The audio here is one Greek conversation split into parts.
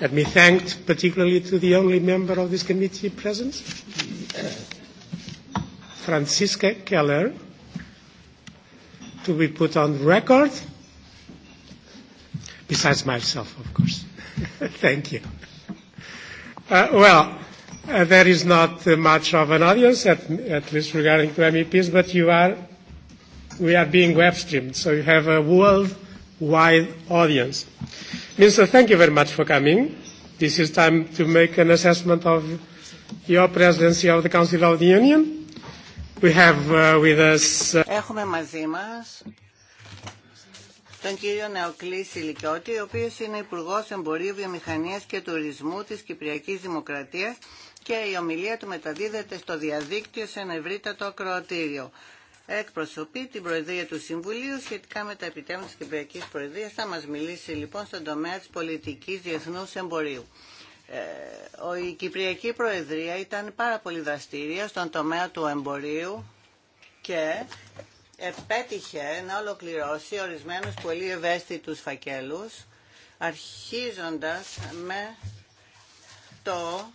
Let me thank particularly to the only member of this committee present, Franziska Keller, to be put on record, besides myself, of course. Thank you. Well, there is not much of an audience, at least regarding to MEPs, but you are, we are being web streamed, so you have a worldwide audience. Minister, thank you very much for coming. This is time to make an assessment of your presidency of the Council of the Union. We have uh, with us... Uh, Έχουμε μαζί μας τον κύριο Νεοκλή Σιλικιώτη, ο οποίος είναι υπουργό Εμπορίου, Βιομηχανίας και Τουρισμού της Κυπριακής Δημοκρατίας και η ομιλία του μεταδίδεται στο διαδίκτυο σε ένα ευρύτατο ακροατήριο εκπροσωπεί την Προεδρία του Συμβουλίου σχετικά με τα επιτεύγματα της Κυπριακής Προεδρίας. Θα μας μιλήσει λοιπόν στον τομέα της πολιτικής διεθνούς εμπορίου. Ε, η Κυπριακή Προεδρία ήταν πάρα πολύ δραστήρια στον τομέα του εμπορίου και επέτυχε να ολοκληρώσει ορισμένους πολύ ευαίσθητους φακέλους αρχίζοντας με το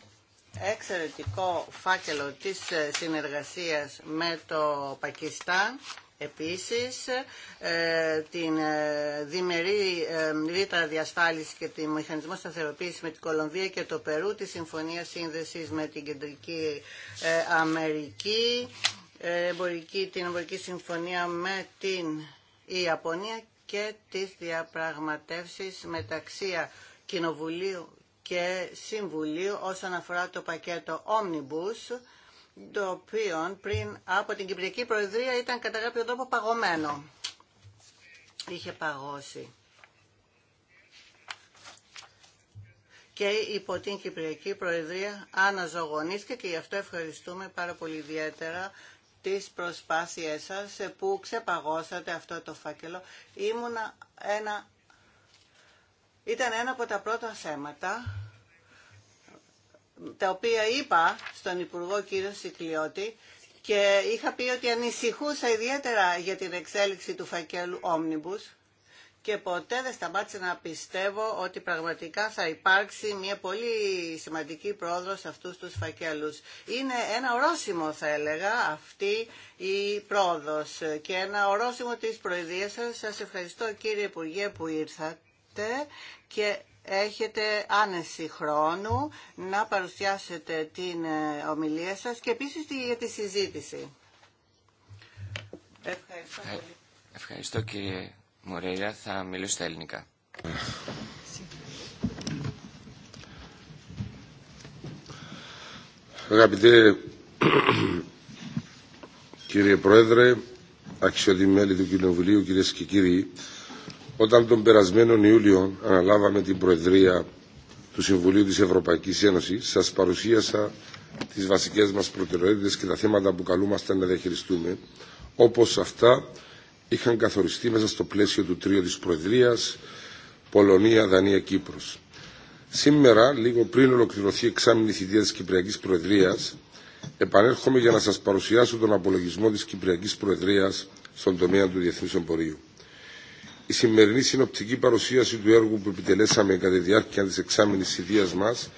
εξαιρετικό φάκελο της ε, συνεργασίας με το Πακιστάν επίσης ε, την ε, διμερή ρήτρα διασφάλισης και τη μηχανισμό σταθεροποίηση με την Κολομβία και το Περού, τη συμφωνία σύνδεσης με την Κεντρική Αμερική, την εμπορική συμφωνία με την Ιαπωνία και τις διαπραγματεύσεις μεταξύ Κοινοβουλίου και Συμβουλίου όσον αφορά το πακέτο Omnibus, το οποίο πριν από την Κυπριακή Προεδρία ήταν κατά κάποιο τρόπο παγωμένο. Είχε παγώσει. και υπό την Κυπριακή Προεδρία αναζωογονήθηκε και γι' αυτό ευχαριστούμε πάρα πολύ ιδιαίτερα τις προσπάθειές σας που ξεπαγώσατε αυτό το φάκελο. Ήμουνα ένα ήταν ένα από τα πρώτα θέματα τα οποία είπα στον Υπουργό κύριο Σικλιώτη και είχα πει ότι ανησυχούσα ιδιαίτερα για την εξέλιξη του φακέλου Omnibus και ποτέ δεν σταμάτησα να πιστεύω ότι πραγματικά θα υπάρξει μια πολύ σημαντική πρόοδος σε αυτούς τους φακέλους. Είναι ένα ορόσημο θα έλεγα αυτή η πρόοδος και ένα ορόσημο της προηδίας σας. Σας ευχαριστώ κύριε Υπουργέ που ήρθατε και έχετε άνεση χρόνου να παρουσιάσετε την ε, ομιλία σας και επίσης για τη συζήτηση. Ευχαριστώ ε, Ευχαριστώ κύριε Θα μιλήσω στα ελληνικά. Αγαπητέ κύριε Πρόεδρε, αξιότιμοι μέλη του Κοινοβουλίου, κυρίες και κύριοι, όταν τον περασμένο Ιούλιο αναλάβαμε την Προεδρία του Συμβουλίου της Ευρωπαϊκής Ένωσης, σας παρουσίασα τις βασικές μας προτεραιότητες και τα θέματα που καλούμαστε να διαχειριστούμε, όπως αυτά είχαν καθοριστεί μέσα στο πλαίσιο του τρίου της Προεδρίας, Πολωνία, Δανία, Κύπρος. Σήμερα, λίγο πριν ολοκληρωθεί η εξάμεινη θητεία της Κυπριακής Προεδρίας, επανέρχομαι για να σας παρουσιάσω τον απολογισμό της Κυπριακής Προεδρίας στον τομέα του διεθνούς εμπορίου. Η σημερινή συνοπτική παρουσίαση του έργου που επιτελέσαμε κατά τη διάρκεια της εξάμενη ιδίας μας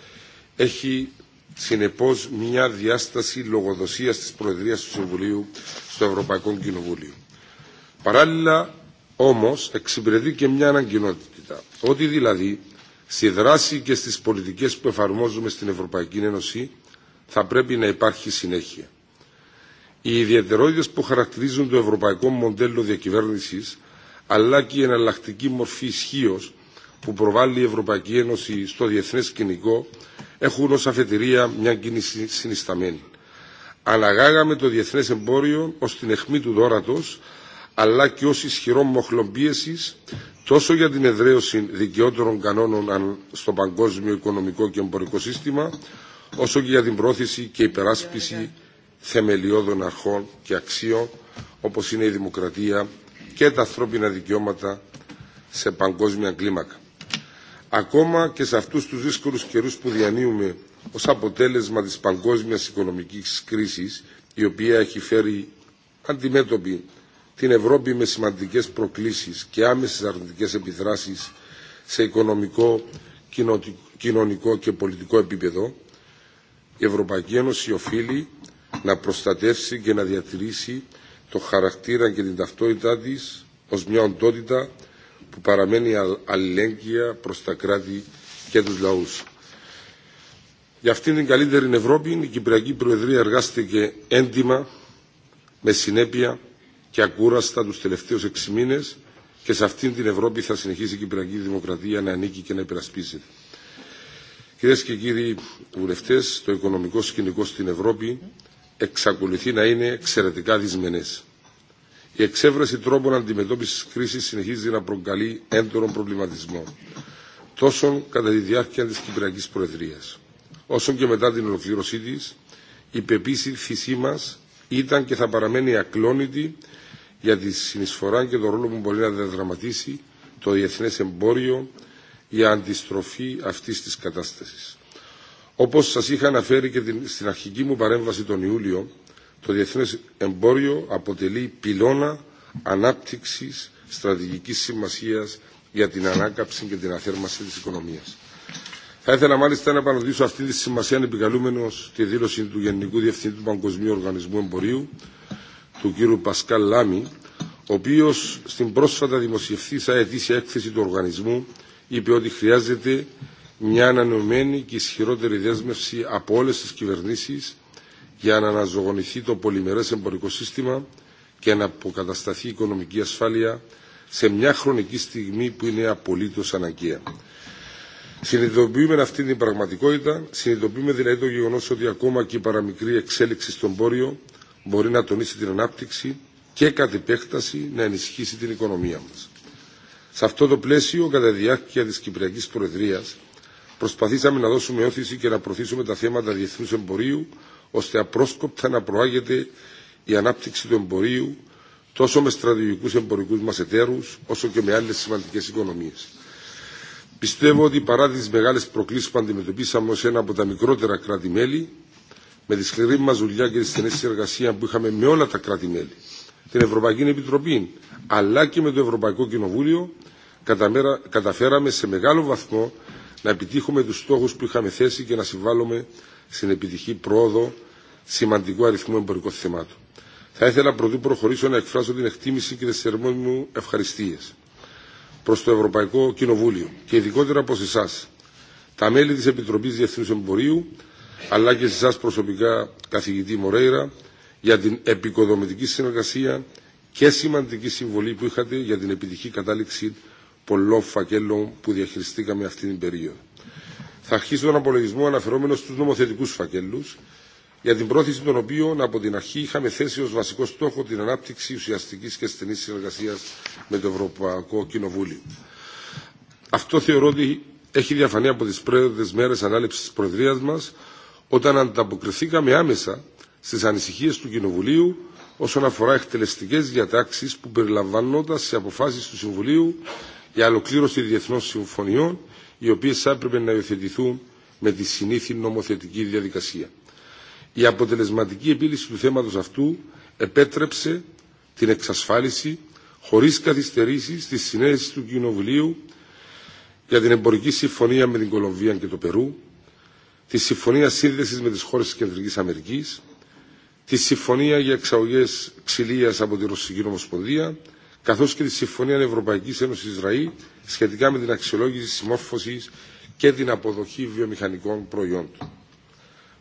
έχει συνεπώς μια διάσταση λογοδοσίας της Προεδρίας του Συμβουλίου στο Ευρωπαϊκό Κοινοβούλιο. Παράλληλα όμως εξυπηρετεί και μια αναγκαινότητα, ότι δηλαδή στη δράση και στις πολιτικές που εφαρμόζουμε στην Ευρωπαϊκή Ένωση θα πρέπει να υπάρχει συνέχεια. Οι ιδιαιτερότητες που χαρακτηρίζουν το ευρωπαϊκό μοντέλο διακυβέρνησης αλλά και η εναλλακτική μορφή ισχύω που προβάλλει η Ευρωπαϊκή Ένωση στο διεθνέ σκηνικό έχουν ω αφετηρία μια κίνηση συνισταμένη. Αναγάγαμε το διεθνέ εμπόριο ω την αιχμή του δόρατο, αλλά και ω ισχυρό μοχλό τόσο για την εδραίωση δικαιότερων κανόνων στο παγκόσμιο οικονομικό και εμπορικό σύστημα, όσο και για την πρόθεση και υπεράσπιση θεμελιώδων αρχών και αξίων, όπως είναι η δημοκρατία, και τα ανθρώπινα δικαιώματα σε παγκόσμια κλίμακα. Ακόμα και σε αυτούς τους δύσκολους καιρούς που διανύουμε ως αποτέλεσμα της παγκόσμιας οικονομικής κρίσης, η οποία έχει φέρει αντιμέτωπη την Ευρώπη με σημαντικές προκλήσεις και άμεσες αρνητικές επιδράσεις σε οικονομικό, κοινωνικό και πολιτικό επίπεδο, η Ευρωπαϊκή Ένωση οφείλει να προστατεύσει και να διατηρήσει το χαρακτήρα και την ταυτότητά της ως μια οντότητα που παραμένει αλληλέγγυα προς τα κράτη και τους λαούς. Για αυτήν την καλύτερη Ευρώπη η Κυπριακή Προεδρία εργάστηκε έντιμα, με συνέπεια και ακούραστα τους τελευταίους έξι μήνες και σε αυτήν την Ευρώπη θα συνεχίσει η Κυπριακή Δημοκρατία να ανήκει και να υπερασπίζεται. Κυρίε και κύριοι βουλευτέ, το οικονομικό σκηνικό στην Ευρώπη εξακολουθεί να είναι εξαιρετικά δυσμενές. Η εξέβρεση τρόπων αντιμετώπισης κρίση συνεχίζει να προκαλεί έντονο προβληματισμό, τόσο κατά τη διάρκεια της Κυπριακής Προεδρίας, όσο και μετά την ολοκλήρωσή της, η πεποίθησή μας ήταν και θα παραμένει ακλόνητη για τη συνεισφορά και τον ρόλο που μπορεί να διαδραματίσει το διεθνές εμπόριο για αντιστροφή αυτής της κατάστασης. Όπως σας είχα αναφέρει και στην αρχική μου παρέμβαση τον Ιούλιο, το διεθνές εμπόριο αποτελεί πυλώνα ανάπτυξης στρατηγικής σημασίας για την ανάκαψη και την αθέρμανση της οικονομίας. Θα ήθελα μάλιστα να επαναληφθήσω αυτή τη σημασία επικαλούμενο τη δήλωση του Γενικού Διευθυντή του Παγκοσμίου Οργανισμού Εμπορίου, του κ. Πασκάλ Λάμι, ο οποίο στην πρόσφατα δημοσιευθήσα ετήσια έκθεση του οργανισμού είπε ότι χρειάζεται μια ανανεωμένη και ισχυρότερη δέσμευση από όλες τις κυβερνήσεις για να αναζωογονηθεί το πολυμερές εμπορικό σύστημα και να αποκατασταθεί η οικονομική ασφάλεια σε μια χρονική στιγμή που είναι απολύτως αναγκαία. Συνειδητοποιούμε αυτή την πραγματικότητα, συνειδητοποιούμε δηλαδή το γεγονό ότι ακόμα και η παραμικρή εξέλιξη στον πόριο μπορεί να τονίσει την ανάπτυξη και κατ' επέκταση να ενισχύσει την οικονομία μα. Σε αυτό το πλαίσιο, κατά τη διάρκεια τη Κυπριακή Προεδρία, προσπαθήσαμε να δώσουμε όθηση και να προωθήσουμε τα θέματα διεθνούς εμπορίου, ώστε απρόσκοπτα να προάγεται η ανάπτυξη του εμπορίου τόσο με στρατηγικούς εμπορικούς μας εταίρους, όσο και με άλλες σημαντικές οικονομίες. Πιστεύω ότι παρά τις μεγάλες προκλήσεις που αντιμετωπίσαμε ως ένα από τα μικρότερα κράτη-μέλη, με τη σκληρή μας δουλειά και τη στενή συνεργασία που είχαμε με όλα τα κράτη-μέλη, την Ευρωπαϊκή Επιτροπή, αλλά και με το Ευρωπαϊκό Κοινοβούλιο, καταφέραμε σε μεγάλο βαθμό να επιτύχουμε τους στόχους που είχαμε θέσει και να συμβάλλουμε στην επιτυχή πρόοδο σημαντικού αριθμού εμπορικών θεμάτων. Θα ήθελα πρωτού προχωρήσω να εκφράσω την εκτίμηση και τις θερμέ μου ευχαριστίε προ το Ευρωπαϊκό Κοινοβούλιο και ειδικότερα προς εσά, τα μέλη της Επιτροπής Διεθνού Εμπορίου, αλλά και σε εσά προσωπικά, καθηγητή Μορέιρα, για την επικοδομητική συνεργασία και σημαντική συμβολή που είχατε για την επιτυχή κατάληξη πολλών φακέλων που διαχειριστήκαμε αυτή την περίοδο. Θα αρχίσω τον απολογισμό αναφερόμενο στου νομοθετικού φακέλου, για την πρόθεση των οποίων από την αρχή είχαμε θέσει ω βασικό στόχο την ανάπτυξη ουσιαστική και στενή συνεργασία με το Ευρωπαϊκό Κοινοβούλιο. Αυτό θεωρώ ότι έχει διαφανεί από τι πρώτε μέρε ανάληψη τη Προεδρία μα, όταν ανταποκριθήκαμε άμεσα στι ανησυχίε του Κοινοβουλίου όσον αφορά εκτελεστικέ διατάξει που περιλαμβανόταν σε αποφάσει του Συμβουλίου για ολοκλήρωση διεθνών συμφωνιών, οι οποίε έπρεπε να υιοθετηθούν με τη συνήθη νομοθετική διαδικασία. Η αποτελεσματική επίλυση του θέματος αυτού επέτρεψε την εξασφάλιση χωρίς καθυστερήσει της συνέδεση του Κοινοβουλίου για την εμπορική συμφωνία με την Κολομβία και το Περού, τη συμφωνία σύνδεση με τις χώρες της Κεντρική Αμερικής, τη συμφωνία για εξαγωγές ξυλίας από τη Ρωσική Νομοσπονδία καθώς και τη Συμφωνία Ευρωπαϊκής Ένωσης Ισραήλ σχετικά με την αξιολόγηση συμμόρφωσης και την αποδοχή βιομηχανικών προϊόντων.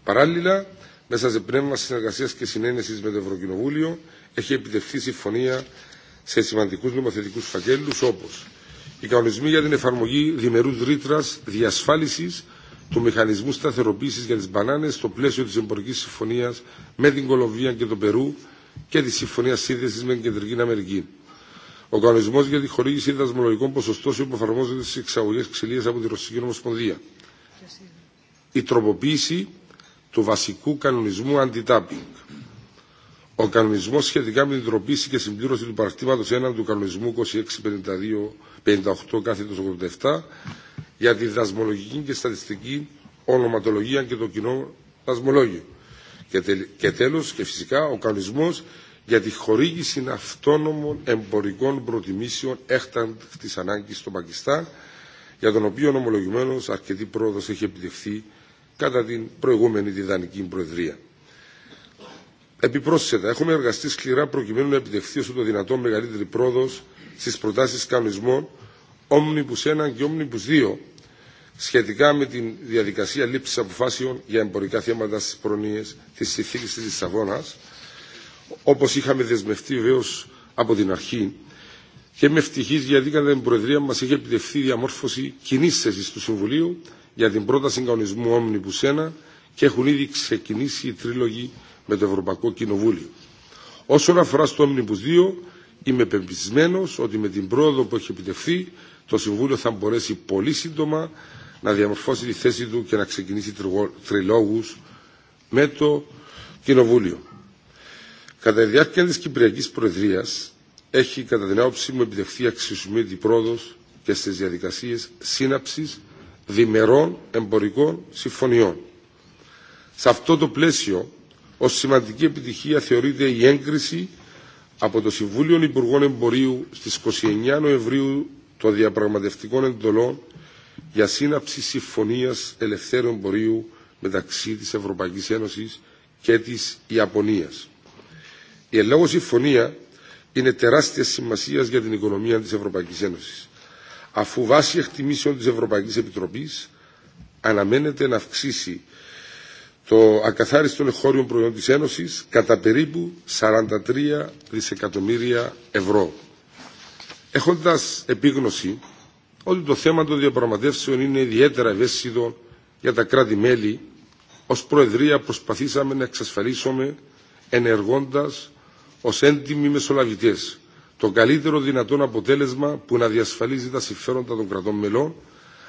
Παράλληλα, μέσα σε πνεύμα συνεργασία και συνένεση με το Ευρωκοινοβούλιο, έχει επιτευχθεί συμφωνία σε σημαντικού νομοθετικού φακέλους όπως οι κανονισμοί για την εφαρμογή διμερούς ρήτρα διασφάλιση του μηχανισμού σταθεροποίηση για τι μπανάνε στο πλαίσιο τη εμπορική συμφωνία με την Κολομβία και τον Περού και τη συμφωνία σύνδεση με την Κεντρική Αμερική. Ο κανονισμό για τη χορήγηση δασμολογικών ποσοστώσεων που εφαρμόζονται στι εξαγωγέ ξυλία από τη Ρωσική Ομοσπονδία. Η τροποποίηση του βασικού κανονισμού αντιτάπινγκ. Ο κανονισμό σχετικά με την τροποίηση και συμπλήρωση του παρακτήματο 1 του κανονισμού 2658 κάθετο 87 για τη δασμολογική και στατιστική ονοματολογία και το κοινό δασμολόγιο. Και τέλο και φυσικά ο κανονισμό για τη χορήγηση αυτόνομων εμπορικών προτιμήσεων έκτακτη ανάγκη στο Πακιστάν, για τον οποίο ομολογουμένω αρκετή πρόοδο έχει επιτευχθεί κατά την προηγούμενη Διδανική Προεδρία. Επιπρόσθετα, έχουμε εργαστεί σκληρά προκειμένου να επιτευχθεί όσο το δυνατόν μεγαλύτερη πρόοδο στι προτάσει κανονισμών Omnibus 1 και Omnibus 2 σχετικά με τη διαδικασία λήψης αποφάσεων για εμπορικά θέματα στι προνοιε τη συνθήκη τη Λισαβόνα όπως είχαμε δεσμευτεί βεβαίω από την αρχή και είμαι ευτυχή γιατί κατά την Προεδρία μα έχει επιτευχθεί η διαμόρφωση κοινή θέση του Συμβουλίου για την πρόταση κανονισμού Omnibus 1 και έχουν ήδη ξεκινήσει οι τρίλογοι με το Ευρωπαϊκό Κοινοβούλιο. Όσον αφορά στο Omnibus 2, είμαι πεμπισμένο ότι με την πρόοδο που έχει επιτευχθεί το Συμβούλιο θα μπορέσει πολύ σύντομα να διαμορφώσει τη θέση του και να ξεκινήσει τριλόγου με το Κοινοβούλιο. Κατά τη διάρκεια τη Κυπριακή Προεδρία έχει κατά την άποψή μου επιτευχθεί αξιοσημείωτη πρόοδος και στις διαδικασίε σύναψης διμερών εμπορικών συμφωνιών. Σε αυτό το πλαίσιο, ως σημαντική επιτυχία θεωρείται η έγκριση από το Συμβούλιο Υπουργών Εμπορίου στις 29 Νοεμβρίου των διαπραγματευτικών εντολών για σύναψη συμφωνίας ελευθέρου εμπορίου μεταξύ της Ευρωπαϊκής Ένωσης και της Ιαπωνίας. Η ελόγω συμφωνία είναι τεράστια σημασία για την οικονομία τη Ευρωπαϊκή Ένωση, αφού βάσει εκτιμήσεων τη Ευρωπαϊκή Επιτροπή αναμένεται να αυξήσει το ακαθάριστο εγχώριο προϊόν της Ένωσης κατά περίπου 43 δισεκατομμύρια ευρώ. Έχοντας επίγνωση ότι το θέμα των διαπραγματεύσεων είναι ιδιαίτερα ευαίσθητο για τα κράτη-μέλη, ως Προεδρία προσπαθήσαμε να εξασφαλίσουμε ενεργώντας ως έντιμοι μεσολαβητέ, το καλύτερο δυνατόν αποτέλεσμα που να διασφαλίζει τα συμφέροντα των κρατών μελών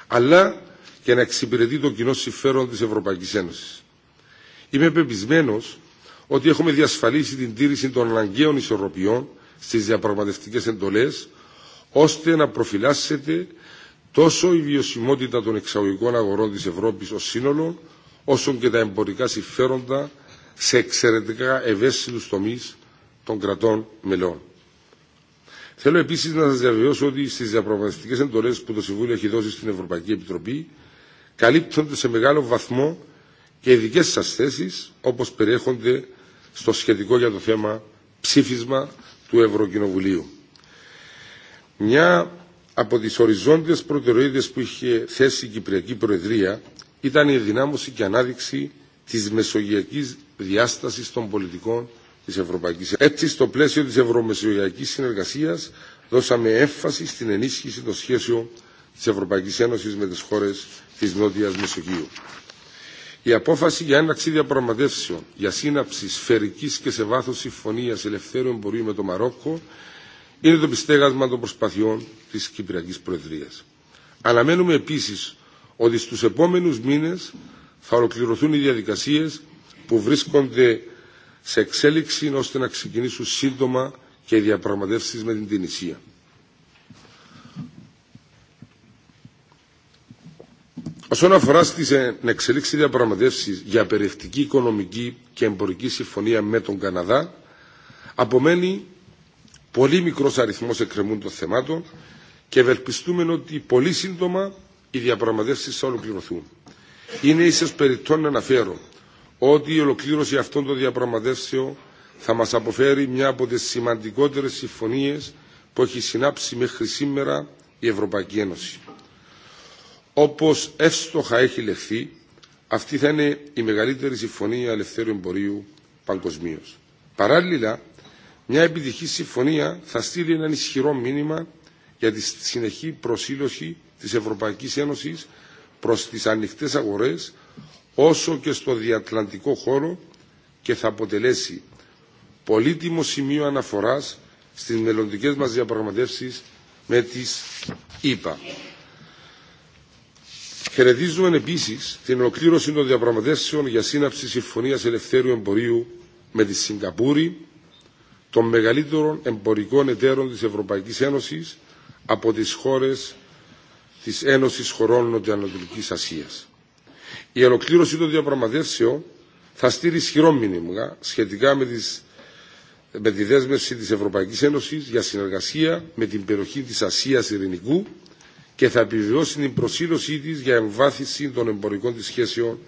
αλλά και να εξυπηρετεί το κοινό συμφέρον της Ευρωπαϊκής Ένωσης. Είμαι πεπισμένος ότι έχουμε διασφαλίσει την τήρηση των αναγκαίων ισορροπιών στις διαπραγματευτικές εντολές ώστε να προφυλάσσεται τόσο η βιωσιμότητα των εξαγωγικών αγορών της Ευρώπης ως σύνολο όσο και τα εμπορικά συμφέροντα σε εξαιρετικά ευαίσθητους τομεί των κρατών μελών. Θέλω επίσης να σας διαβεβαιώσω ότι στις διαπραγματευτικές εντολές που το Συμβούλιο έχει δώσει στην Ευρωπαϊκή Επιτροπή καλύπτονται σε μεγάλο βαθμό και οι δικές σας θέσεις όπως περιέχονται στο σχετικό για το θέμα ψήφισμα του Ευρωκοινοβουλίου. Μια από τις οριζόντιες προτεραιότητες που είχε θέσει η Κυπριακή Προεδρία ήταν η δυνάμωση και ανάδειξη της μεσογειακής διάστασης των πολιτικών έτσι, στο πλαίσιο τη ευρωμεσογειακής συνεργασία δώσαμε έμφαση στην ενίσχυση των σχέσεων τη Ευρωπαϊκής Ένωσης με τι χώρε τη νότια Μεσογείου. Η απόφαση για έναρξη διαπραγματεύσεων για σύναψη σφαιρική και σε βάθο συμφωνία ελευθέρου εμπορίου με το Μαρόκο είναι το πιστέγασμα των προσπαθειών τη Κυπριακή Προεδρία. Αναμένουμε επίση ότι στου επόμενου μήνε θα ολοκληρωθούν οι διαδικασίε που βρίσκονται σε εξέλιξη ώστε να ξεκινήσουν σύντομα και οι διαπραγματεύσεις με την Τινησία. Όσον αφορά στι ε, εξελίξει διαπραγματεύσει για περιεκτική οικονομική και εμπορική συμφωνία με τον Καναδά, απομένει πολύ μικρό αριθμός εκκρεμούν των θεμάτων και ευελπιστούμε ότι πολύ σύντομα οι διαπραγματεύσει θα ολοκληρωθούν. Είναι ίσω περιττό να αναφέρω ότι η ολοκλήρωση αυτών των διαπραγματεύσεων θα μας αποφέρει μια από τις σημαντικότερες συμφωνίες που έχει συνάψει μέχρι σήμερα η Ευρωπαϊκή Ένωση. Όπως εύστοχα έχει λεχθεί, αυτή θα είναι η μεγαλύτερη συμφωνία ελευθέρου εμπορίου παγκοσμίω. Παράλληλα, μια επιτυχή συμφωνία θα στείλει έναν ισχυρό μήνυμα για τη συνεχή προσήλωση της Ευρωπαϊκής Ένωσης προς τις ανοιχτές αγορές όσο και στο διατλαντικό χώρο και θα αποτελέσει πολύτιμο σημείο αναφοράς στις μελλοντικές μας διαπραγματεύσεις με τις ΗΠΑ. Χαιρετίζουμε επίσης την ολοκλήρωση των διαπραγματεύσεων για σύναψη συμφωνίας ελευθέρου εμπορίου με τη Σιγκαπούρη, των μεγαλύτερων εμπορικών εταίρων της Ευρωπαϊκής Ένωσης από τις χώρες της Ένωσης Χωρών Νοτιοανατολικής Ασίας. Η ολοκλήρωση των διαπραγματεύσεων θα στείλει ισχυρό μήνυμα σχετικά με, τις, με τη δέσμευση της Ευρωπαϊκής Ένωσης για συνεργασία με την περιοχή της Ασίας Ειρηνικού και θα επιβιώσει την προσήλωσή της για εμβάθυνση των εμπορικών της σχέσεων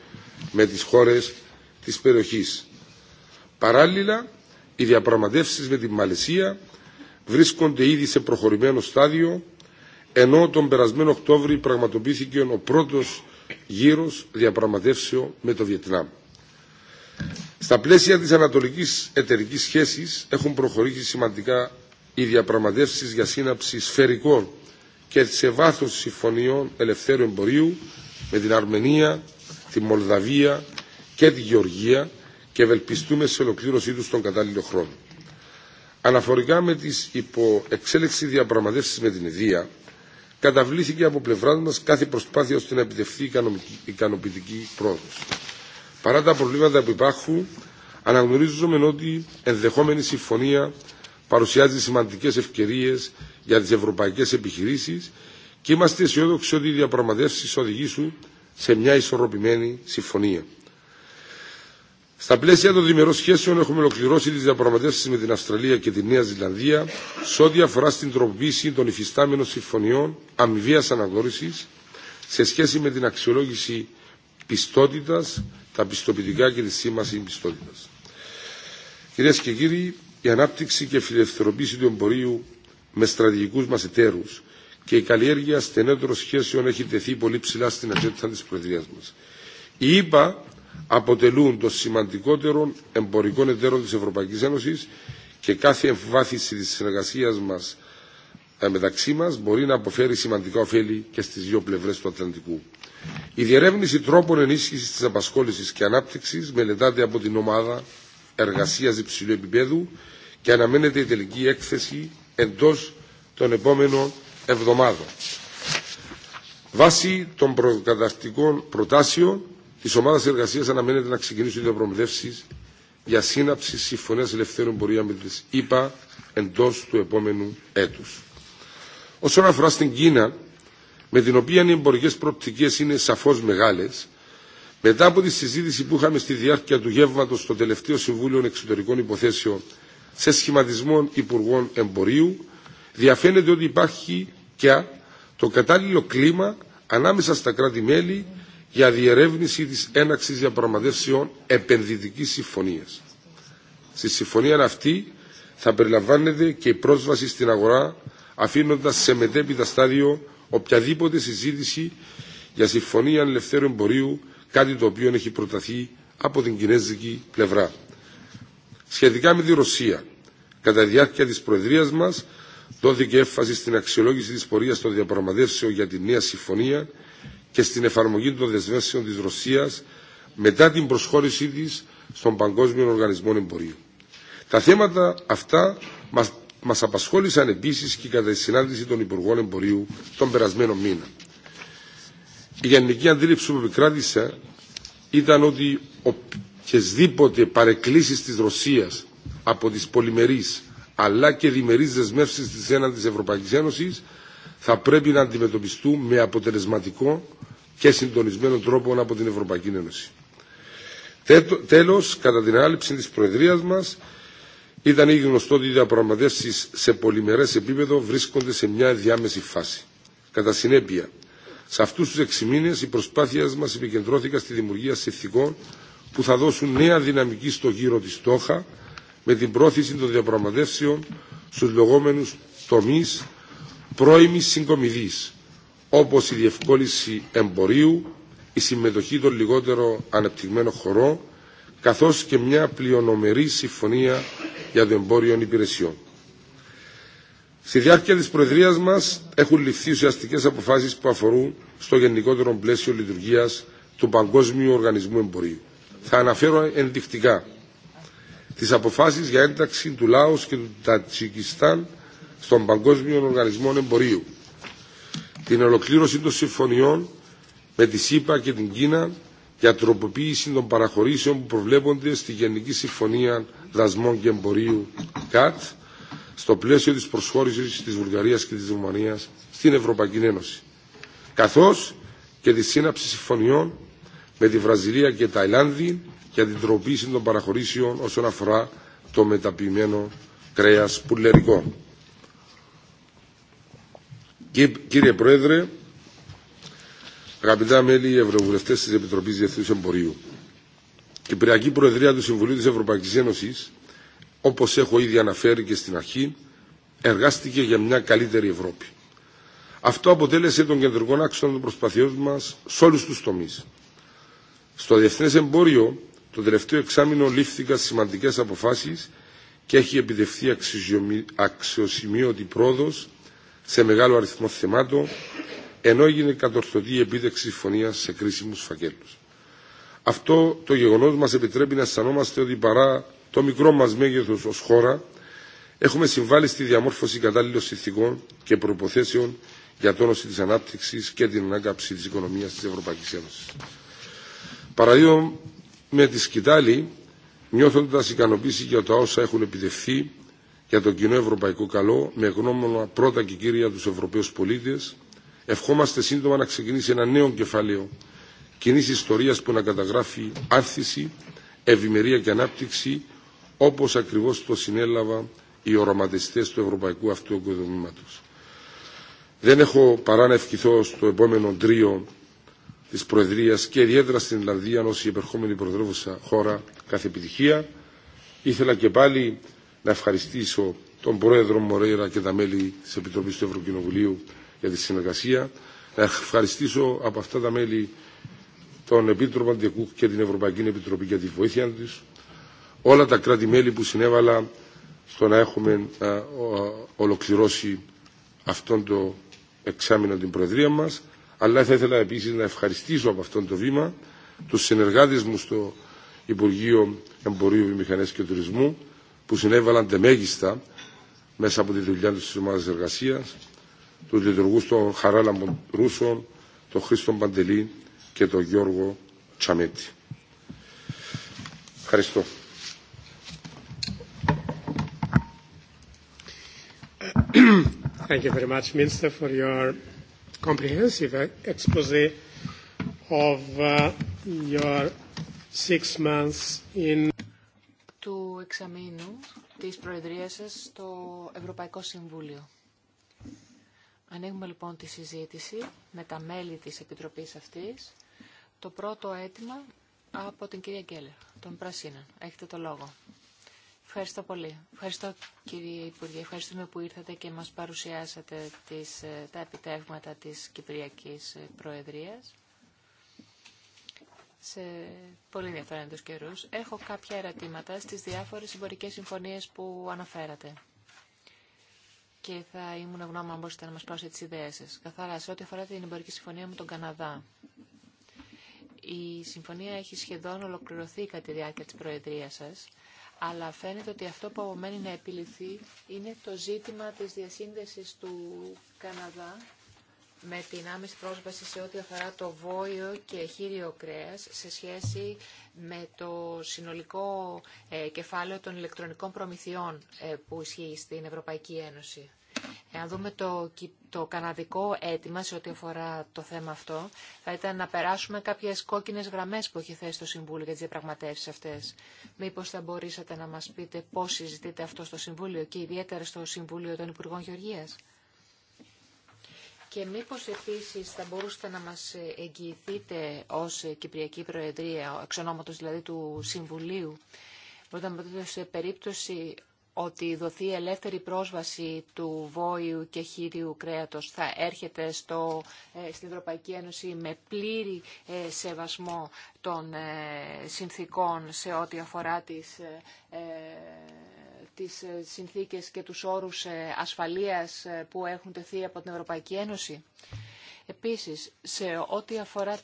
με τις χώρες της περιοχής. Παράλληλα, οι διαπραγματεύσεις με τη Μαλαισία βρίσκονται ήδη σε προχωρημένο στάδιο, ενώ τον περασμένο Οκτώβριο πραγματοποιήθηκε ο πρώτος γύρω διαπραγματεύσεων με το Βιετνάμ. Στα πλαίσια της ανατολικής εταιρικής σχέσης έχουν προχωρήσει σημαντικά οι διαπραγματεύσεις για σύναψη σφαιρικών και σε βάθος συμφωνιών ελευθέρου εμπορίου με την Αρμενία, τη Μολδαβία και τη Γεωργία και ευελπιστούμε σε ολοκλήρωσή του τον κατάλληλο χρόνο. Αναφορικά με τις υποεξέλιξη διαπραγματεύσεις με την Ιδία, καταβλήθηκε από πλευρά μα κάθε προσπάθεια ώστε να επιτευχθεί ικανοποιητική πρόοδο. Παρά τα προβλήματα που υπάρχουν, αναγνωρίζουμε ότι ενδεχόμενη συμφωνία παρουσιάζει σημαντικέ ευκαιρίε για τι ευρωπαϊκέ επιχειρήσει και είμαστε αισιόδοξοι ότι οι διαπραγματεύσει οδηγήσουν σε μια ισορροπημένη συμφωνία. Στα πλαίσια των διμερών σχέσεων έχουμε ολοκληρώσει τι διαπραγματεύσει με την Αυστραλία και τη Νέα Ζηλανδία σε ό,τι αφορά στην τροποποίηση των υφιστάμενων συμφωνιών αμοιβίας αναγνώριση σε σχέση με την αξιολόγηση πιστότητα, τα πιστοποιητικά και τη σήμαση πιστότητα. Κυρίε και κύριοι, η ανάπτυξη και φιλελευθερωποίηση του εμπορίου με στρατηγικού μα εταίρου και η καλλιέργεια στενέτερων σχέσεων έχει τεθεί πολύ ψηλά στην ατζέντα τη Προεδρία μα. Η ΕΠΑ αποτελούν το σημαντικότερο εμπορικό εταίρο της Ευρωπαϊκής Ένωσης και κάθε εμβάθυνση της συνεργασίας μας ε, μεταξύ μας μπορεί να αποφέρει σημαντικά ωφέλη και στις δύο πλευρές του Ατλαντικού. Η διερεύνηση τρόπων ενίσχυσης της απασχόλησης και ανάπτυξης μελετάται από την ομάδα εργασίας υψηλού επίπεδου και αναμένεται η τελική έκθεση εντός των επόμενων εβδομάδων. Βάσει των προκαταστικών προτάσεων τη ομάδα εργασία αναμένεται να ξεκινήσουν οι διαπραγματεύσει για σύναψη συμφωνία ελευθέρων πορεία με τι ΗΠΑ εντό του επόμενου έτου. Όσον αφορά στην Κίνα, με την οποία οι εμπορικέ προοπτικέ είναι σαφώ μεγάλε, μετά από τη συζήτηση που είχαμε στη διάρκεια του γεύματο στο τελευταίο Συμβούλιο Εξωτερικών Υποθέσεων σε σχηματισμό Υπουργών Εμπορίου, διαφαίνεται ότι υπάρχει και το κατάλληλο κλίμα ανάμεσα στα κράτη-μέλη για διερεύνηση της έναξης διαπραγματεύσεων επενδυτικής συμφωνίας. Στη συμφωνία αυτή θα περιλαμβάνεται και η πρόσβαση στην αγορά αφήνοντας σε μετέπειτα στάδιο οποιαδήποτε συζήτηση για συμφωνία ελευθέρου εμπορίου, κάτι το οποίο έχει προταθεί από την κινέζικη πλευρά. Σχετικά με τη Ρωσία, κατά διάρκεια της Προεδρίας μας δόθηκε έφαση στην αξιολόγηση της πορείας των διαπραγματεύσεων για τη νέα συμφωνία και στην εφαρμογή των δεσμεύσεων της Ρωσίας μετά την προσχώρησή της στον Παγκόσμιο Οργανισμό Εμπορίου. Τα θέματα αυτά μας, μας απασχόλησαν επίσης και κατά τη συνάντηση των Υπουργών Εμπορίου τον περασμένο μήνα. Η γενική αντίληψη που επικράτησε ήταν ότι οποιασδήποτε παρεκκλήσεις της Ρωσίας από τις πολυμερείς αλλά και διμερείς δεσμεύσεις της έναντι της Ευρωπαϊκής Ένωσης θα πρέπει να αντιμετωπιστούν με αποτελεσματικό και συντονισμένο τρόπο από την Ευρωπαϊκή Ένωση. Τέλος, κατά την άλυψη της Προεδρίας μας, ήταν ήδη γνωστό ότι οι διαπραγματεύσει σε πολυμερές επίπεδο βρίσκονται σε μια διάμεση φάση. Κατά συνέπεια, σε αυτού του έξι μήνε οι προσπάθειέ μα επικεντρώθηκαν στη δημιουργία συνθηκών που θα δώσουν νέα δυναμική στο γύρο τη Στόχα με την πρόθεση των διαπραγματεύσεων στου λεγόμενου τομεί πρώιμης συγκομιδής, όπως η διευκόλυνση εμπορίου, η συμμετοχή των λιγότερο ανεπτυγμένων χωρών, καθώς και μια πλειονομερή συμφωνία για το εμπόριο υπηρεσιών. Στη διάρκεια της Προεδρίας μας έχουν ληφθεί ουσιαστικές αποφάσεις που αφορούν στο γενικότερο πλαίσιο λειτουργίας του Παγκόσμιου Οργανισμού Εμπορίου. Θα αναφέρω ενδεικτικά τις αποφάσεις για ένταξη του Λάους και του Τατσικιστάν στον Παγκόσμιο Οργανισμό Εμπορίου, την ολοκλήρωση των συμφωνιών με τη ΣΥΠΑ και την Κίνα για τροποποίηση των παραχωρήσεων που προβλέπονται στη Γενική Συμφωνία Δασμών και Εμπορίου ΚΑΤ στο πλαίσιο της προσχώρησης της Βουλγαρίας και της Ρουμανίας στην Ευρωπαϊκή Ένωση, καθώς και τη σύναψη συμφωνιών με τη Βραζιλία και Ταϊλάνδη για την τροποποίηση των παραχωρήσεων όσον αφορά το μεταποιημένο κρέας πουλερικό. Κύριε Πρόεδρε, αγαπητά μέλη Ευρωβουλευτέ τη Επιτροπή Διεθνού Εμπορίου, η Κυπριακή Προεδρία του Συμβουλίου τη Ευρωπαϊκή Ένωση, όπω έχω ήδη αναφέρει και στην αρχή, εργάστηκε για μια καλύτερη Ευρώπη. Αυτό αποτέλεσε τον κεντρικό άξονα των προσπαθειών μα σε όλου του τομεί. Στο διεθνέ εμπόριο, το τελευταίο εξάμεινο λήφθηκαν σημαντικέ αποφάσει και έχει επιτευχθεί αξιοσημείωτη πρόοδο σε μεγάλο αριθμό θεμάτων, ενώ έγινε κατορθωτή η επίτευξη συμφωνία σε κρίσιμου φακέλου. Αυτό το γεγονό μα επιτρέπει να αισθανόμαστε ότι παρά το μικρό μα μέγεθο ω χώρα, έχουμε συμβάλει στη διαμόρφωση κατάλληλων συνθηκών και προποθέσεων για τόνωση τη ανάπτυξη και την ανάκαμψη τη οικονομία τη Ευρωπαϊκή Ένωση. Παραδείγμα με τη σκητάλη, νιώθοντα ικανοποίηση για τα όσα έχουν επιτευχθεί για τον κοινό ευρωπαϊκό καλό με γνώμονα πρώτα και κύρια τους Ευρωπαίους πολίτες. Ευχόμαστε σύντομα να ξεκινήσει ένα νέο κεφάλαιο κοινή ιστορίας που να καταγράφει άρθηση, ευημερία και ανάπτυξη όπως ακριβώς το συνέλαβα οι οραματιστές του Ευρωπαϊκού Αυτού Δεν έχω παρά να ευχηθώ στο επόμενο τρίο της Προεδρίας και ιδιαίτερα στην Ιρλανδία ως η επερχόμενη χώρα κάθε επιτυχία. Ήθελα και πάλι να ευχαριστήσω τον Πρόεδρο Μορέιρα και τα μέλη της Επιτροπής του Ευρωκοινοβουλίου για τη συνεργασία, να ευχαριστήσω από αυτά τα μέλη τον Επίτροπο Αντιακού και την Ευρωπαϊκή Επιτροπή για τη βοήθεια της, όλα τα κράτη-μέλη που συνέβαλα στο να έχουμε ολοκληρώσει αυτόν το εξάμεινο την Προεδρία μας, αλλά θα ήθελα επίσης να ευχαριστήσω από αυτόν το βήμα τους συνεργάτες μου στο Υπουργείο Εμπορίου Μηχανές και Τουρισμού, που συνέβαλαν τεμέγιστα μέσα από τη δουλειά του στι ομάδε εργασία, του λειτουργού των Χαράλαμπων Ρούσων, τον Χρήστο Παντελή και τον Γιώργο Τσαμέτη. Ευχαριστώ. Thank you very much, Minister, for your comprehensive expose of uh, your six months in εξαμήνου της Προεδρίας σας στο Ευρωπαϊκό Συμβούλιο. Ανοίγουμε λοιπόν τη συζήτηση με τα μέλη της Επιτροπής αυτής. Το πρώτο αίτημα από την κυρία Γκέλερ, τον Πρασίνα. Έχετε το λόγο. Ευχαριστώ πολύ. Ευχαριστώ κύριε Υπουργέ. Ευχαριστούμε που ήρθατε και μας παρουσιάσατε τις, ε, τα επιτεύγματα της Κυπριακής ε, Προεδρίας σε πολύ ενδιαφέροντους καιρούς. Έχω κάποια ερωτήματα στις διάφορες συμπορικές συμφωνίες που αναφέρατε. Και θα ήμουν γνώμη αν μπορούσατε να μας πρόσετε τις ιδέες σας. Καθαρά, σε ό,τι αφορά την εμπορική συμφωνία με τον Καναδά. Η συμφωνία έχει σχεδόν ολοκληρωθεί κατά τη διάρκεια της Προεδρίας σας, αλλά φαίνεται ότι αυτό που απομένει να επιληθεί είναι το ζήτημα της διασύνδεσης του Καναδά με την άμεση πρόσβαση σε ό,τι αφορά το βόλιο και χείριο κρέας σε σχέση με το συνολικό ε, κεφάλαιο των ηλεκτρονικών προμηθειών ε, που ισχύει στην Ευρωπαϊκή Ένωση. Αν δούμε το, το καναδικό αίτημα σε ό,τι αφορά το θέμα αυτό, θα ήταν να περάσουμε κάποιες κόκκινες γραμμές που έχει θέσει το Συμβούλιο για τις διαπραγματεύσεις αυτές. Μήπως θα μπορούσατε να μας πείτε πώς συζητείτε αυτό στο Συμβούλιο και ιδιαίτερα στο Συμβούλιο των Υπουργών Γεωργίας. Και μήπως επίσης θα μπορούσατε να μας εγγυηθείτε ως Κυπριακή Προεδρία, εξ ονόματος δηλαδή του Συμβουλίου, πρώτα απ' σε περίπτωση ότι δοθεί ελεύθερη πρόσβαση του βόηου και χείριου κρέατος θα έρχεται στο, ε, στην Ευρωπαϊκή Ένωση με πλήρη ε, σεβασμό των ε, συνθήκων σε ό,τι αφορά τις τις ε, συνθήκες και τους όρους ε, ασφαλείας ε, που έχουν τεθεί από την Ευρωπαϊκή Ένωση. Επίσης, σε ό,τι αφορά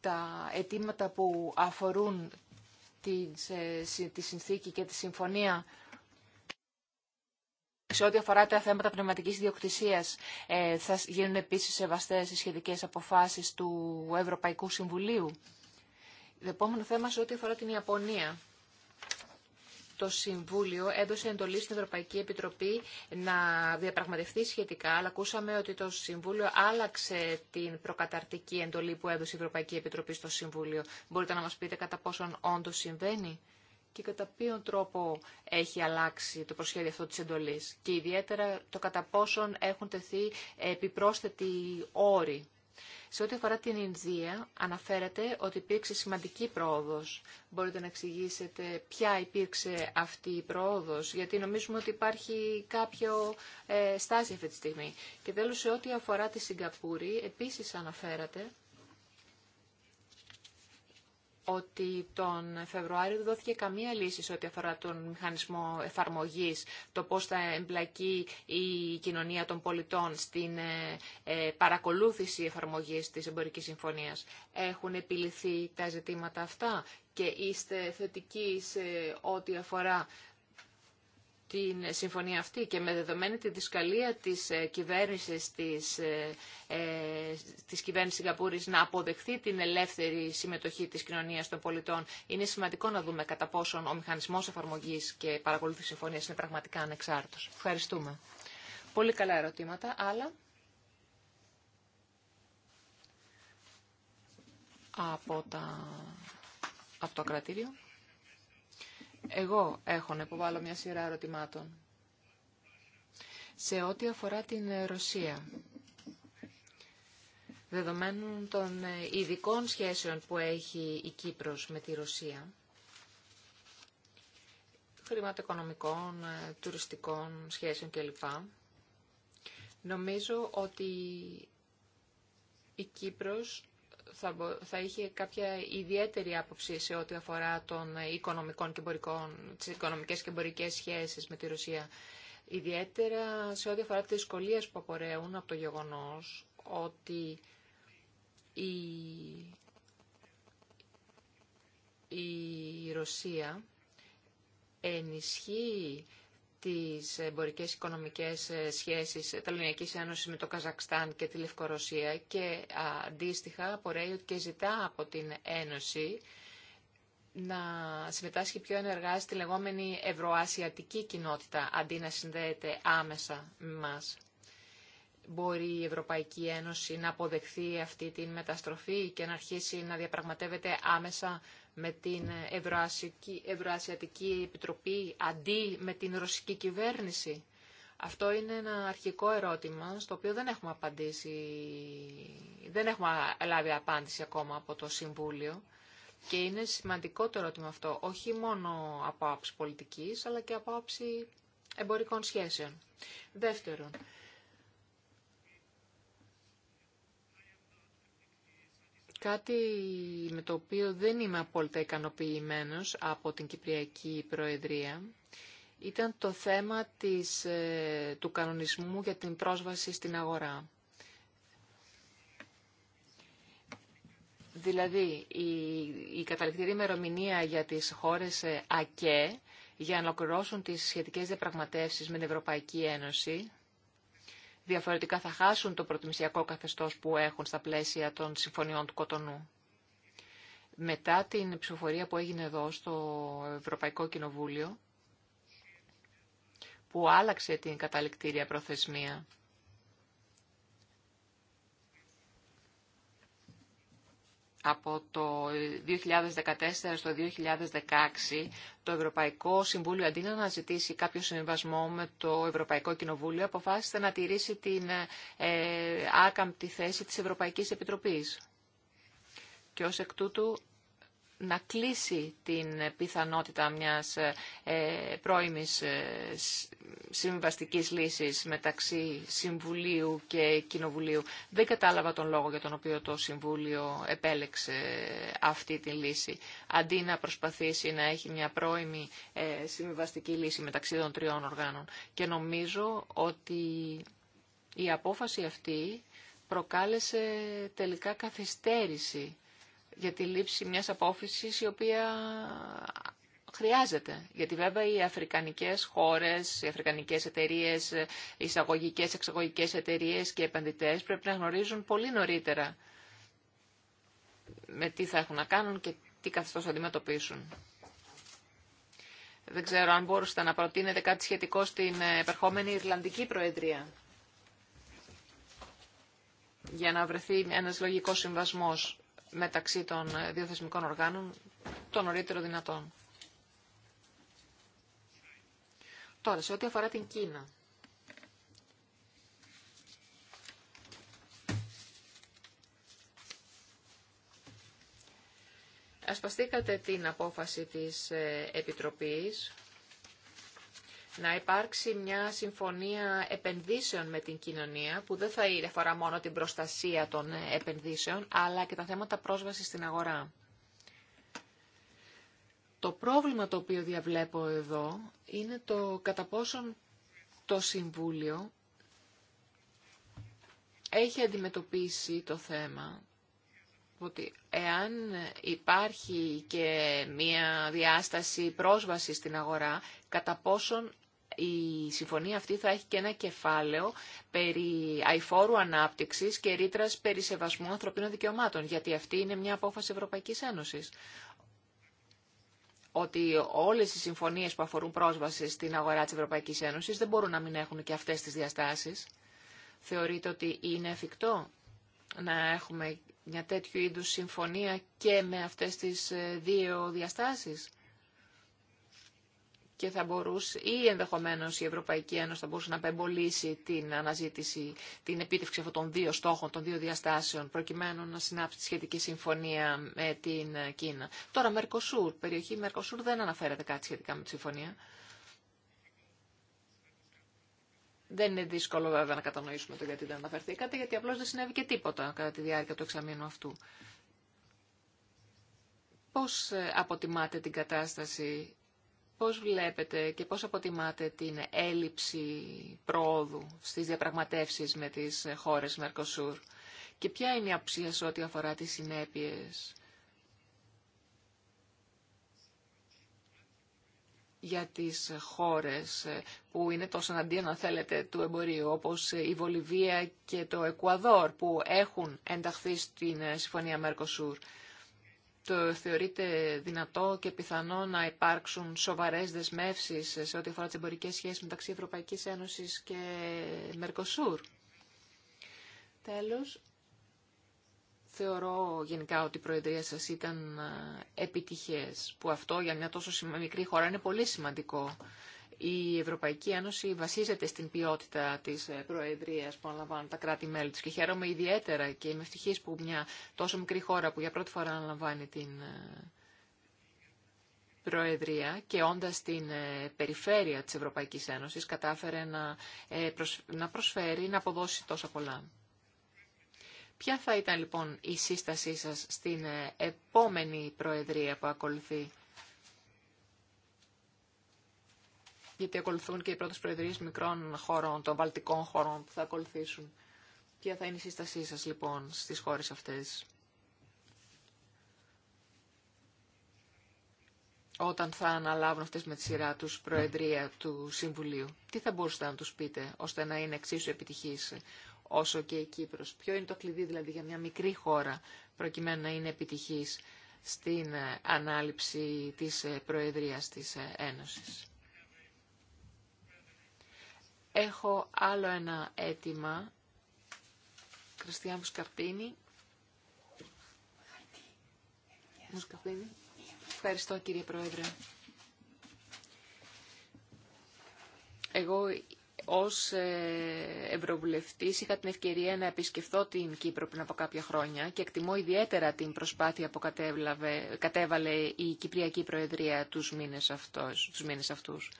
τα αιτήματα που αφορούν τη συνθήκη και τη συμφωνία σε ό,τι αφορά τα θέματα πνευματικής διοκτησίας θα γίνουν επίσης σεβαστές οι σχετικές αποφάσεις του Ευρωπαϊκού Συμβουλίου. Το επόμενο θέμα σε ό,τι αφορά την Ιαπωνία το Συμβούλιο έδωσε εντολή στην Ευρωπαϊκή Επιτροπή να διαπραγματευτεί σχετικά, αλλά ακούσαμε ότι το Συμβούλιο άλλαξε την προκαταρτική εντολή που έδωσε η Ευρωπαϊκή Επιτροπή στο Συμβούλιο. Μπορείτε να μας πείτε κατά πόσον όντω συμβαίνει και κατά ποιον τρόπο έχει αλλάξει το προσχέδιο αυτό της εντολής και ιδιαίτερα το κατά πόσον έχουν τεθεί επιπρόσθετοι όροι σε ό,τι αφορά την Ινδία, αναφέρατε ότι υπήρξε σημαντική πρόοδος. Μπορείτε να εξηγήσετε ποια υπήρξε αυτή η πρόοδος, γιατί νομίζουμε ότι υπάρχει κάποιο ε, στάση αυτή τη στιγμή. Και τέλος, σε ό,τι αφορά τη Σιγκαπούρη, επίσης αναφέρατε ότι τον Φεβρουάριο δεν δόθηκε καμία λύση σε ό,τι αφορά τον μηχανισμό εφαρμογής, το πώς θα εμπλακεί η κοινωνία των πολιτών στην ε, ε, παρακολούθηση εφαρμογής της εμπορικής συμφωνίας. Έχουν επιληθεί τα ζητήματα αυτά και είστε θετικοί σε ό,τι αφορά την συμφωνία αυτή και με δεδομένη τη δυσκαλία της ε, κυβέρνησης της, ε, ε, της κυβέρνησης να αποδεχθεί την ελεύθερη συμμετοχή της κοινωνίας των πολιτών είναι σημαντικό να δούμε κατά πόσον ο μηχανισμός εφαρμογής και παρακολούθησης συμφωνίας είναι πραγματικά ανεξάρτητος. Ευχαριστούμε. Πολύ καλά ερωτήματα. Άλλα. Από, τα... από το κρατήριο. Εγώ έχω να υποβάλω μια σειρά ερωτημάτων. Σε ό,τι αφορά την ε, Ρωσία, Δεδομένου των ε, ειδικών σχέσεων που έχει η Κύπρος με τη Ρωσία, χρηματοοικονομικών, ε, τουριστικών σχέσεων κλπ. Νομίζω ότι η Κύπρος θα, θα είχε κάποια ιδιαίτερη άποψη σε ό,τι αφορά των οικονομικών και εμπορικών, τις οικονομικές και εμπορικές σχέσεις με τη Ρωσία. Ιδιαίτερα σε ό,τι αφορά τις δυσκολίε που απορρέουν από το γεγονός ότι η, η Ρωσία ενισχύει τις εμπορικές οικονομικές ε, σχέσεις Ταλωνιακής Ένωσης με το Καζακστάν και τη Λευκορωσία και αντίστοιχα απορρέει ότι και ζητά από την Ένωση να συμμετάσχει πιο ενεργά στη λεγόμενη ευρωασιατική κοινότητα αντί να συνδέεται άμεσα με μας. Μπορεί η Ευρωπαϊκή Ένωση να αποδεχθεί αυτή την μεταστροφή και να αρχίσει να διαπραγματεύεται άμεσα με την Ευρωασιατική Επιτροπή αντί με την Ρωσική κυβέρνηση. Αυτό είναι ένα αρχικό ερώτημα στο οποίο δεν έχουμε απαντήσει, δεν έχουμε λάβει απάντηση ακόμα από το Συμβούλιο και είναι σημαντικό το ερώτημα αυτό, όχι μόνο από άψη πολιτικής αλλά και από άψη εμπορικών σχέσεων. Δεύτερον, κάτι με το οποίο δεν είμαι απόλυτα ικανοποιημένος από την Κυπριακή Προεδρία ήταν το θέμα της, ε, του κανονισμού για την πρόσβαση στην αγορά. Δηλαδή, η, η καταληκτήρη ημερομηνία για τις χώρες ε, ΑΚΕ για να ολοκληρώσουν τις σχετικές διαπραγματεύσεις με την Ευρωπαϊκή Ένωση Διαφορετικά θα χάσουν το προτιμησιακό καθεστώς που έχουν στα πλαίσια των συμφωνιών του Κοτονού. Μετά την ψηφοφορία που έγινε εδώ στο Ευρωπαϊκό Κοινοβούλιο, που άλλαξε την καταληκτήρια προθεσμία από το 2014 στο 2016 το Ευρωπαϊκό Συμβούλιο αντί να αναζητήσει κάποιο συμβασμό με το Ευρωπαϊκό Κοινοβούλιο αποφάσισε να τηρήσει την ε, άκαμπτη θέση της Ευρωπαϊκής Επιτροπής. Και ως εκ τούτου να κλείσει την πιθανότητα μιας ε, πρώιμης ε, συμβαστικής λύσης μεταξύ Συμβουλίου και Κοινοβουλίου. Δεν κατάλαβα τον λόγο για τον οποίο το Συμβούλιο επέλεξε αυτή τη λύση. Αντί να προσπαθήσει να έχει μια πρώιμη ε, συμβαστική λύση μεταξύ των τριών οργάνων. Και νομίζω ότι η απόφαση αυτή προκάλεσε τελικά καθυστέρηση για τη λήψη μιας απόφυσης η οποία χρειάζεται. Γιατί βέβαια οι αφρικανικές χώρες, οι αφρικανικές εταιρείες, οι εισαγωγικές, εξαγωγικές εταιρείες και οι επενδυτές πρέπει να γνωρίζουν πολύ νωρίτερα με τι θα έχουν να κάνουν και τι καθεστώς θα αντιμετωπίσουν. Δεν ξέρω αν μπορούσατε να προτείνετε κάτι σχετικό στην επερχόμενη Ιρλανδική Προεδρία για να βρεθεί ένας λογικός συμβασμός μεταξύ των δύο θεσμικών οργάνων το νωρίτερο δυνατόν. Τώρα, σε ό,τι αφορά την Κίνα. Ασπαστήκατε την απόφαση της ε, Επιτροπής να υπάρξει μια συμφωνία επενδύσεων με την κοινωνία που δεν θα φορά μόνο την προστασία των επενδύσεων αλλά και τα θέματα πρόσβασης στην αγορά. Το πρόβλημα το οποίο διαβλέπω εδώ είναι το κατά πόσον το Συμβούλιο έχει αντιμετωπίσει το θέμα ότι εάν υπάρχει και μία διάσταση πρόσβαση στην αγορά, κατά η συμφωνία αυτή θα έχει και ένα κεφάλαιο περί αηφόρου ανάπτυξης και ρήτρα περί σεβασμού ανθρωπίνων δικαιωμάτων, γιατί αυτή είναι μια απόφαση Ευρωπαϊκής Ένωσης ότι όλες οι συμφωνίες που αφορούν πρόσβαση στην αγορά της Ευρωπαϊκής Ένωσης δεν μπορούν να μην έχουν και αυτές τις διαστάσεις. Θεωρείτε ότι είναι εφικτό να έχουμε μια τέτοιου είδους συμφωνία και με αυτές τις ε, δύο διαστάσεις και θα μπορούσε ή ενδεχομένως η Ευρωπαϊκή Ένωση θα μπορούσε να απεμπολίσει την αναζήτηση, την επίτευξη αυτών των δύο στόχων, των δύο διαστάσεων, προκειμένου να συνάψει τη σχετική συμφωνία με την Κίνα. Τώρα, Μερκοσούρ, περιοχή Μερκοσούρ δεν αναφέρεται κάτι σχετικά με τη συμφωνία. Δεν είναι δύσκολο βέβαια να κατανοήσουμε το γιατί δεν αναφερθήκατε, γιατί απλώς δεν συνέβη και τίποτα κατά τη διάρκεια του εξαμήνου αυτού. Πώς ε, αποτιμάτε την κατάσταση πώς βλέπετε και πώς αποτιμάτε την έλλειψη πρόοδου στις διαπραγματεύσεις με τις χώρες Μερκοσούρ και ποια είναι η αψία σε ό,τι αφορά τις συνέπειες για τις χώρες που είναι τόσο αντίον, αν θέλετε, του εμπορίου, όπως η Βολιβία και το Εκουαδόρ που έχουν ενταχθεί στην Συμφωνία Μερκοσούρ το θεωρείτε δυνατό και πιθανό να υπάρξουν σοβαρές δεσμεύσεις σε ό,τι αφορά τις εμπορικές σχέσεις μεταξύ Ευρωπαϊκής Ένωσης και Μερκοσούρ. Τέλος, θεωρώ γενικά ότι η Προεδρία σας ήταν ε, επιτυχές, που αυτό για μια τόσο μικρή χώρα είναι πολύ σημαντικό η Ευρωπαϊκή Ένωση βασίζεται στην ποιότητα της ε, προεδρία που αναλαμβάνουν τα κράτη-μέλη τους και χαίρομαι ιδιαίτερα και είμαι ευτυχή που μια τόσο μικρή χώρα που για πρώτη φορά αναλαμβάνει την ε, Προεδρία και όντας την ε, περιφέρεια τη Ευρωπαϊκή Ένωση κατάφερε να προσφέρει, να αποδώσει τόσα πολλά. Ποια θα ήταν λοιπόν η σύστασή σας στην επόμενη Προεδρία που ακολουθεί γιατί ακολουθούν και οι πρώτε προεδρίες μικρών χωρών, των βαλτικών χωρών που θα ακολουθήσουν. Ποια θα είναι η σύστασή σα, λοιπόν στις χώρες αυτές. όταν θα αναλάβουν αυτές με τη σειρά τους Προεδρία του Συμβουλίου. Τι θα μπορούσατε να τους πείτε, ώστε να είναι εξίσου επιτυχής όσο και η Κύπρος. Ποιο είναι το κλειδί δηλαδή για μια μικρή χώρα, προκειμένου να είναι επιτυχής στην ανάληψη της ε, Προεδρίας της ε, Ένωσης. Έχω άλλο ένα αίτημα. Κριστιαν Μουσκαρτίνη. Μουσκαρτίνη. Ευχαριστώ κύριε Πρόεδρε. Εγώ ως ε, Ευρωβουλευτής είχα την ευκαιρία να επισκεφθώ την Κύπρο πριν από κάποια χρόνια και εκτιμώ ιδιαίτερα την προσπάθεια που κατέβαλε η Κυπριακή Προεδρία τους μήνες, αυτός, τους μήνες αυτούς.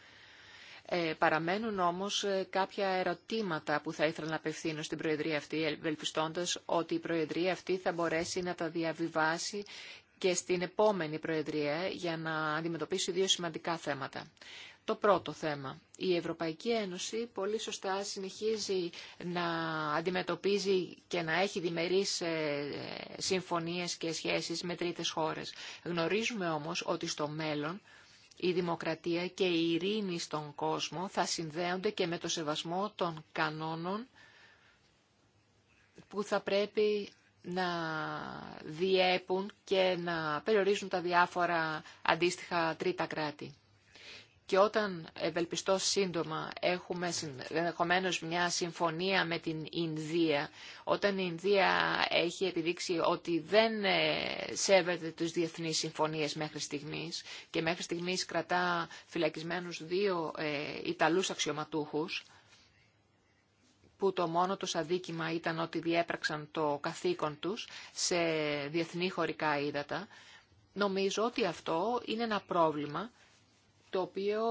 Ε, παραμένουν όμως ε, κάποια ερωτήματα που θα ήθελα να απευθύνω στην Προεδρία αυτή, ελπιστώντας ότι η Προεδρία αυτή θα μπορέσει να τα διαβιβάσει και στην επόμενη Προεδρία για να αντιμετωπίσει δύο σημαντικά θέματα. Το πρώτο θέμα. Η Ευρωπαϊκή Ένωση πολύ σωστά συνεχίζει να αντιμετωπίζει και να έχει διμερείς ε, συμφωνίες και σχέσεις με τρίτες χώρες. Γνωρίζουμε όμως ότι στο μέλλον η δημοκρατία και η ειρήνη στον κόσμο θα συνδέονται και με το σεβασμό των κανόνων που θα πρέπει να διέπουν και να περιορίζουν τα διάφορα αντίστοιχα τρίτα κράτη. Και όταν ευελπιστώ σύντομα έχουμε ενδεχομένω μια συμφωνία με την Ινδία, όταν η Ινδία έχει επιδείξει ότι δεν ε, σέβεται τις διεθνείς συμφωνίες μέχρι στιγμής και μέχρι στιγμής κρατά φυλακισμένους δύο ε, Ιταλούς αξιωματούχους, που το μόνο τους αδίκημα ήταν ότι διέπραξαν το καθήκον τους σε διεθνή χωρικά ύδατα, νομίζω ότι αυτό είναι ένα πρόβλημα το οποίο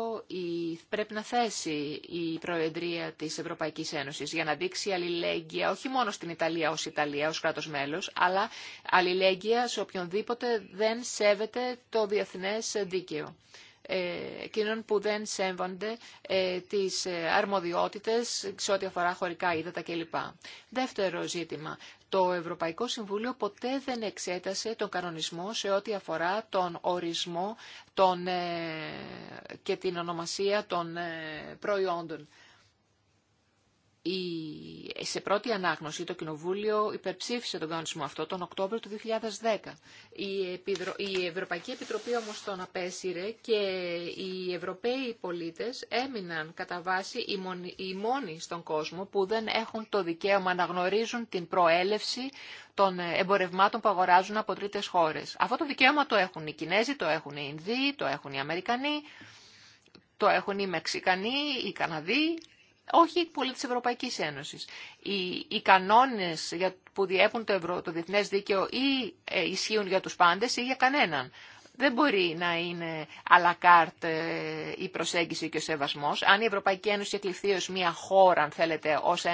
πρέπει να θέσει η Προεδρία της Ευρωπαϊκής Ένωσης για να δείξει αλληλέγγυα όχι μόνο στην Ιταλία ως Ιταλία, ως κράτος μέλος, αλλά αλληλέγγυα σε οποιονδήποτε δεν σέβεται το διεθνές δίκαιο. Ε, εκείνων που δεν σέμβανται ε, τις ε, αρμοδιότητες σε ό,τι αφορά χωρικά ύδατα κλπ. Δεύτερο ζήτημα. Το Ευρωπαϊκό Συμβούλιο ποτέ δεν εξέτασε τον κανονισμό σε ό,τι αφορά τον ορισμό και την ονομασία των προϊόντων η, σε πρώτη ανάγνωση το Κοινοβούλιο υπερψήφισε τον κανονισμό αυτό τον Οκτώβριο του 2010. Η, η Ευρωπαϊκή Επιτροπή όμως τον απέσυρε και οι Ευρωπαίοι πολίτες έμειναν κατά βάση οι, μονοι... στον κόσμο που δεν έχουν το δικαίωμα να γνωρίζουν την προέλευση των εμπορευμάτων που αγοράζουν από τρίτες χώρες. Αυτό το δικαίωμα το έχουν οι Κινέζοι, το έχουν οι Ινδοί, το έχουν οι Αμερικανοί, το έχουν οι Μεξικανοί, οι Καναδοί όχι πολύ της Ευρωπαϊκής Ένωσης. Οι, κανόνες που διέπουν το, ευρω, το διεθνές δίκαιο ή ε, ισχύουν για τους πάντες ή για κανέναν. Δεν μπορεί να είναι αλακάρτ la ε, η προσέγγιση και ο σεβασμός. Αν η Ευρωπαϊκή Ένωση εκλειφθεί ως μια χώρα, αν θέλετε, ως,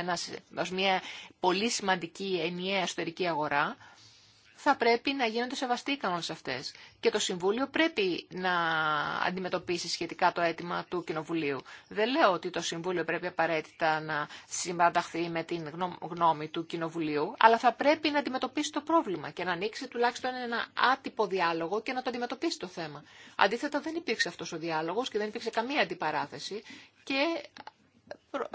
ως μια πολύ σημαντική ενιαία εσωτερική αγορά, θα πρέπει να γίνονται σεβαστοί οι κανόνες αυτές. Και το Συμβούλιο πρέπει να αντιμετωπίσει σχετικά το αίτημα του Κοινοβουλίου. Δεν λέω ότι το Συμβούλιο πρέπει απαραίτητα να συμπανταχθεί με την γνώμη του Κοινοβουλίου, αλλά θα πρέπει να αντιμετωπίσει το πρόβλημα και να ανοίξει τουλάχιστον ένα άτυπο διάλογο και να το αντιμετωπίσει το θέμα. Αντίθετα δεν υπήρξε αυτό ο διάλογο και δεν υπήρξε καμία αντιπαράθεση και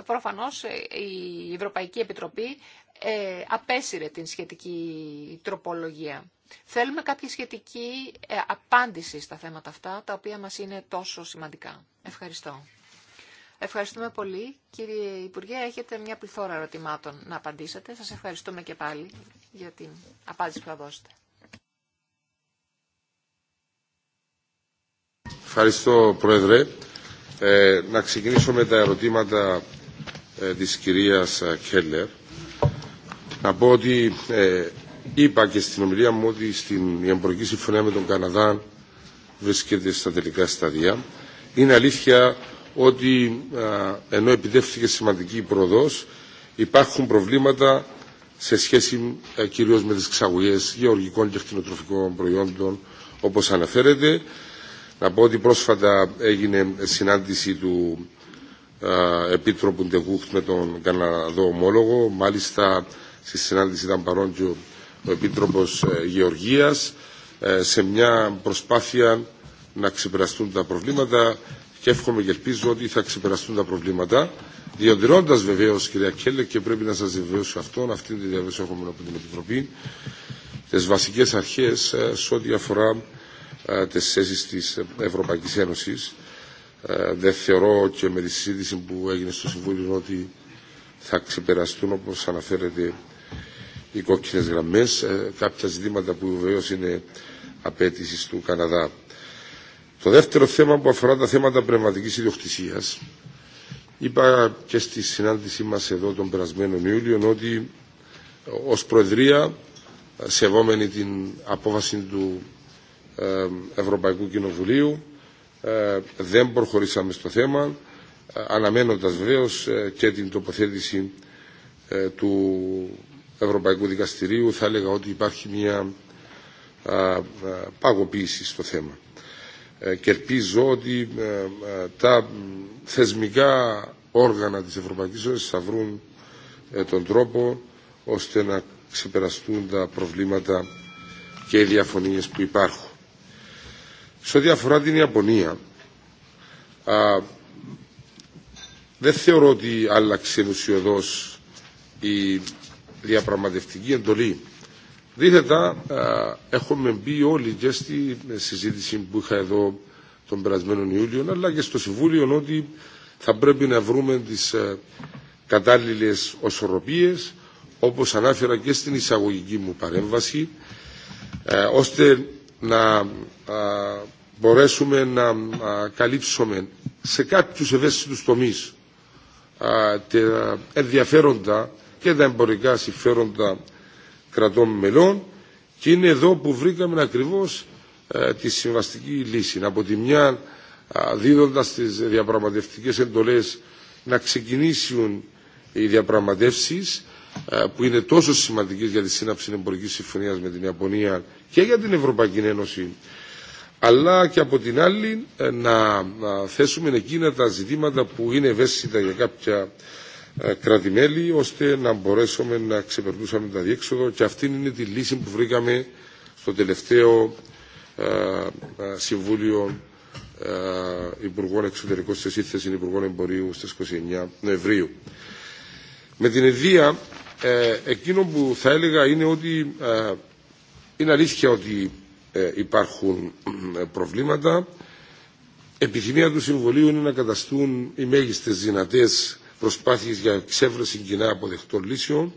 Προφανώς η Ευρωπαϊκή Επιτροπή ε, απέσυρε την σχετική τροπολογία. Θέλουμε κάποια σχετική ε, απάντηση στα θέματα αυτά, τα οποία μας είναι τόσο σημαντικά. Ευχαριστώ. Ευχαριστούμε πολύ. Κύριε Υπουργέ, έχετε μια πληθώρα ερωτημάτων να απαντήσετε. Σας ευχαριστούμε και πάλι για την απάντηση που θα δώσετε. Ευχαριστώ, Πρόεδρε. Ε, να ξεκινήσω με τα ερωτήματα ε, της κυρίας Κέλλερ. Να πω ότι ε, είπα και στην ομιλία μου ότι στην, η εμπορική συμφωνία με τον Καναδά βρίσκεται στα τελικά σταδιά. Είναι αλήθεια ότι ενώ επιτεύχθηκε σημαντική προοδός υπάρχουν προβλήματα σε σχέση ε, κυρίως με τις εξαγωγές γεωργικών και χτινοτροφικών προϊόντων όπως αναφέρεται. Να πω ότι πρόσφατα έγινε συνάντηση του Επίτροπου Ντεγούχτ με τον Καναδό ομόλογο. Μάλιστα στη συνάντηση ήταν παρόν και ο Επίτροπος ε, Γεωργίας ε, σε μια προσπάθεια να ξεπεραστούν τα προβλήματα και εύχομαι και ελπίζω ότι θα ξεπεραστούν τα προβλήματα διοντηρώντας βεβαίως κυρία Κέλλε και πρέπει να σας διαβεβαιώσω αυτόν αυτή τη διαβεβαίωση έχουμε από την Επιτροπή τις βασικές αρχές ε, σε ό,τι αφορά τις θέσεις της Ευρωπαϊκής Ένωσης. Δεν θεωρώ και με τη συζήτηση που έγινε στο Συμβούλιο ότι θα ξεπεραστούν όπως αναφέρεται οι κόκκινες γραμμές, ε, κάποια ζητήματα που βεβαίω είναι απέτηση του Καναδά. Το δεύτερο θέμα που αφορά τα θέματα πνευματικής ιδιοκτησίας, είπα και στη συνάντησή μας εδώ τον περασμένο Ιούλιο ότι ως Προεδρία, σεβόμενη την απόφαση του ε, Ευρωπαϊκού Κοινοβουλίου, ε, δεν προχωρήσαμε στο θέμα, αναμένοντας βεβαίω και την τοποθέτηση του Ευρωπαϊκού Δικαστηρίου θα έλεγα ότι υπάρχει μια παγωποίηση στο θέμα. Ε, και ελπίζω ότι ε, ε, τα θεσμικά όργανα της Ευρωπαϊκής Ένωσης θα βρουν τον τρόπο ώστε να ξεπεραστούν τα προβλήματα και οι διαφωνίες που υπάρχουν. Σε ό,τι αφορά την Ιαπωνία, α, δεν θεωρώ ότι άλλαξε ενουσιοδός η διαπραγματευτική εντολή. Δίθετα, έχουμε μπει όλοι και στη συζήτηση που είχα εδώ τον περασμένο Ιούλιο, αλλά και στο Συμβούλιο ότι θα πρέπει να βρούμε τις κατάλληλες οσορροπίες, όπως ανάφερα και στην εισαγωγική μου παρέμβαση, ώστε να μπορέσουμε να καλύψουμε σε κάποιους ευαίσθητους τομείς τα ενδιαφέροντα και τα εμπορικά συμφέροντα κρατών μελών και είναι εδώ που βρήκαμε ακριβώς ε, τη συμβαστική λύση. Από τη μια δίδοντας τις διαπραγματευτικές εντολές να ξεκινήσουν οι διαπραγματεύσεις ε, που είναι τόσο σημαντικές για τη σύναψη εμπορικής συμφωνίας με την Ιαπωνία και για την Ευρωπαϊκή Ένωση αλλά και από την άλλη ε, να θέσουμε εκείνα τα ζητήματα που είναι ευαίσθητα για κάποια ε, κρατημέλη ώστε να μπορέσουμε να ξεπερνούσαμε τα διέξοδο και αυτή είναι τη λύση που βρήκαμε στο τελευταίο ε, ε, Συμβούλιο Υπουργών Εξωτερικών στη Σύνθεση Υπουργών Εμπορίου στις 29 Νοεμβρίου. Με την ιδέα εκείνο που θα έλεγα είναι ότι είναι αλήθεια ότι υπάρχουν προβλήματα. Επιθυμία του Συμβουλίου είναι να καταστούν οι μέγιστες δυνατές προσπάθειες για εξέβρεση κοινά αποδεκτών λύσεων.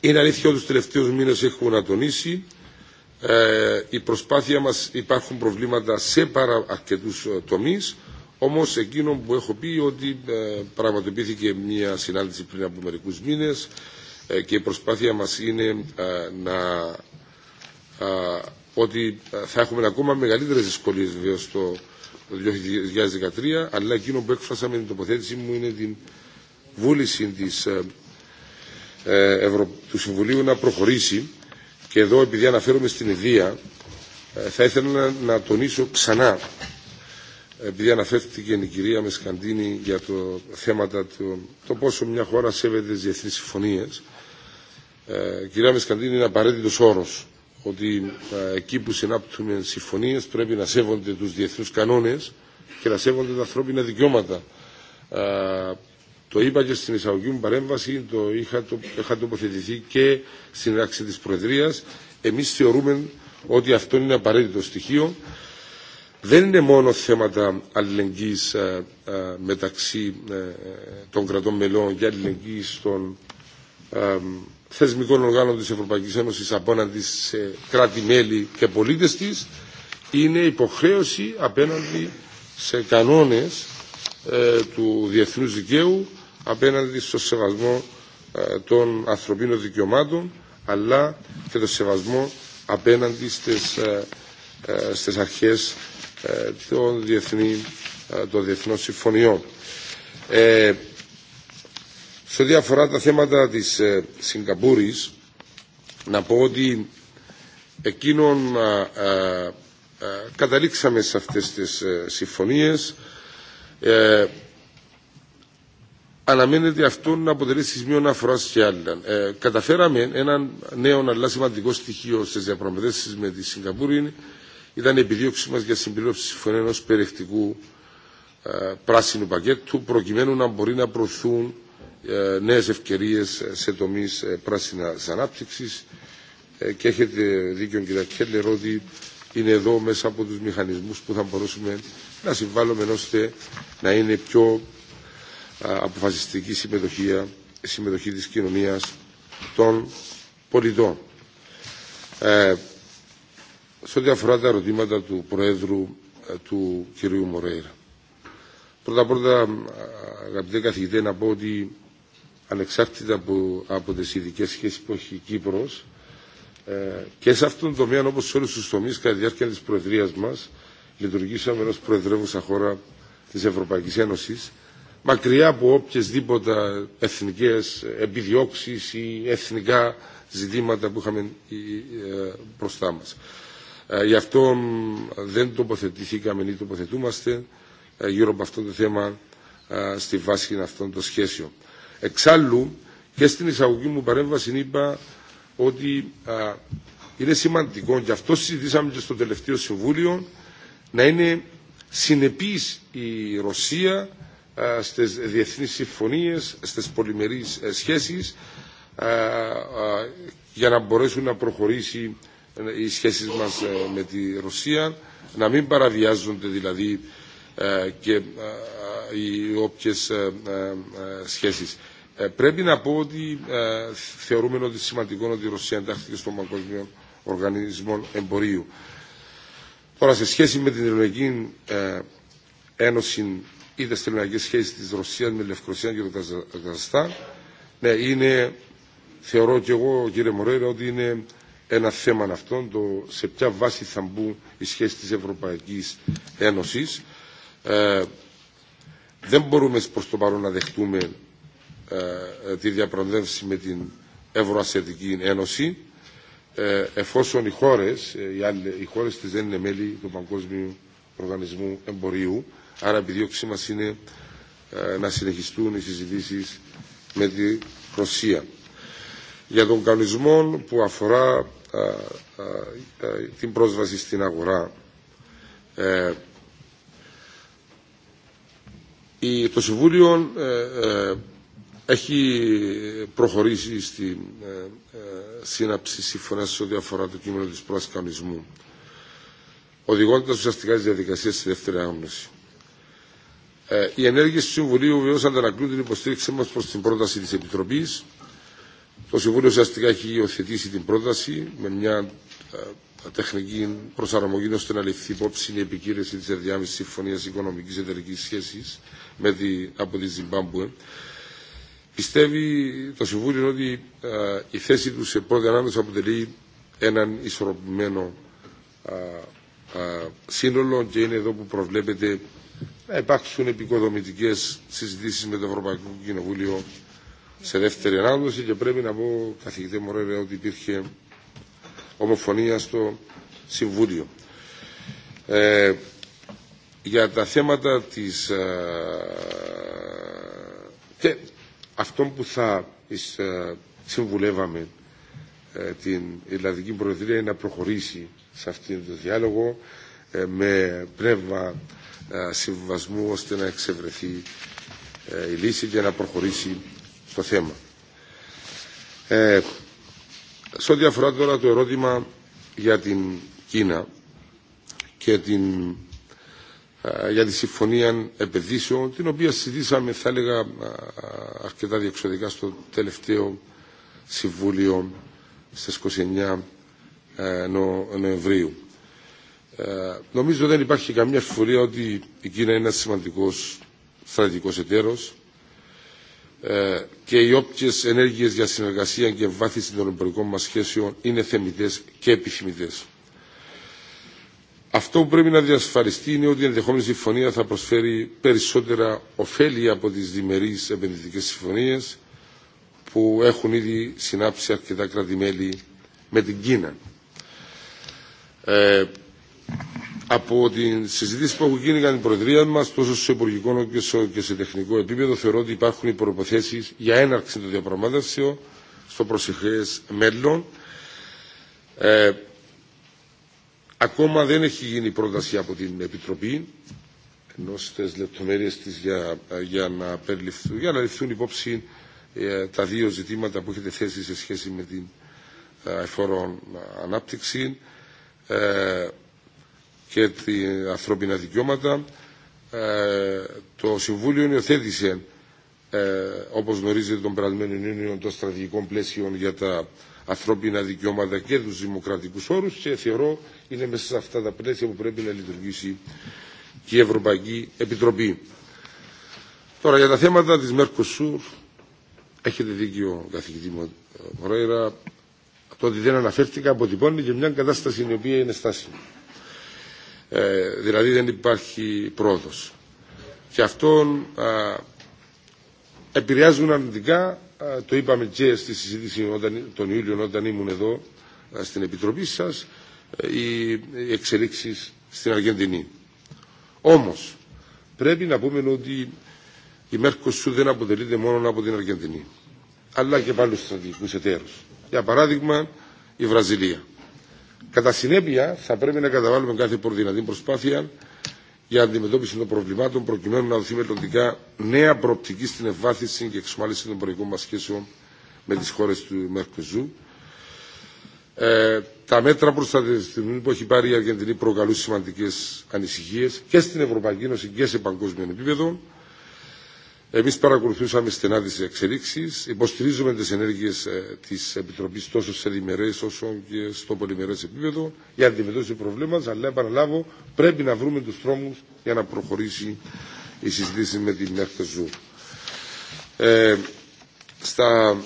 Είναι αλήθεια ότι τους τελευταίους μήνες έχουμε ανατονίσει. ε, η προσπάθεια μας υπάρχουν προβλήματα σε πάρα αρκετούς ε, τομείς όμως εκείνο που έχω πει ότι ε, πραγματοποιήθηκε μια συνάντηση πριν από μερικούς μήνες ε, και η προσπάθεια μας είναι να ότι θα έχουμε ακόμα μεγαλύτερες δυσκολίες βέβαια στο το 2013, αλλά εκείνο που έκφρασα με την τοποθέτησή μου είναι την βούληση της, ε, ε, του Συμβουλίου να προχωρήσει και εδώ επειδή αναφέρομαι στην Ιδία ε, θα ήθελα να τονίσω ξανά επειδή αναφέρθηκε η κυρία Μεσκαντίνη για το θέματα του, το πόσο μια χώρα σέβεται τις διεθνείς συμφωνίες, ε, κυρία Μεσκαντίνη είναι απαραίτητος όρος ότι εκεί που συνάπτουμε συμφωνίες πρέπει να σέβονται τους διεθνούς κανόνες και να σέβονται τα ανθρώπινα δικαιώματα. Το είπα και στην εισαγωγή μου παρέμβαση, το είχα, το, είχα τοποθετηθεί και στην άξη της Προεδρίας. Εμείς θεωρούμε ότι αυτό είναι απαραίτητο στοιχείο. Δεν είναι μόνο θέματα αλληλεγγύης μεταξύ ε, των κρατών μελών και αλληλεγγύης των θεσμικών οργάνων της Ευρωπαϊκής Ένωσης απέναντι σε κράτη-μέλη και πολίτες της είναι υποχρέωση απέναντι σε κανόνες ε, του διεθνούς δικαίου απέναντι στο σεβασμό ε, των ανθρωπίνων δικαιωμάτων αλλά και το σεβασμό απέναντι στις, ε, ε στις αρχές των, των διεθνών συμφωνιών. Σε ό,τι αφορά τα θέματα της ε, Σιγκαπούρης, να πω ότι εκείνον καταλήξαμε σε αυτές τις ε, συμφωνίες. Ε, αναμένεται αυτό να αποτελεί σημείο μία και άλλα. Ε, καταφέραμε ένα νέο αλλά σημαντικό στοιχείο στι διαπραγματεύσει με τη Σιγκαπούρη ήταν η επιδίωξή μας για συμπλήρωση συμφωνία ενό περιεκτικού πράσινου πακέτου, προκειμένου να μπορεί να προωθούν ε, νέες ευκαιρίες σε τομείς ε, πράσινας ανάπτυξης ε, και έχετε δίκιο κύριε Κέλλερ ότι είναι εδώ μέσα από τους μηχανισμούς που θα μπορούσαμε να συμβάλλουμε ώστε να είναι πιο αποφασιστική συμμετοχή, συμμετοχή της κοινωνίας των πολιτών. Ε, σε ό,τι αφορά τα ερωτήματα του Προέδρου του κυρίου Μορέιρα. Πρώτα-πρώτα, αγαπητέ καθηγητέ, να πω ότι ανεξάρτητα από, από τις ειδικέ σχέσεις που έχει η Κύπρος ε, και σε αυτόν τον τομέα όπως σε όλους τους τομείς κατά τη διάρκεια της Προεδρίας μας λειτουργήσαμε ως Προεδρεύουσα χώρα της Ευρωπαϊκής Ένωσης μακριά από οποιασδήποτε εθνικές επιδιώξεις ή εθνικά ζητήματα που είχαμε ε, μπροστά μας. Ε, γι' αυτό δεν τοποθετηθήκαμε ή τοποθετούμαστε ε, γύρω από αυτό το θέμα στη βάση αυτών των σχέσεων. Εξάλλου και στην εισαγωγή μου παρέμβαση είπα ότι είναι σημαντικό και αυτό συζητήσαμε και στο τελευταίο Συμβούλιο να είναι συνεπής η Ρωσία α, στις διεθνείς συμφωνίες, στις πολυμερείς ε, σχέσεις για να μπορέσουν να προχωρήσει ε, οι σχέσεις μας ε, με τη Ρωσία να μην παραβιάζονται δηλαδή και οι όποιες σχέσεις. Ε, πρέπει να πω ότι ε, θεωρούμε ότι σημαντικό ότι η Ρωσία εντάχθηκε στον Παγκόσμιο Οργανισμό Εμπορίου. Τώρα, σε σχέση με την Ελληνική ε, Ένωση ή τι ελληνικέ σχέσει τη Ρωσία με Λευκορωσία και το Καζαστά, ναι, είναι, θεωρώ και εγώ, κύριε Μωρέρα, ότι είναι ένα θέμα αυτό, το σε ποια βάση θα μπουν οι σχέσει τη Ευρωπαϊκή Ένωση. δεν μπορούμε προ το παρόν να δεχτούμε ε, ε, τη διαπραγμάτευση με την Ευρωασιατική Ένωση ε, εφόσον οι χώρες, οι, χώρες της δεν είναι μέλη του Παγκόσμιου Οργανισμού Εμπορίου άρα επιδίωξή μας είναι να συνεχιστούν οι συζητήσεις με τη Ρωσία. Για τον κανονισμό που αφορά την πρόσβαση στην αγορά το Συμβούλιο έχει προχωρήσει στη ε, ε, σύναψη σύμφωνα σε ό,τι αφορά το κείμενο της προσκαμισμού, οδηγώντας ουσιαστικά τις διαδικασίες στη δεύτερη άγνωση. Οι ε, ενέργειες του Συμβουλίου βεβαίως αντανακλούν την υποστήριξή μας προς την πρόταση της Επιτροπής. Το Συμβούλιο ουσιαστικά έχει υιοθετήσει την πρόταση με μια τεχνική προσαρμογή ώστε να ληφθεί υπόψη η επικύρωση της ενδιάμεσης συμφωνίας οικονομική εταιρικής σχέση τη, από τη Ζιμπάμπουε Πιστεύει το Συμβούλιο ότι ε, η θέση του σε πρώτη ανάγνωση αποτελεί έναν ισορροπημένο ε, ε, σύνολο και είναι εδώ που προβλέπεται να υπάρξουν επικοδομητικές συζητήσεις με το Ευρωπαϊκό Κοινοβούλιο σε δεύτερη ανάδοση και πρέπει να πω καθηγητέ ρε ότι υπήρχε ομοφωνία στο Συμβούλιο. για τα θέματα της αυτό που θα ε, συμβουλεύαμε ε, την Ελλαδική Προεδρία είναι να προχωρήσει σε αυτήν τον διάλογο ε, με πνεύμα συμβασμού ώστε να εξευρεθεί η λύση και να προχωρήσει στο θέμα. Ε, σε ό,τι αφορά τώρα το ερώτημα για την Κίνα και την για τη Συμφωνία Επενδύσεων, την οποία συζητήσαμε, θα έλεγα, αρκετά διεξοδικά στο τελευταίο Συμβούλιο στις 29 ε, Νοεμβρίου. Ε, νομίζω δεν υπάρχει καμία αφορία ότι η Κίνα είναι ένα σημαντικός στρατηγικός εταίρος ε, και οι όποιε ενέργειες για συνεργασία και βάθηση των εμπορικών μας σχέσεων είναι θεμητές και επιθυμητές. Αυτό που πρέπει να διασφαλιστεί είναι ότι η ενδεχόμενη συμφωνία θα προσφέρει περισσότερα ωφέλη από τις διμερείς επενδυτικές συμφωνίες που έχουν ήδη συνάψει αρκετά κρατημέλη με την Κίνα. Ε, από την συζήτηση που έχουν γίνει για την Προεδρία μα, τόσο σε υπουργικό όσο και σε τεχνικό επίπεδο, θεωρώ ότι υπάρχουν οι προποθέσει για έναρξη των διαπραγματεύσεων στο προσεχέ μέλλον. Ε, Ακόμα δεν έχει γίνει πρόταση από την Επιτροπή ενώ στι λεπτομέρειε τη για, για, να περιληφθούν, για να ληφθούν υπόψη ε, τα δύο ζητήματα που έχετε θέσει σε σχέση με την ε, εφόρον ανάπτυξη ε, και την ανθρώπινα δικαιώματα. το Συμβούλιο υιοθέτησε, όπως γνωρίζετε, τον περασμένο Ιούνιο των στρατηγικών πλαίσιων για τα ανθρώπινα δικαιώματα και τους δημοκρατικούς όρους και θεωρώ είναι μέσα σε αυτά τα πλαίσια που πρέπει να λειτουργήσει και η Ευρωπαϊκή Επιτροπή. Τώρα για τα θέματα της Σουρ έχετε δίκιο καθηγητή Ρέιρα, το ότι δεν αναφέρθηκα αποτυπώνει και μια κατάσταση η οποία είναι στάσιμη. Ε, δηλαδή δεν υπάρχει πρόοδος. Και αυτόν επηρεάζουν αρνητικά ε, το είπαμε και στη συζήτηση όταν, τον Ιούλιο όταν ήμουν εδώ ε, στην Επιτροπή σας ε, οι εξελίξεις στην Αργεντινή. Όμως πρέπει να πούμε ότι η Σου δεν αποτελείται μόνο από την Αργεντινή αλλά και από άλλους στρατηγικούς εταίρους. Για παράδειγμα η Βραζιλία. Κατά συνέπεια θα πρέπει να καταβάλουμε κάθε προδυνατή προσπάθεια για αντιμετώπιση των προβλημάτων προκειμένου να δοθεί μελλοντικά νέα προοπτική στην ευβάθυνση και εξομάλυνση των προηγούμενων μα σχέσεων με τις χώρες του Μερκοζού. Ε, τα μέτρα προστατευτισμού που έχει πάρει η Αργεντινή προκαλούν σημαντικές ανησυχίε και στην Ευρωπαϊκή Ένωση και σε παγκόσμιο επίπεδο. Εμείς παρακολουθούσαμε στενά τις εξελίξεις, υποστηρίζουμε τις ενέργειες ε, της Επιτροπής τόσο σε διμερές όσο και στο πολυμερές επίπεδο για αντιμετώπιση του προβλήμα, αλλά επαναλάβω πρέπει να βρούμε τους τρόμους για να προχωρήσει η συζήτηση με την Μερκεζού. Ε, στα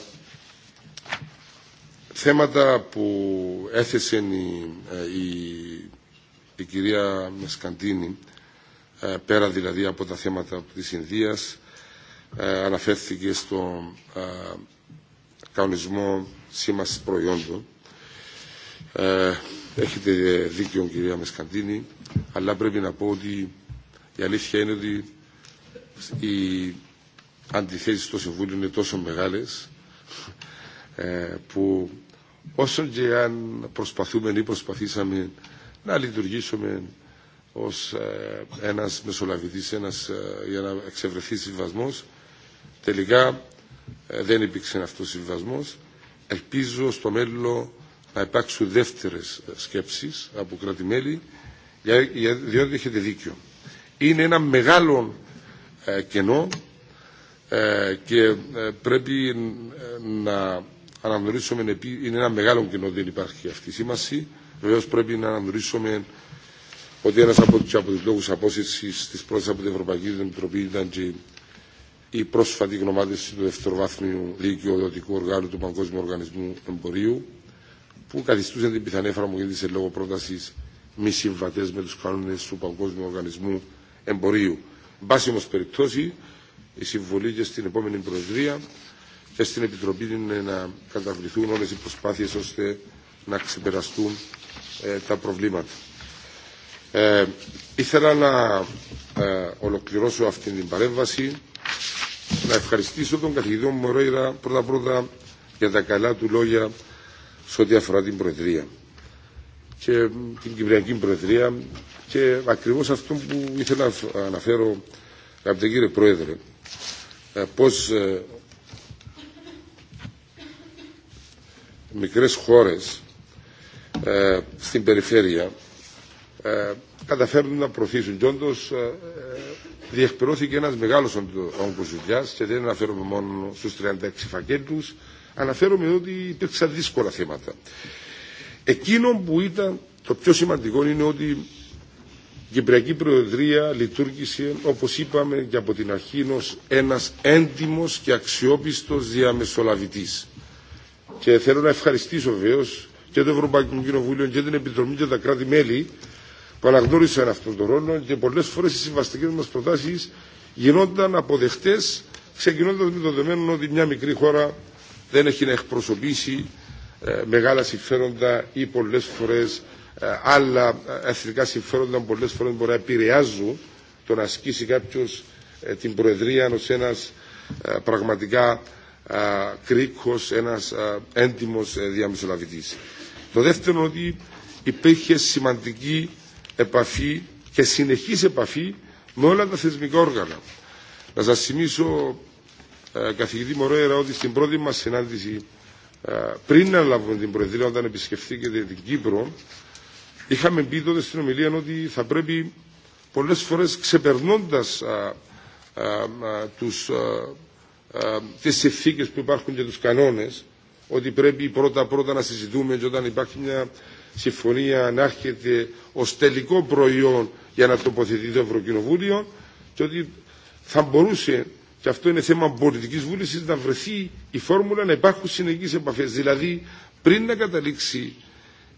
θέματα που έθεσε η, ε, η, η κυρία Μεσκαντίνη, ε, πέρα δηλαδή από τα θέματα της Ινδίας, ε, αναφέρθηκε στο ε, κανονισμό σήμανση προϊόντων. Ε, έχετε δίκιο κυρία Μεσκαντίνη, αλλά πρέπει να πω ότι η αλήθεια είναι ότι οι αντιθέσεις στο Συμβούλιο είναι τόσο μεγάλες που όσο και αν προσπαθούμε ή προσπαθήσαμε να λειτουργήσουμε ως ένας μεσολαβητής, ένας, για να εξευρεθεί συμβασμός, Τελικά ε, δεν υπήρξε αυτός ο συμβασμός. Ελπίζω στο μέλλον να υπάρξουν δεύτερες ε, σκέψεις από κράτη-μέλη διότι έχετε δίκιο. Είναι ένα μεγάλο ε, κενό και πρέπει να αναγνωρίσουμε, είναι ένα μεγάλο κενό, δεν υπάρχει αυτή η σήμαση. Βεβαίω πρέπει να αναγνωρίσουμε ότι ένα από του λόγου απόσυρση τη πρόσφατη από την Ευρωπαϊκή Επιτροπή ήταν και η πρόσφατη γνωμάτευση του δευτεροβάθμιου δικαιοδοτικού οργάνου του Παγκόσμιου Οργανισμού Εμπορίου, που καθιστούσε την πιθανή εφαρμογή τη λόγω πρόταση μη συμβατέ με του κανόνε του Παγκόσμιου Οργανισμού Εμπορίου. πάση όμω περιπτώσει, η συμβολή και στην επόμενη Προεδρία και στην Επιτροπή είναι να καταβληθούν όλε οι προσπάθειε ώστε να ξεπεραστούν ε, τα προβλήματα. Ε, ήθελα να ε, ολοκληρώσω αυτή την παρέμβαση να ευχαριστήσω τον καθηγητή Μωρέιρα πρώτα-πρώτα για τα καλά του λόγια σε ό,τι αφορά την Προεδρία και την Κυπριακή Προεδρία και ακριβώς αυτό που ήθελα να αναφέρω αγαπητέ κύριε Πρόεδρε ε, πως ε, μικρές χώρες ε, στην περιφέρεια καταφέρνουν να προωθήσουν. Και όντω ε, ε, διεκπαιρώθηκε ένα μεγάλο όγκο δουλειά και δεν αναφέρομαι μόνο στου 36 φακέλου, αναφέρομαι ότι υπήρξαν δύσκολα θέματα. Εκείνο που ήταν το πιο σημαντικό είναι ότι η Κυπριακή Προεδρία λειτουργήσε, όπως είπαμε και από την αρχή, ως ένας έντιμος και αξιόπιστος διαμεσολαβητής. Και θέλω να ευχαριστήσω βεβαίω και το Ευρωπαϊκό Κοινοβούλιο και την Επιτροπή και τα κράτη-μέλη που αναγνώρισαν αυτόν τον ρόλο και πολλέ φορέ οι συμβαστικέ μα προτάσει γινόταν αποδεχτές ξεκινώντα με το δεδομένο ότι μια μικρή χώρα δεν έχει να εκπροσωπήσει ε, μεγάλα συμφέροντα ή πολλέ φορέ ε, άλλα ε, εθνικά συμφέροντα που πολλέ φορέ μπορεί να επηρεάζουν το να ασκήσει κάποιο την Προεδρία ω ένα πραγματικά κρίκο, ένα έντιμο διαμεσολαβητή. Το δεύτερο ότι υπήρχε σημαντική επαφή και συνεχής επαφή με όλα τα θεσμικά όργανα. Να σας θυμίσω, ε, καθηγητή Μωρέρα, ότι στην πρώτη μας συνάντηση ε, πριν να λάβουμε την Προεδρία όταν επισκεφθήκατε την Κύπρο είχαμε πει τότε στην ομιλία ότι θα πρέπει πολλές φορές ξεπερνώντας ε, τι α, τις που υπάρχουν και τους κανόνες ότι πρέπει πρώτα πρώτα να συζητούμε και όταν υπάρχει μια συμφωνία να έρχεται ω τελικό προϊόν για να τοποθετεί το Ευρωκοινοβούλιο και ότι θα μπορούσε και αυτό είναι θέμα πολιτική βούληση να βρεθεί η φόρμουλα να υπάρχουν συνεχεί επαφέ. Δηλαδή, πριν να καταλήξει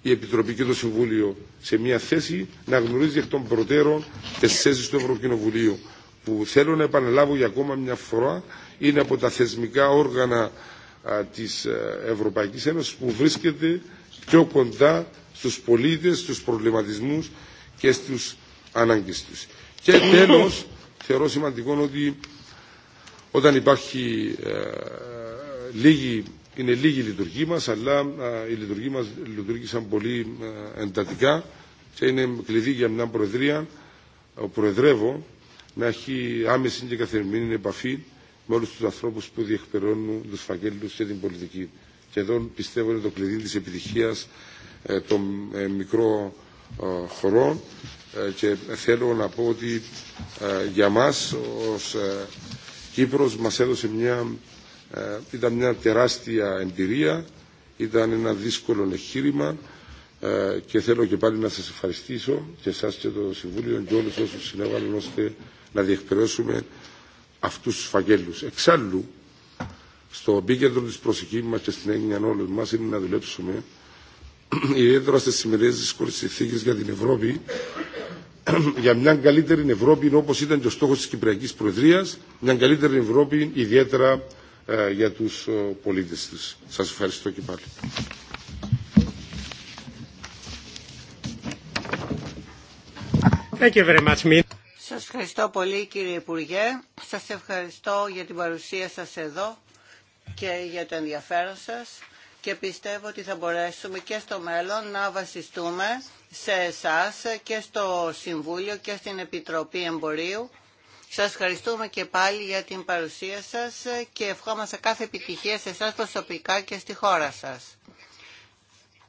η Επιτροπή και το Συμβούλιο σε μια θέση, να γνωρίζει εκ των προτέρων τι θέσει του Ευρωκοινοβουλίου. Που θέλω να επαναλάβω για ακόμα μια φορά, είναι από τα θεσμικά όργανα τη ε, Ευρωπαϊκή Ένωση που βρίσκεται πιο κοντά στους πολίτες, στους προβληματισμούς και στους ανάγκες τους. Και τέλος, θεωρώ σημαντικό ότι όταν υπάρχει ε, λίγη, είναι λίγη η λειτουργή μας, αλλά ε, οι λειτουργοί μας λειτουργήσαν πολύ ε, εντατικά και είναι κλειδί για μια προεδρία, ο προεδρεύω, να έχει άμεση και καθημερινή επαφή με όλους τους ανθρώπους που διεκπαιρώνουν τους φακέλους και την πολιτική. Και εδώ πιστεύω είναι το κλειδί της επιτυχίας ε, το ε, μικρό ε, χωρών και θέλω να πω ότι για μας ως Κύπρος μας έδωσε μια, ήταν μια τεράστια εμπειρία, ήταν ένα δύσκολο εγχείρημα και θέλω και πάλι να σας ευχαριστήσω και εσάς και το Συμβούλιο και όλους όσους συνέβαλαν ώστε να διεκπαιρέσουμε αυτούς τους φαγγέλους. Εξάλλου, στο επίκεντρο της προσοχής μας και στην έννοια όλων μας είναι να δουλέψουμε ιδιαίτερα στι σημερινέ δύσκολε συνθήκε για την Ευρώπη, για μια καλύτερη Ευρώπη όπω ήταν και ο στόχο τη Κυπριακή Προεδρία, μια καλύτερη Ευρώπη ιδιαίτερα ε, για του πολίτε τη. Σα ευχαριστώ και πάλι. Σα Σας ευχαριστώ πολύ κύριε Υπουργέ. Σας ευχαριστώ για την παρουσία σας εδώ και για το ενδιαφέρον σας και πιστεύω ότι θα μπορέσουμε και στο μέλλον να βασιστούμε σε εσάς και στο Συμβούλιο και στην Επιτροπή Εμπορίου. Σας ευχαριστούμε και πάλι για την παρουσία σας και ευχόμαστε κάθε επιτυχία σε εσάς προσωπικά και στη χώρα σας.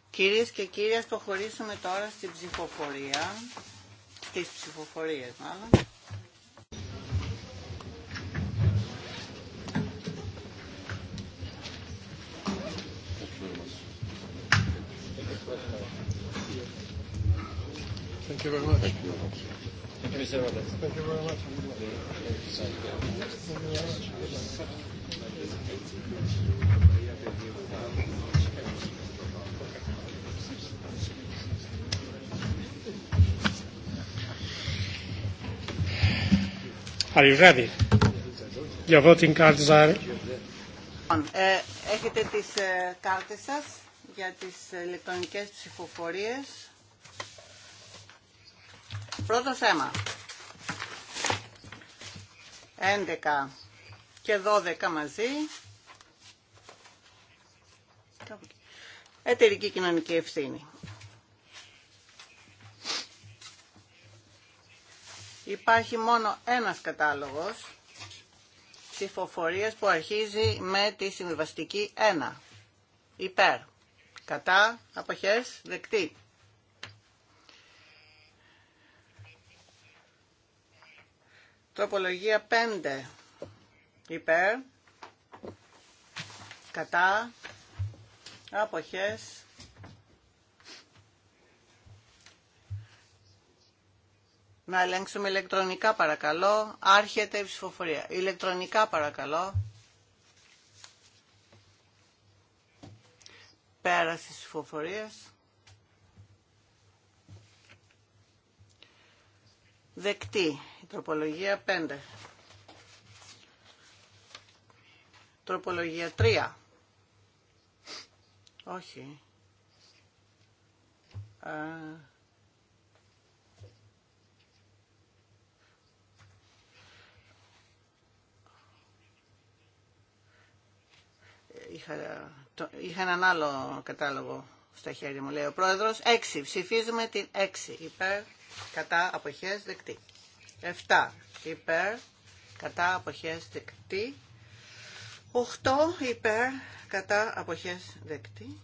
Κυρίες και κύριοι, ας προχωρήσουμε τώρα στην ψηφοφορία, στις ψηφοφορίες μάλλον. Thank you very much. Thank you very much. Are you ready? Your voting cards are. Έχετε τις κάρτες σας για τις ηλεκτρονικές ψηφοφορίες. Πρώτο θέμα. 11 και 12 μαζί. Εταιρική κοινωνική ευθύνη. Υπάρχει μόνο ένας κατάλογος ψηφοφορίας που αρχίζει με τη συμβιβαστική 1. Υπέρ. Κατά. Αποχές. Δεκτή. Τροπολογία 5. Υπέρ. Κατά. Αποχές. Να ελέγξουμε ηλεκτρονικά παρακαλώ. Άρχεται η ψηφοφορία. Ηλεκτρονικά παρακαλώ. πέραση της φοφορίας. Δεκτή. Η τροπολογία 5. Τροπολογία 3. Όχι. Α, είχα είχα έναν άλλο κατάλογο στα χέρια μου, λέει ο πρόεδρος. 6. Ψηφίζουμε την 6. Υπέρ, κατά, αποχές, δεκτή. 7. Υπέρ, κατά, αποχές, δεκτή. 8. Υπέρ, κατά, αποχές, δεκτή.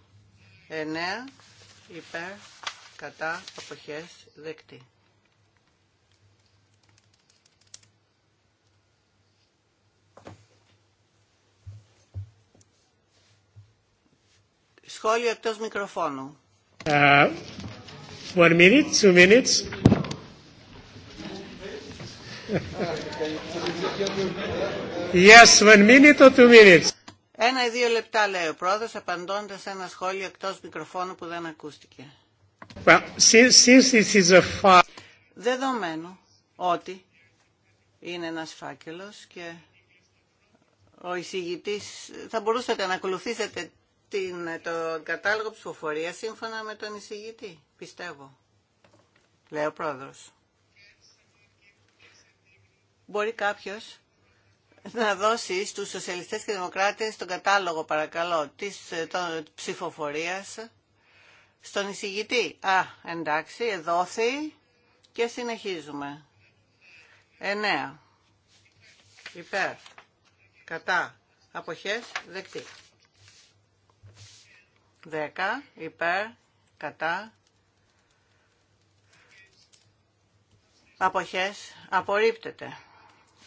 9. Υπέρ, κατά, αποχές, δεκτή. Σχόλιο εκτός μικροφώνου. Ε, yes, one minute or two minutes. Ένα ή δύο λεπτά λέει ο πρόεδρος απαντώντας ένα σχόλιο εκτός μικροφώνου που δεν ακούστηκε. Well, since, since is a Δεδομένου ότι είναι ένας φάκελος και ο εισηγητής θα μπορούσατε να ακολουθήσετε την, τον κατάλογο ψηφοφορία σύμφωνα με τον εισηγητή, πιστεύω. Λέει ο πρόεδρος. Μπορεί κάποιος να δώσει στους σοσιαλιστές και δημοκράτες τον κατάλογο, παρακαλώ, της ψηφοφορία ψηφοφορίας στον εισηγητή. Α, εντάξει, εδόθη και συνεχίζουμε. Εννέα. Υπέρ. Κατά. Αποχές. Δεκτή. 10 υπέρ κατά αποχές απορρίπτεται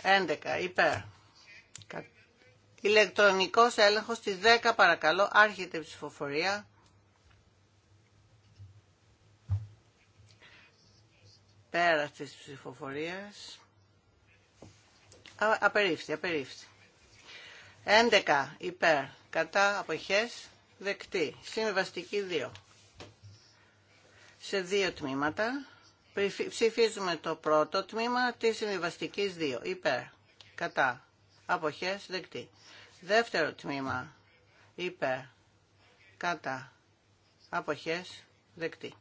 11 υπέρ Κα... ηλεκτρονικός έλεγχος 10 παρακαλώ άρχεται η ψηφοφορία πέρα της ψηφοφορίας Α, απερίφθη, απερίφθη 11 υπέρ κατά αποχές δεκτή. Συμβαστική 2. Σε δύο τμήματα. Ψηφίζουμε το πρώτο τμήμα τη συμβιβαστικής 2. Υπέρ. Κατά. Αποχές δεκτή. Δεύτερο τμήμα. Υπέρ. Κατά. Αποχές δεκτή.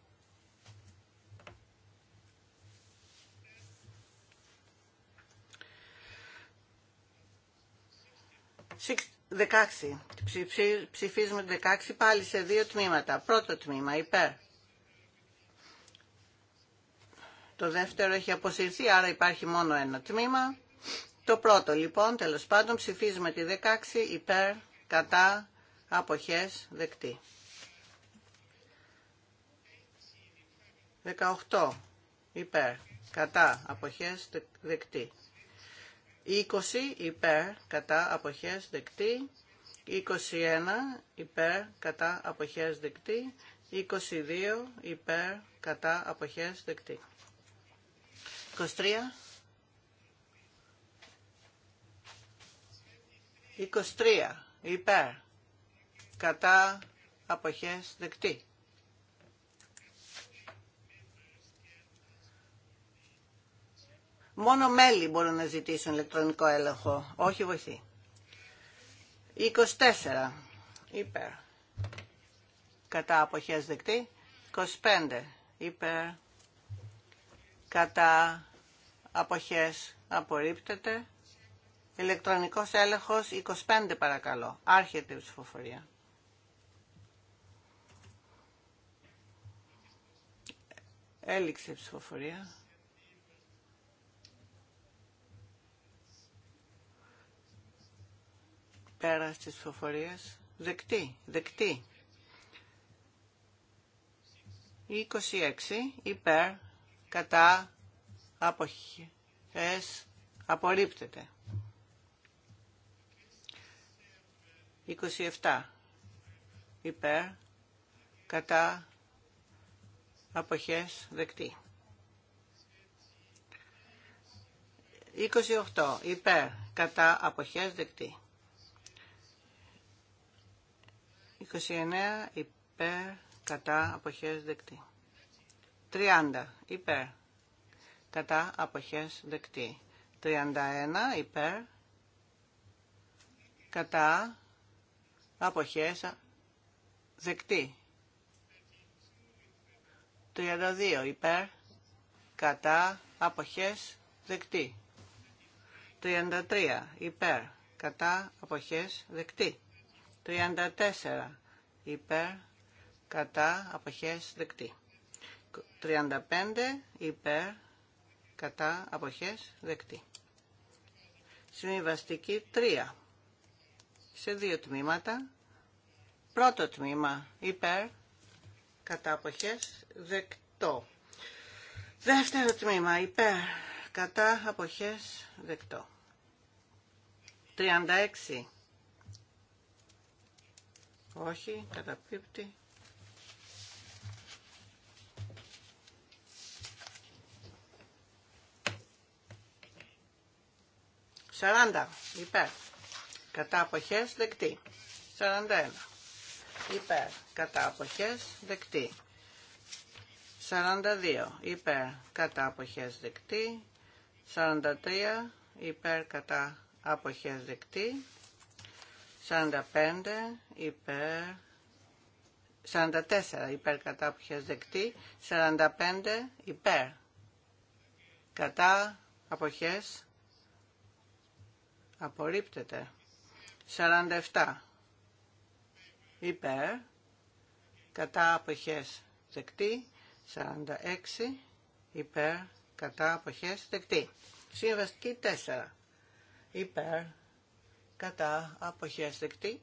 16. Ψηφίζουμε 16 πάλι σε δύο τμήματα. Πρώτο τμήμα, υπέρ. Το δεύτερο έχει αποσυρθεί, άρα υπάρχει μόνο ένα τμήμα. Το πρώτο λοιπόν, τέλος πάντων, ψηφίζουμε τη 16 υπέρ, κατά, αποχές, δεκτή. 18 υπέρ, κατά, αποχές, δεκτή. 20 υπέρ κατά αποχές δεκτή, 21 υπέρ κατά αποχές δεκτή, 22 υπέρ κατά αποχές δεκτή. 23 23 υπέρ κατά αποχές δεκτή. Μόνο μέλη μπορούν να ζητήσουν ηλεκτρονικό έλεγχο, όχι βοηθή. 24. Υπέρ. Κατά αποχές δεκτή. 25. Υπέρ. Κατά αποχές απορρίπτεται. Ηλεκτρονικός έλεγχος 25 παρακαλώ. Άρχεται η ψηφοφορία. Έληξε η ψηφοφορία. πέρα της ψηφοφορίας. Δεκτή, δεκτή. 26 υπέρ κατά αποχές απορρίπτεται. 27 υπέρ κατά αποχές δεκτή. 28 υπέρ κατά αποχές δεκτή. 29 υπέρ κατά αποχές δεκτή. 30 υπέρ κατά αποχές δεκτή. 31 υπέρ κατά αποχές δεκτή. 32 υπέρ κατά αποχές δεκτή. 33 υπέρ κατά αποχές δεκτή. 34 υπέρ κατά αποχές δεκτή. 35 υπέρ κατά αποχές δεκτή. Συμβιβαστική 3 σε δύο τμήματα. Πρώτο τμήμα υπέρ κατά αποχές δεκτό. Δεύτερο τμήμα υπέρ κατά αποχές δεκτό. 36 όχι, καταπίπτει. Σαράντα, υπέρ. Κατά αποχές, δεκτή. Σαράντα ένα. Υπέρ. Κατά αποχές, δεκτή. 42. Υπέρ. Κατά αποχές, δεκτή. τρία, Υπέρ. Κατά αποχές, δεκτή. 45 υπέρ 44 υπέρ κατά αποχές δεκτή 45 υπέρ κατά αποχές απορρίπτεται 47 υπέρ κατά αποχές δεκτή 46 υπέρ κατά αποχές δεκτή συμβαστική 4 υπέρ κατά αποχές δεκτή.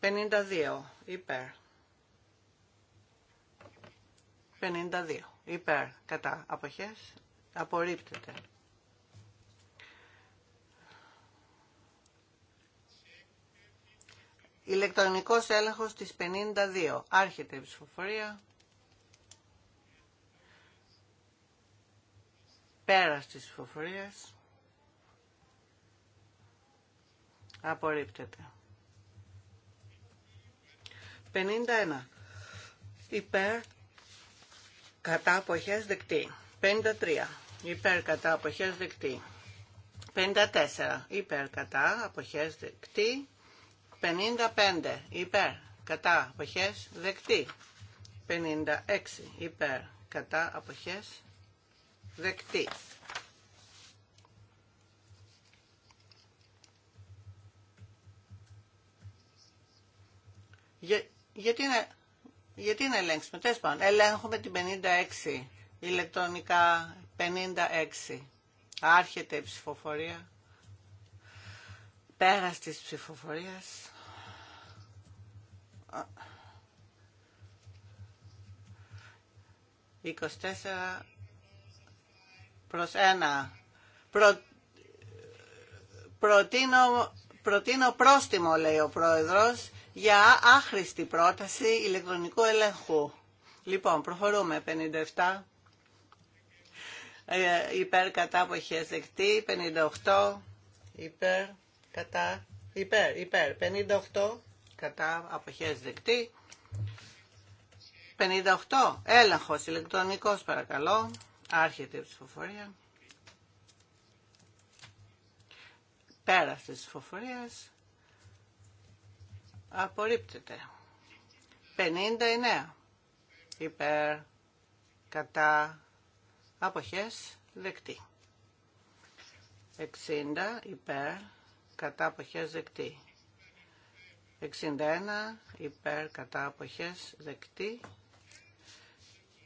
52 υπέρ. 52 υπέρ κατά αποχές απορρίπτεται. Ηλεκτρονικός έλεγχος της 52. Άρχεται η ψηφοφορία. Πέρας της ψηφοφορίας. Απορρίπτεται. 51. Υπέρ κατά αποχές δεκτή. 53. Υπέρ κατά αποχές δεκτή. 54. Υπέρ κατά αποχές δεκτή. 55. Υπέρ κατά αποχές δεκτή. 56. Υπέρ κατά αποχές δεκτή. γιατί, να, γιατί να ελέγξουμε, τέλο πάντων, ελέγχουμε την 56, ηλεκτρονικά 56. Άρχεται η ψηφοφορία. Πέρας της ψηφοφορίας. 24 προς 1. Προ, προτείνω, προτείνω πρόστιμο, λέει ο πρόεδρος, για άχρηστη πρόταση ηλεκτρονικού ελέγχου. Λοιπόν, προχωρούμε. 57 ε, υπέρ κατά που έχει 58 υπέρ κατά υπέρ υπέρ 58 κατά αποχές δεκτή 58 έλεγχος ηλεκτρονικός παρακαλώ άρχεται η ψηφοφορία πέρας της ψηφοφορίας απορρίπτεται. 59 υπέρ κατά αποχές δεκτή. 60 υπέρ κατά αποχές δεκτή. 61 υπέρ κατά αποχές δεκτή.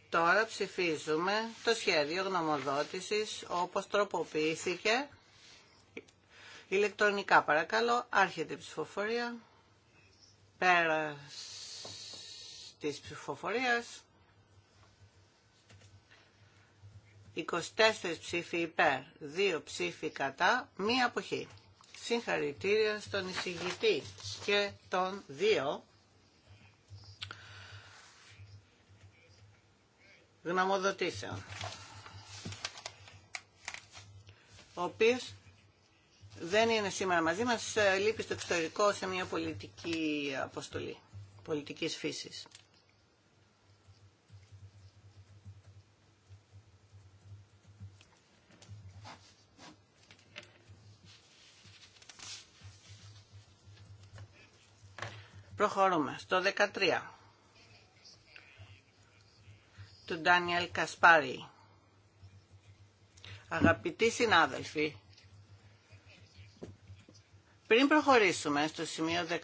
Τώρα ψηφίζουμε το σχέδιο γνωμοδότησης όπως τροποποιήθηκε ηλεκτρονικά παρακαλώ. Άρχεται η ψηφοφορία πέρα της ψηφοφορίας 24 ψήφοι υπέρ, 2 ψήφοι κατά, μία αποχή. Συγχαρητήρια στον εισηγητή και τον δύο γνωμοδοτήσεων, ο οποίος δεν είναι σήμερα μαζί μας, ε, λείπει στο εξωτερικό σε μια πολιτική αποστολή, πολιτικής φύσης. Προχωρούμε στο 13 του Ντάνιελ Κασπάρη. Αγαπητοί συνάδελφοι, πριν προχωρήσουμε στο σημείο 10...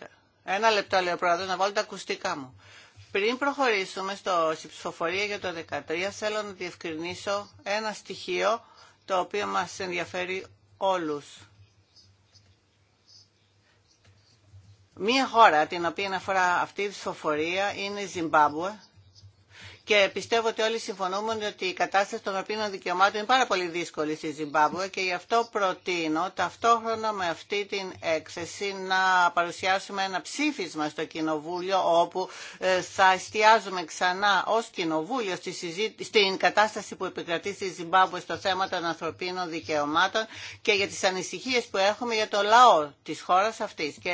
Ένα λεπτό λέει ο να βάλω τα ακουστικά μου. Πριν προχωρήσουμε στο, ψηφοφορία για το 13, θέλω να διευκρινίσω ένα στοιχείο το οποίο μας ενδιαφέρει όλους. Μία χώρα την οποία αφορά αυτή η ψηφοφορία είναι η Ζιμπάμπουε και πιστεύω ότι όλοι συμφωνούμε ότι η κατάσταση των ανθρωπίνων δικαιωμάτων είναι πάρα πολύ δύσκολη στη Ζιμπάμπουε και γι' αυτό προτείνω ταυτόχρονα με αυτή την έκθεση να παρουσιάσουμε ένα ψήφισμα στο Κοινοβούλιο όπου ε, θα εστιάζουμε ξανά ως Κοινοβούλιο στη στην κατάσταση που επικρατεί στη Ζιμπάμπουε στο θέμα των ανθρωπίνων δικαιωμάτων και για τις ανησυχίες που έχουμε για το λαό της χώρας αυτής. Και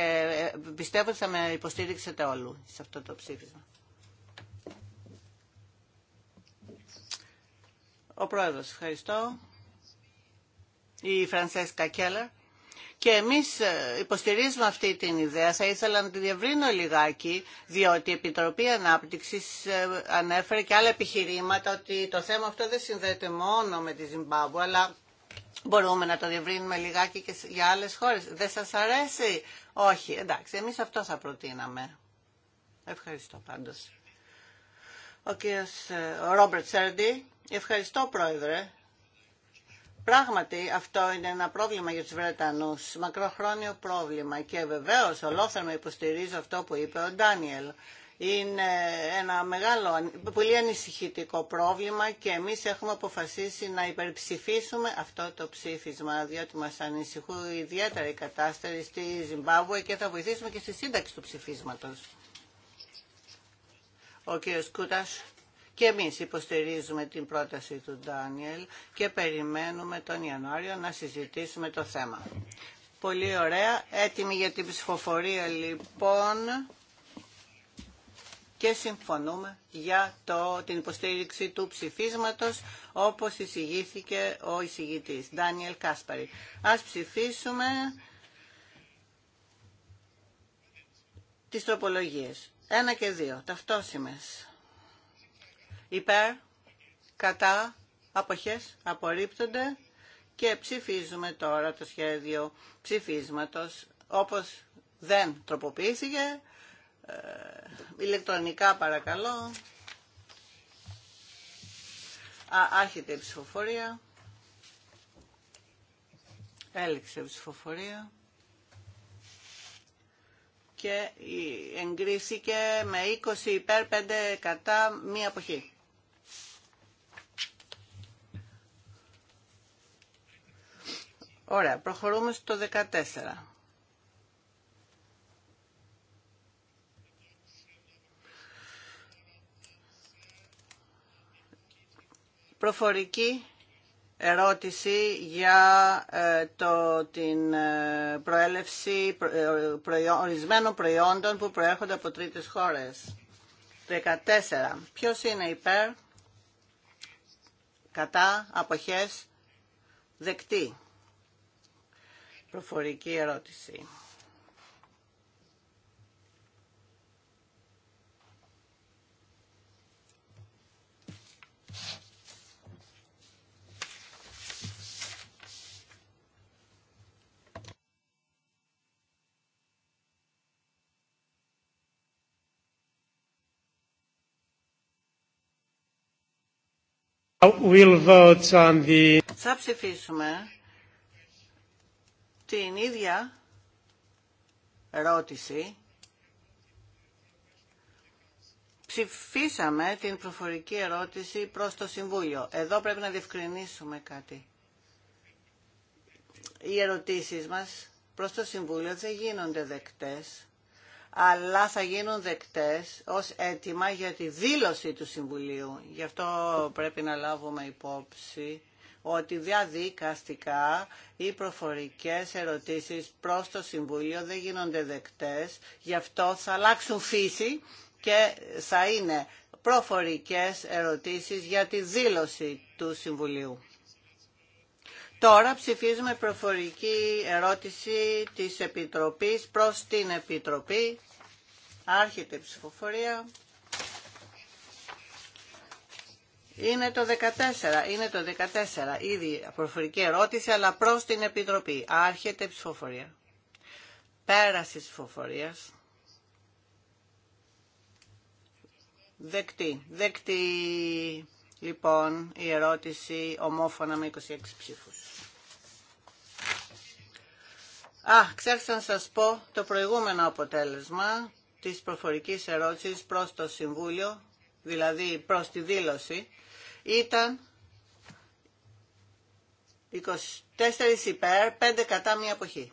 ε, πιστεύω ότι θα με υποστήριξετε όλου σε αυτό το ψήφισμα. Ο Πρόεδρος, ευχαριστώ. Η Φρανσέσκα Κέλλερ. Και εμείς ε, υποστηρίζουμε αυτή την ιδέα. Θα ήθελα να τη διευρύνω λιγάκι, διότι η Επιτροπή Ανάπτυξης ε, ανέφερε και άλλα επιχειρήματα ότι το θέμα αυτό δεν συνδέεται μόνο με τη Ζιμπάμπου, αλλά μπορούμε να το διευρύνουμε λιγάκι και για άλλες χώρες. Δεν σας αρέσει? Όχι. Εντάξει, εμείς αυτό θα προτείναμε. Ευχαριστώ πάντως. Ο κύριος ε, Ρόμπερτ Σέρντι. Ευχαριστώ, Πρόεδρε. Πράγματι αυτό είναι ένα πρόβλημα για τους Βρετανούς, μακροχρόνιο πρόβλημα και βεβαίως ολόθερμα υποστηρίζω αυτό που είπε ο Ντάνιελ. Είναι ένα μεγάλο, πολύ ανησυχητικό πρόβλημα και εμείς έχουμε αποφασίσει να υπερψηφίσουμε αυτό το ψήφισμα διότι μας ανησυχούν ιδιαίτερα οι κατάσταση στη Ζιμπάβουε και θα βοηθήσουμε και στη σύνταξη του ψηφίσματος. Ο κύριος Κούτας. Και εμείς υποστηρίζουμε την πρόταση του Ντάνιελ και περιμένουμε τον Ιανουάριο να συζητήσουμε το θέμα. Πολύ ωραία. Έτοιμοι για την ψηφοφορία λοιπόν και συμφωνούμε για το, την υποστήριξη του ψηφίσματος όπως εισηγήθηκε ο εισηγητής, Ντάνιελ Κάσπαρη. Ας ψηφίσουμε τις τροπολογίες. Ένα και δύο, ταυτόσιμες υπέρ, κατά, αποχές, απορρίπτονται και ψηφίζουμε τώρα το σχέδιο ψηφίσματος όπως δεν τροποποιήθηκε. Ε, ηλεκτρονικά παρακαλώ. Α, άρχεται η ψηφοφορία. Έληξε η ψηφοφορία. Και εγκρίθηκε με 20 υπέρ 5 κατά μία αποχή. Ωραία, προχωρούμε στο 14. Προφορική ερώτηση για ε, το, την ε, προέλευση ε, ορισμένων προϊόντων που προέρχονται από τρίτες χώρες. 14. Ποιος είναι υπέρ, κατά, αποχές, δεκτή προφορική ερώτηση. Θα ψηφίσουμε την ίδια ερώτηση ψηφίσαμε την προφορική ερώτηση προς το Συμβούλιο. Εδώ πρέπει να διευκρινίσουμε κάτι. Οι ερωτήσεις μας προς το Συμβούλιο δεν γίνονται δεκτές, αλλά θα γίνουν δεκτές ως αίτημα για τη δήλωση του Συμβουλίου. Γι' αυτό πρέπει να λάβουμε υπόψη ότι διαδικαστικά οι προφορικές ερωτήσεις προς το Συμβούλιο δεν γίνονται δεκτές, γι' αυτό θα αλλάξουν φύση και θα είναι προφορικές ερωτήσεις για τη δήλωση του Συμβουλίου. Τώρα ψηφίζουμε προφορική ερώτηση της Επιτροπής προς την Επιτροπή. Άρχεται η ψηφοφορία. Είναι το 14, είναι το 14. Ήδη προφορική ερώτηση, αλλά προς την Επιτροπή. Άρχεται η ψηφοφορία. Πέραση ψηφοφορίας. Δεκτή. Δεκτή, λοιπόν, η ερώτηση ομόφωνα με 26 ψήφους. Α, ξέχασα να σας πω το προηγούμενο αποτέλεσμα της προφορικής ερώτησης προς το Συμβούλιο, δηλαδή προς τη δήλωση ήταν 24 υπέρ, 5 κατά μία εποχή.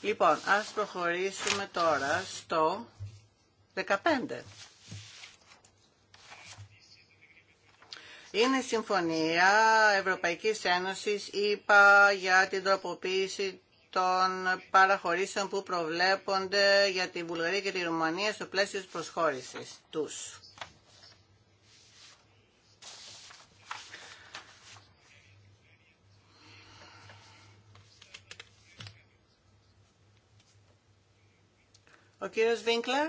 Λοιπόν, ας προχωρήσουμε τώρα στο 15. Είναι συμφωνία Ευρωπαϊκής Ένωσης, είπα, για την τροποποίηση των παραχωρήσεων που προβλέπονται για τη Βουλγαρία και τη Ρουμανία στο πλαίσιο της προσχώρησης τους. Ο κύριος Βίνκλερ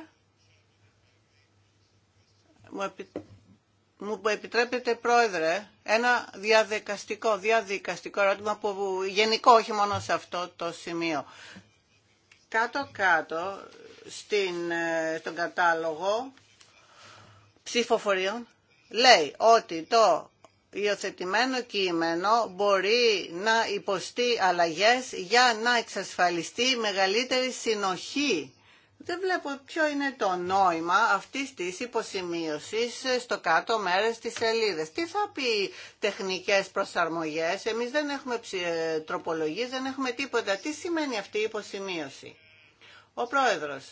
μου επιτρέπετε πρόεδρε ένα διαδικαστικό, διαδικαστικό ερώτημα που γενικό όχι μόνο σε αυτό το σημείο. Κάτω-κάτω στην, ε, στον κατάλογο ψηφοφορίων λέει ότι το υιοθετημένο κείμενο μπορεί να υποστεί αλλαγές για να εξασφαλιστεί μεγαλύτερη συνοχή δεν βλέπω ποιο είναι το νόημα αυτής της υποσημείωσης στο κάτω μέρος της σελίδας. Τι θα πει τεχνικές προσαρμογές, εμείς δεν έχουμε ε, τροπολογίες, δεν έχουμε τίποτα. Τι σημαίνει αυτή η υποσημείωση. Ο πρόεδρος,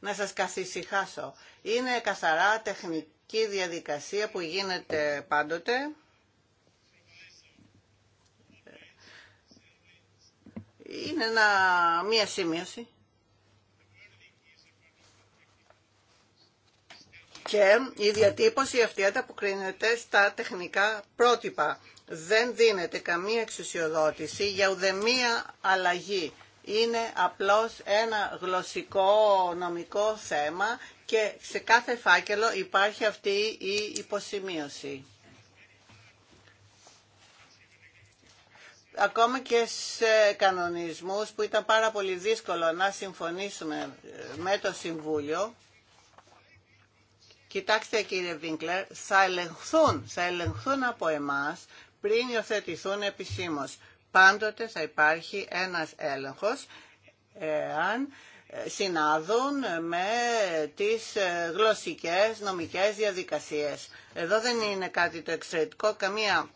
να σας καθησυχάσω, είναι καθαρά τεχνική διαδικασία που γίνεται πάντοτε. Είναι μία σημείωση και η διατύπωση αυτή ανταποκρίνεται στα τεχνικά πρότυπα. Δεν δίνεται καμία εξουσιοδότηση για ουδεμία αλλαγή. Είναι απλώς ένα γλωσσικό νομικό θέμα και σε κάθε φάκελο υπάρχει αυτή η υποσημείωση. Ακόμα και σε κανονισμούς που ήταν πάρα πολύ δύσκολο να συμφωνήσουμε με το Συμβούλιο, Κοιτάξτε κύριε Βίνκλερ, θα ελεγχθούν, θα ελεγχθούν από εμάς πριν υιοθετηθούν επισήμως. Πάντοτε θα υπάρχει ένας έλεγχος εάν ε, συνάδουν με τις ε, γλωσσικές νομικές διαδικασίες. Εδώ δεν είναι κάτι το εξαιρετικό, καμία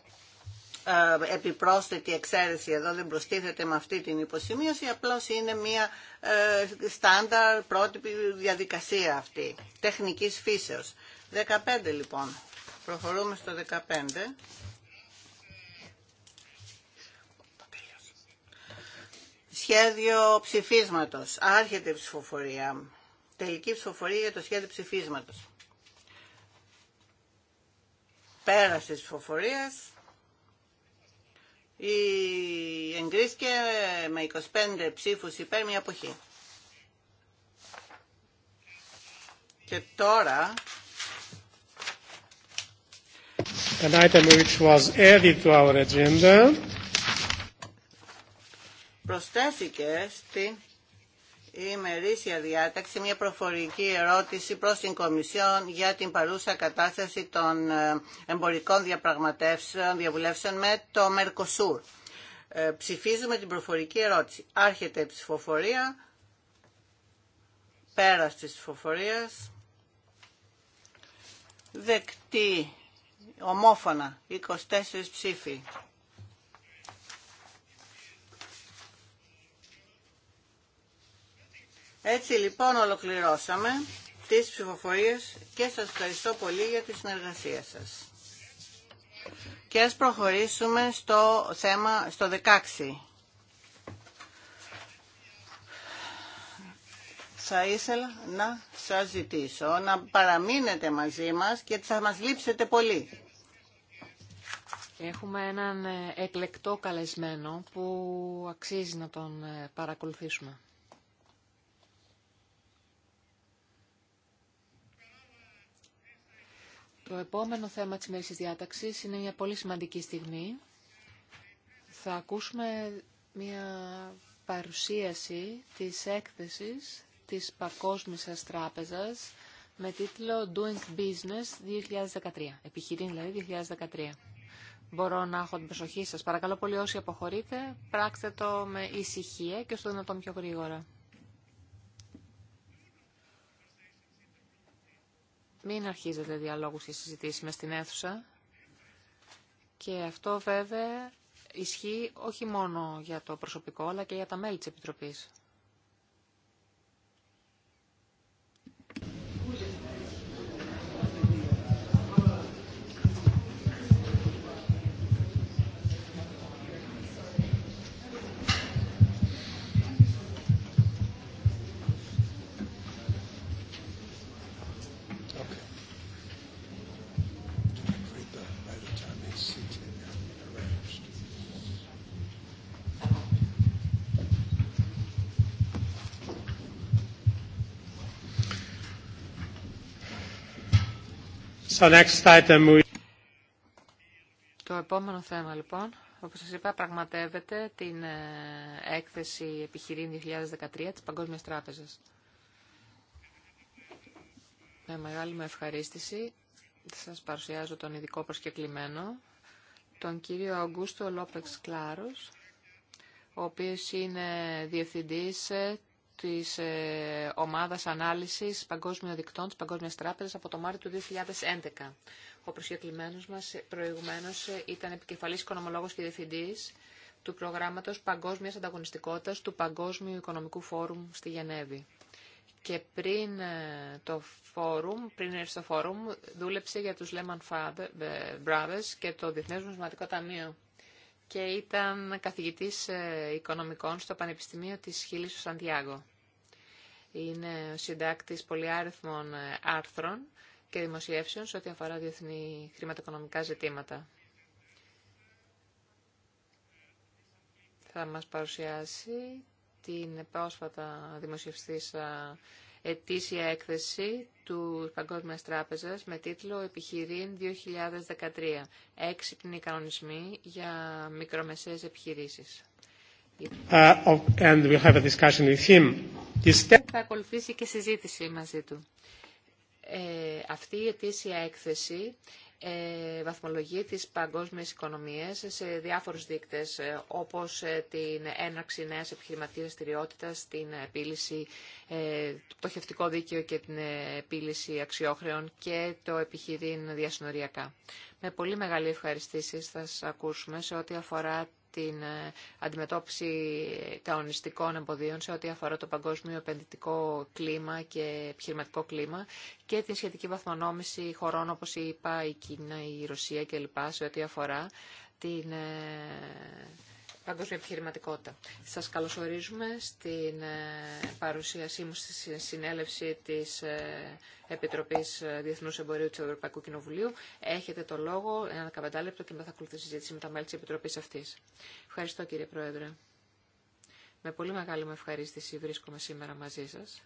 ε, επιπρόσθετη εξαίρεση εδώ δεν προστίθεται με αυτή την υποσημείωση, απλώς είναι μια ε, στάνταρ πρότυπη διαδικασία αυτή, τεχνικής φύσεως. 15 λοιπόν. Προχωρούμε στο 15. Σχέδιο ψηφίσματος. Άρχεται η ψηφοφορία. Τελική ψηφοφορία για το σχέδιο ψηφίσματος. Πέρασε ψηφοφορίας. Η Εγκρίσκε με 25 ψήφους υπέρ μια αποχή. Και τώρα... An item which was added to our agenda. Προσθέθηκε στην η ημερήσια διάταξη μια προφορική ερώτηση προς την Κομισιόν για την παρούσα κατάσταση των ε, εμπορικών διαπραγματεύσεων, διαβουλεύσεων με το Μερκοσούρ. Ε, ψηφίζουμε την προφορική ερώτηση. Άρχεται η ψηφοφορία, πέρας της ψηφοφορίας, δεκτή ομόφωνα 24 ψήφοι. Έτσι λοιπόν ολοκληρώσαμε τις ψηφοφορίες και σας ευχαριστώ πολύ για τη συνεργασία σας. Και ας προχωρήσουμε στο θέμα, στο 16. Θα ήθελα να σας ζητήσω να παραμείνετε μαζί μας και θα μας λείψετε πολύ. Έχουμε έναν εκλεκτό καλεσμένο που αξίζει να τον ε, παρακολουθήσουμε. Το επόμενο θέμα της μέρης της διάταξης είναι μια πολύ σημαντική στιγμή. Θα ακούσουμε μια παρουσίαση της έκθεσης της Παγκόσμιας Τράπεζας με τίτλο Doing Business 2013. Επιχειρήν δηλαδή 2013. Μπορώ να έχω την προσοχή σας. Παρακαλώ πολύ όσοι αποχωρείτε, πράξτε το με ησυχία και όσο δυνατόν πιο γρήγορα. Μην αρχίζετε διαλόγου και συζητήσει με στην αίθουσα. Και αυτό βέβαια ισχύει όχι μόνο για το προσωπικό, αλλά και για τα μέλη της Επιτροπής. Το επόμενο θέμα λοιπόν, όπως σας είπα, πραγματεύεται την ε, έκθεση επιχειρήν 2013 της Παγκόσμιας Τράπεζας. Με μεγάλη μου ευχαρίστηση σας παρουσιάζω τον ειδικό προσκεκλημένο, τον κύριο Αγκούστο Λόπεξ Κλάρος, ο οποίος είναι διευθυντής ε, της ε, ομάδας ανάλυσης παγκόσμιων δικτών της Παγκόσμιας Τράπεζας από το Μάρτιο του 2011. Ο προσκεκλημένος μας ε, προηγουμένως ε, ήταν επικεφαλής οικονομολόγος και διευθυντής του προγράμματος Παγκόσμιας Ανταγωνιστικότητας του Παγκόσμιου Οικονομικού Φόρουμ στη Γενέβη. Και πριν το φόρουμ, πριν έρθει στο φόρουμ, δούλεψε για τους Lehman Brothers και το Διεθνές Ταμείο και ήταν καθηγητής ε, οικονομικών στο Πανεπιστημίο της Χίλης του Σαντιάγκο. Είναι ο συντάκτης πολυάριθμων ε, άρθρων και δημοσιεύσεων σε ό,τι αφορά διεθνή χρηματοοικονομικά ζητήματα. Θα μας παρουσιάσει την πρόσφατα δημοσιευστής ετήσια έκθεση του Παγκόσμιας Τράπεζας με τίτλο «Επιχειρήν 2013. Έξυπνοι κανονισμοί για μικρομεσαίες επιχειρήσεις». Uh, and have a with him. Θα ακολουθήσει και συζήτηση μαζί του. Ε, αυτή η ετήσια έκθεση ε, βαθμολογεί τις παγκόσμιες οικονομίες σε διάφορους δείκτες, ε, όπως ε, την έναρξη νέας επιχειρηματικής δραστηριότητα, την επίλυση του πτωχευτικό δίκαιο και την επίλυση αξιόχρεων και το επιχειρήν διασυνοριακά. Με πολύ μεγάλη ευχαριστήσεις θα σας ακούσουμε σε ό,τι αφορά την ε, αντιμετώπιση καονιστικών εμποδίων σε ό,τι αφορά το παγκόσμιο επενδυτικό κλίμα και επιχειρηματικό κλίμα και την σχετική βαθμονόμηση χωρών όπως είπα η Κίνα, η Ρωσία κλπ. σε ό,τι αφορά την ε, παγκόσμια επιχειρηματικότητα. Σας καλωσορίζουμε στην ε, παρουσίασή μου στη συνέλευση της ε, Επιτροπής ε, Διεθνούς Εμπορίου του Ευρωπαϊκού Κοινοβουλίου. Έχετε το λόγο, ένα 15 και μετά θα ακολουθεί συζήτηση με τα μέλη της Επιτροπής αυτής. Ευχαριστώ κύριε Πρόεδρε. Με πολύ μεγάλη μου ευχαρίστηση βρίσκομαι σήμερα μαζί σας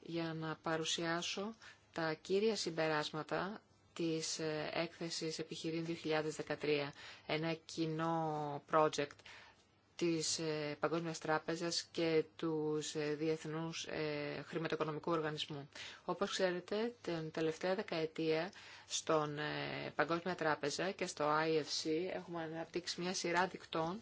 για να παρουσιάσω τα κύρια συμπεράσματα της έκθεσης επιχειρήν 2013, ένα κοινό project της ε, Παγκόσμιας Τράπεζας και του ε, Διεθνούς ε, Χρηματοοικονομικού Οργανισμού. Όπως ξέρετε, την τελευταία δεκαετία στον Παγκόσμια Τράπεζα και στο IFC έχουμε αναπτύξει μια σειρά δικτών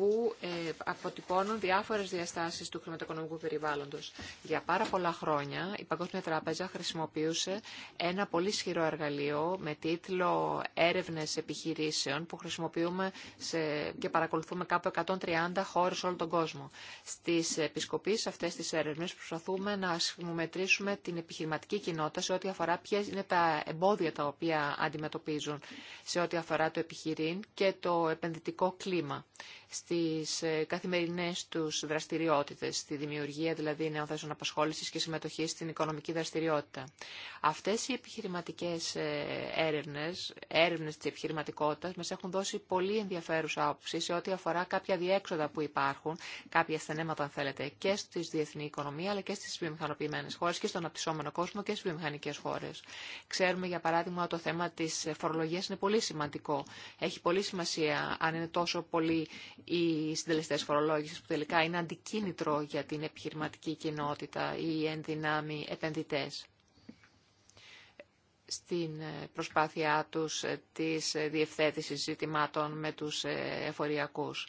που ε, αποτυπώνουν διάφορες διαστάσεις του χρηματοοικονομικού περιβάλλοντος. Για πάρα πολλά χρόνια η Παγκόσμια Τράπεζα χρησιμοποιούσε ένα πολύ ισχυρό εργαλείο με τίτλο «Έρευνες επιχειρήσεων» που χρησιμοποιούμε σε... και παρακολουθούμε κάπου 130 χώρες όλο τον κόσμο. Στις επισκοπήσεις αυτές τις έρευνες προσπαθούμε να μετρήσουμε την επιχειρηματική κοινότητα σε ό,τι αφορά ποιε είναι τα εμπόδια τα οποία αντιμετωπίζουν σε ό,τι αφορά το επιχειρήν και το επενδυτικό κλίμα στις ε, καθημερινές τους δραστηριότητες, στη δημιουργία δηλαδή νέων θέσεων απασχόλησης και συμμετοχή στην οικονομική δραστηριότητα. Αυτές οι επιχειρηματικές ε, έρευνες, έρευνες της επιχειρηματικότητας, μας έχουν δώσει πολύ ενδιαφέρουσα άποψη σε ό,τι αφορά κάποια διέξοδα που υπάρχουν, κάποια στενέματα αν θέλετε, και στη διεθνή οικονομία, αλλά και στις βιομηχανοποιημένες χώρες και στον απτυσσόμενο κόσμο και στις βιομηχανικές χώρες. Ξέρουμε για παράδειγμα το θέμα της φορολογίας είναι πολύ σημαντικό. Έχει πολύ σημασία αν είναι τόσο πολύ οι συντελεστέ φορολόγηση που τελικά είναι αντικίνητρο για την επιχειρηματική κοινότητα ή δυνάμει επενδυτέ, στην ε, προσπάθειά τους ε, της ε, διευθέτησης ζητημάτων με τους εφοριακούς.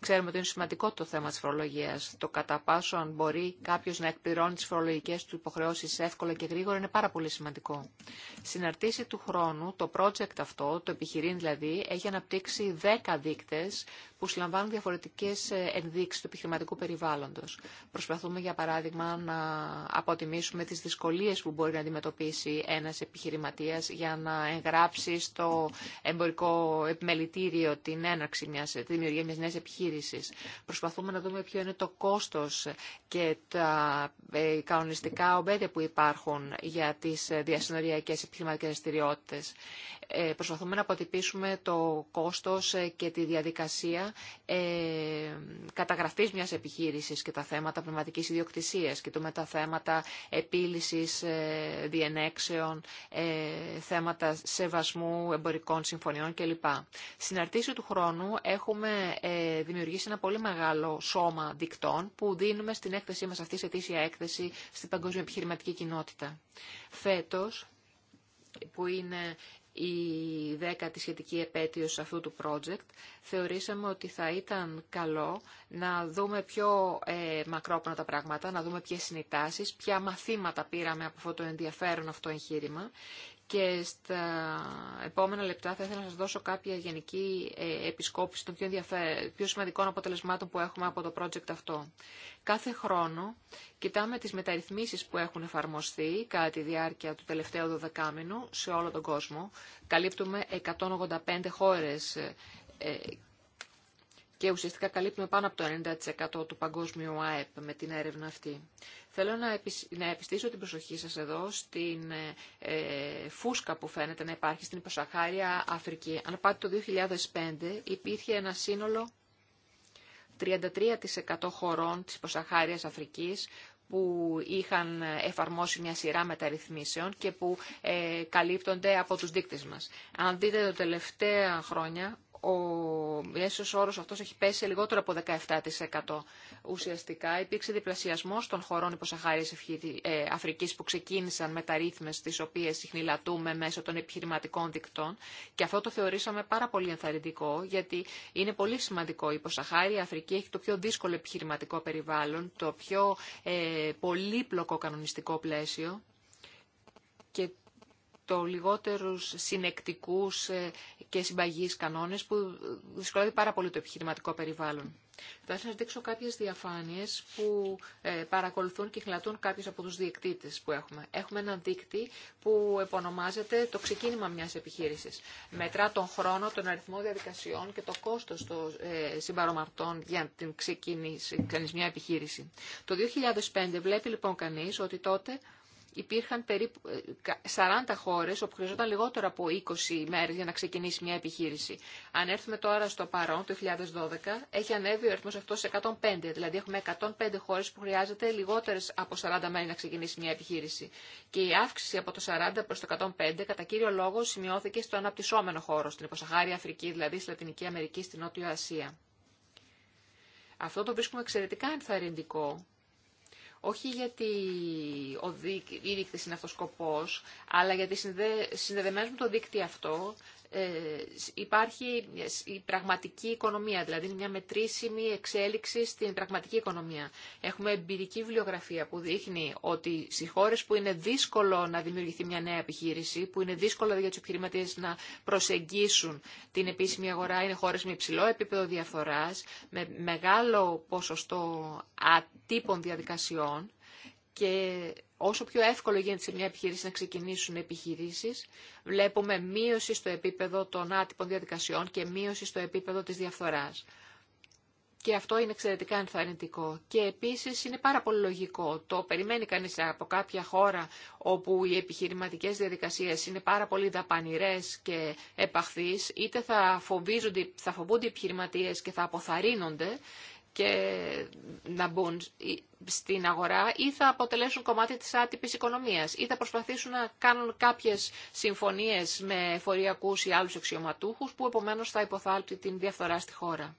Ξέρουμε ότι είναι σημαντικό το θέμα της φορολογίας. Το κατά πάσο αν μπορεί κάποιος να εκπληρώνει τις φορολογικές του υποχρεώσεις εύκολα και γρήγορα είναι πάρα πολύ σημαντικό. Στην αρτήση του χρόνου το project αυτό, το επιχειρήν δηλαδή, έχει αναπτύξει 10 δείκτες που συλλαμβάνουν διαφορετικές ε, ενδείξεις του επιχειρηματικού περιβάλλοντος. Προσπαθούμε για παράδειγμα να αποτιμήσουμε τις δυσκολίες που μπορεί να αντιμετωπίσει ένας επιχειρηματίας για να εγγράψει στο εμπορικό επιμελητήριο την έναρξη μιας, τη δημιουργία μιας νέας Προσπαθούμε να δούμε ποιο είναι το κόστος και τα ε, κανονιστικά ομπέδια που υπάρχουν για τις διασυνοριακέ επιχειρηματικέ δραστηριότητε. Ε, προσπαθούμε να αποτυπήσουμε το κόστος και τη διαδικασία ε, καταγραφής μιας επιχείρησης και τα θέματα πνευματική ιδιοκτησίας. Κοιτούμε τα θέματα επίλυσης διενέξεων, θέματα σεβασμού εμπορικών συμφωνιών κλπ. Στην αρτήση του χρόνου έχουμε δημιουργήσει ένα πολύ μεγάλο σώμα δικτών που δίνουμε στην έκθεσή μας αυτή, σε αιτήσια έκθεση, στην παγκόσμια επιχειρηματική κοινότητα. Φέτος, που είναι η δέκατη σχετική επέτειος αυτού του project, θεωρήσαμε ότι θα ήταν καλό να δούμε πιο ε, μακρόπνα τα πράγματα, να δούμε ποιες είναι οι τάσεις, ποια μαθήματα πήραμε από αυτό το ενδιαφέρον αυτό εγχείρημα και στα επόμενα λεπτά θα ήθελα να σας δώσω κάποια γενική ε, επισκόπηση των πιο, σημαντικών αποτελεσμάτων που έχουμε από το project αυτό. Κάθε χρόνο κοιτάμε τις μεταρρυθμίσεις που έχουν εφαρμοστεί κατά τη διάρκεια του τελευταίου δωδεκάμινου σε όλο τον κόσμο. Καλύπτουμε 185 χώρες ε, ε, και ουσιαστικά καλύπτουμε πάνω από το 90% του παγκόσμιου ΑΕΠ με την έρευνα αυτή. Θέλω να επιστήσω την προσοχή σας εδώ στην ε, ε, φούσκα που φαίνεται να υπάρχει στην υποσαχάρια Αφρική. Αν πάτε το 2005 υπήρχε ένα σύνολο 33% χωρών της υποσαχάριας Αφρικής που είχαν εφαρμόσει μια σειρά μεταρρυθμίσεων και που ε, καλύπτονται από τους δείκτες μας. Αν δείτε τα τελευταία χρόνια, ο μέσο όρο αυτός έχει πέσει λιγότερο από 17%. Ουσιαστικά υπήρξε διπλασιασμό των χωρών υποσαχάρη ε, Αφρική που ξεκίνησαν με τα ρύθμε τις οποίε συχνηλατούμε μέσω των επιχειρηματικών δικτών και αυτό το θεωρήσαμε πάρα πολύ ενθαρρυντικό γιατί είναι πολύ σημαντικό. Η υποσαχάρη Αφρική έχει το πιο δύσκολο επιχειρηματικό περιβάλλον, το πιο ε, πολύπλοκο κανονιστικό πλαίσιο το λιγότερους συνεκτικούς ε, και συμπαγείς κανόνες που δυσκολεύει πάρα πολύ το επιχειρηματικό περιβάλλον. Θα σα δείξω κάποιες διαφάνειες που ε, παρακολουθούν και χλατούν κάποιους από τους διεκτήτες που έχουμε. Έχουμε έναν δίκτυ που επωνομάζεται το ξεκίνημα μιας επιχείρησης. Μετρά τον χρόνο, τον αριθμό διαδικασιών και το κόστος των ε, συμπαρομαρτών για την ξεκίνηση μια επιχείρηση. Το 2005 βλέπει λοιπόν κανείς ότι τότε υπήρχαν περίπου 40 ε, χώρε όπου χρειαζόταν λιγότερο από 20 ημέρες για να ξεκινήσει μια επιχείρηση. Αν έρθουμε τώρα στο παρόν, το 2012, έχει ανέβει ο αριθμό αυτό σε 105, δηλαδή έχουμε 105 χώρε που χρειάζεται λιγότερες από 40 μέρε να ξεκινήσει μια επιχείρηση. Και η αύξηση από το 40 προς το 105 κατά κύριο λόγο σημειώθηκε στο αναπτυσσόμενο χώρο, στην υποσαχάρη Αφρική, δηλαδή στη Λατινική Αμερική, στη Νότιο Ασία. Αυτό το βρίσκουμε εξαιρετικά ενθαρρυντικό όχι γιατί ο δίκ, η δίκτυση είναι αυτός σκοπός, αλλά γιατί συνδεδεμένος με το δίκτυο αυτό ε, υπάρχει η πραγματική οικονομία, δηλαδή μια μετρήσιμη εξέλιξη στην πραγματική οικονομία. Έχουμε εμπειρική βιβλιογραφία που δείχνει ότι σε χώρε που είναι δύσκολο να δημιουργηθεί μια νέα επιχείρηση, που είναι δύσκολο για του επιχειρηματίε να προσεγγίσουν την επίσημη αγορά, είναι χώρε με υψηλό επίπεδο διαφορά, με μεγάλο ποσοστό ατύπων διαδικασιών και όσο πιο εύκολο γίνεται σε μια επιχείρηση να ξεκινήσουν επιχειρήσεις, βλέπουμε μείωση στο επίπεδο των άτυπων διαδικασιών και μείωση στο επίπεδο της διαφθοράς. Και αυτό είναι εξαιρετικά ενθαρρυντικό. Και επίσης είναι πάρα πολύ λογικό. Το περιμένει κανείς από κάποια χώρα όπου οι επιχειρηματικές διαδικασίες είναι πάρα πολύ δαπανηρές και επαχθείς, είτε θα, φοβίζονται, θα φοβούνται οι επιχειρηματίες και θα αποθαρρύνονται, και να μπουν στην αγορά ή θα αποτελέσουν κομμάτι της άτυπης οικονομίας ή θα προσπαθήσουν να κάνουν κάποιες συμφωνίες με φοριακούς ή άλλους αξιωματούχους που επομένως θα υποθάλπτει την διαφθορά στη χώρα.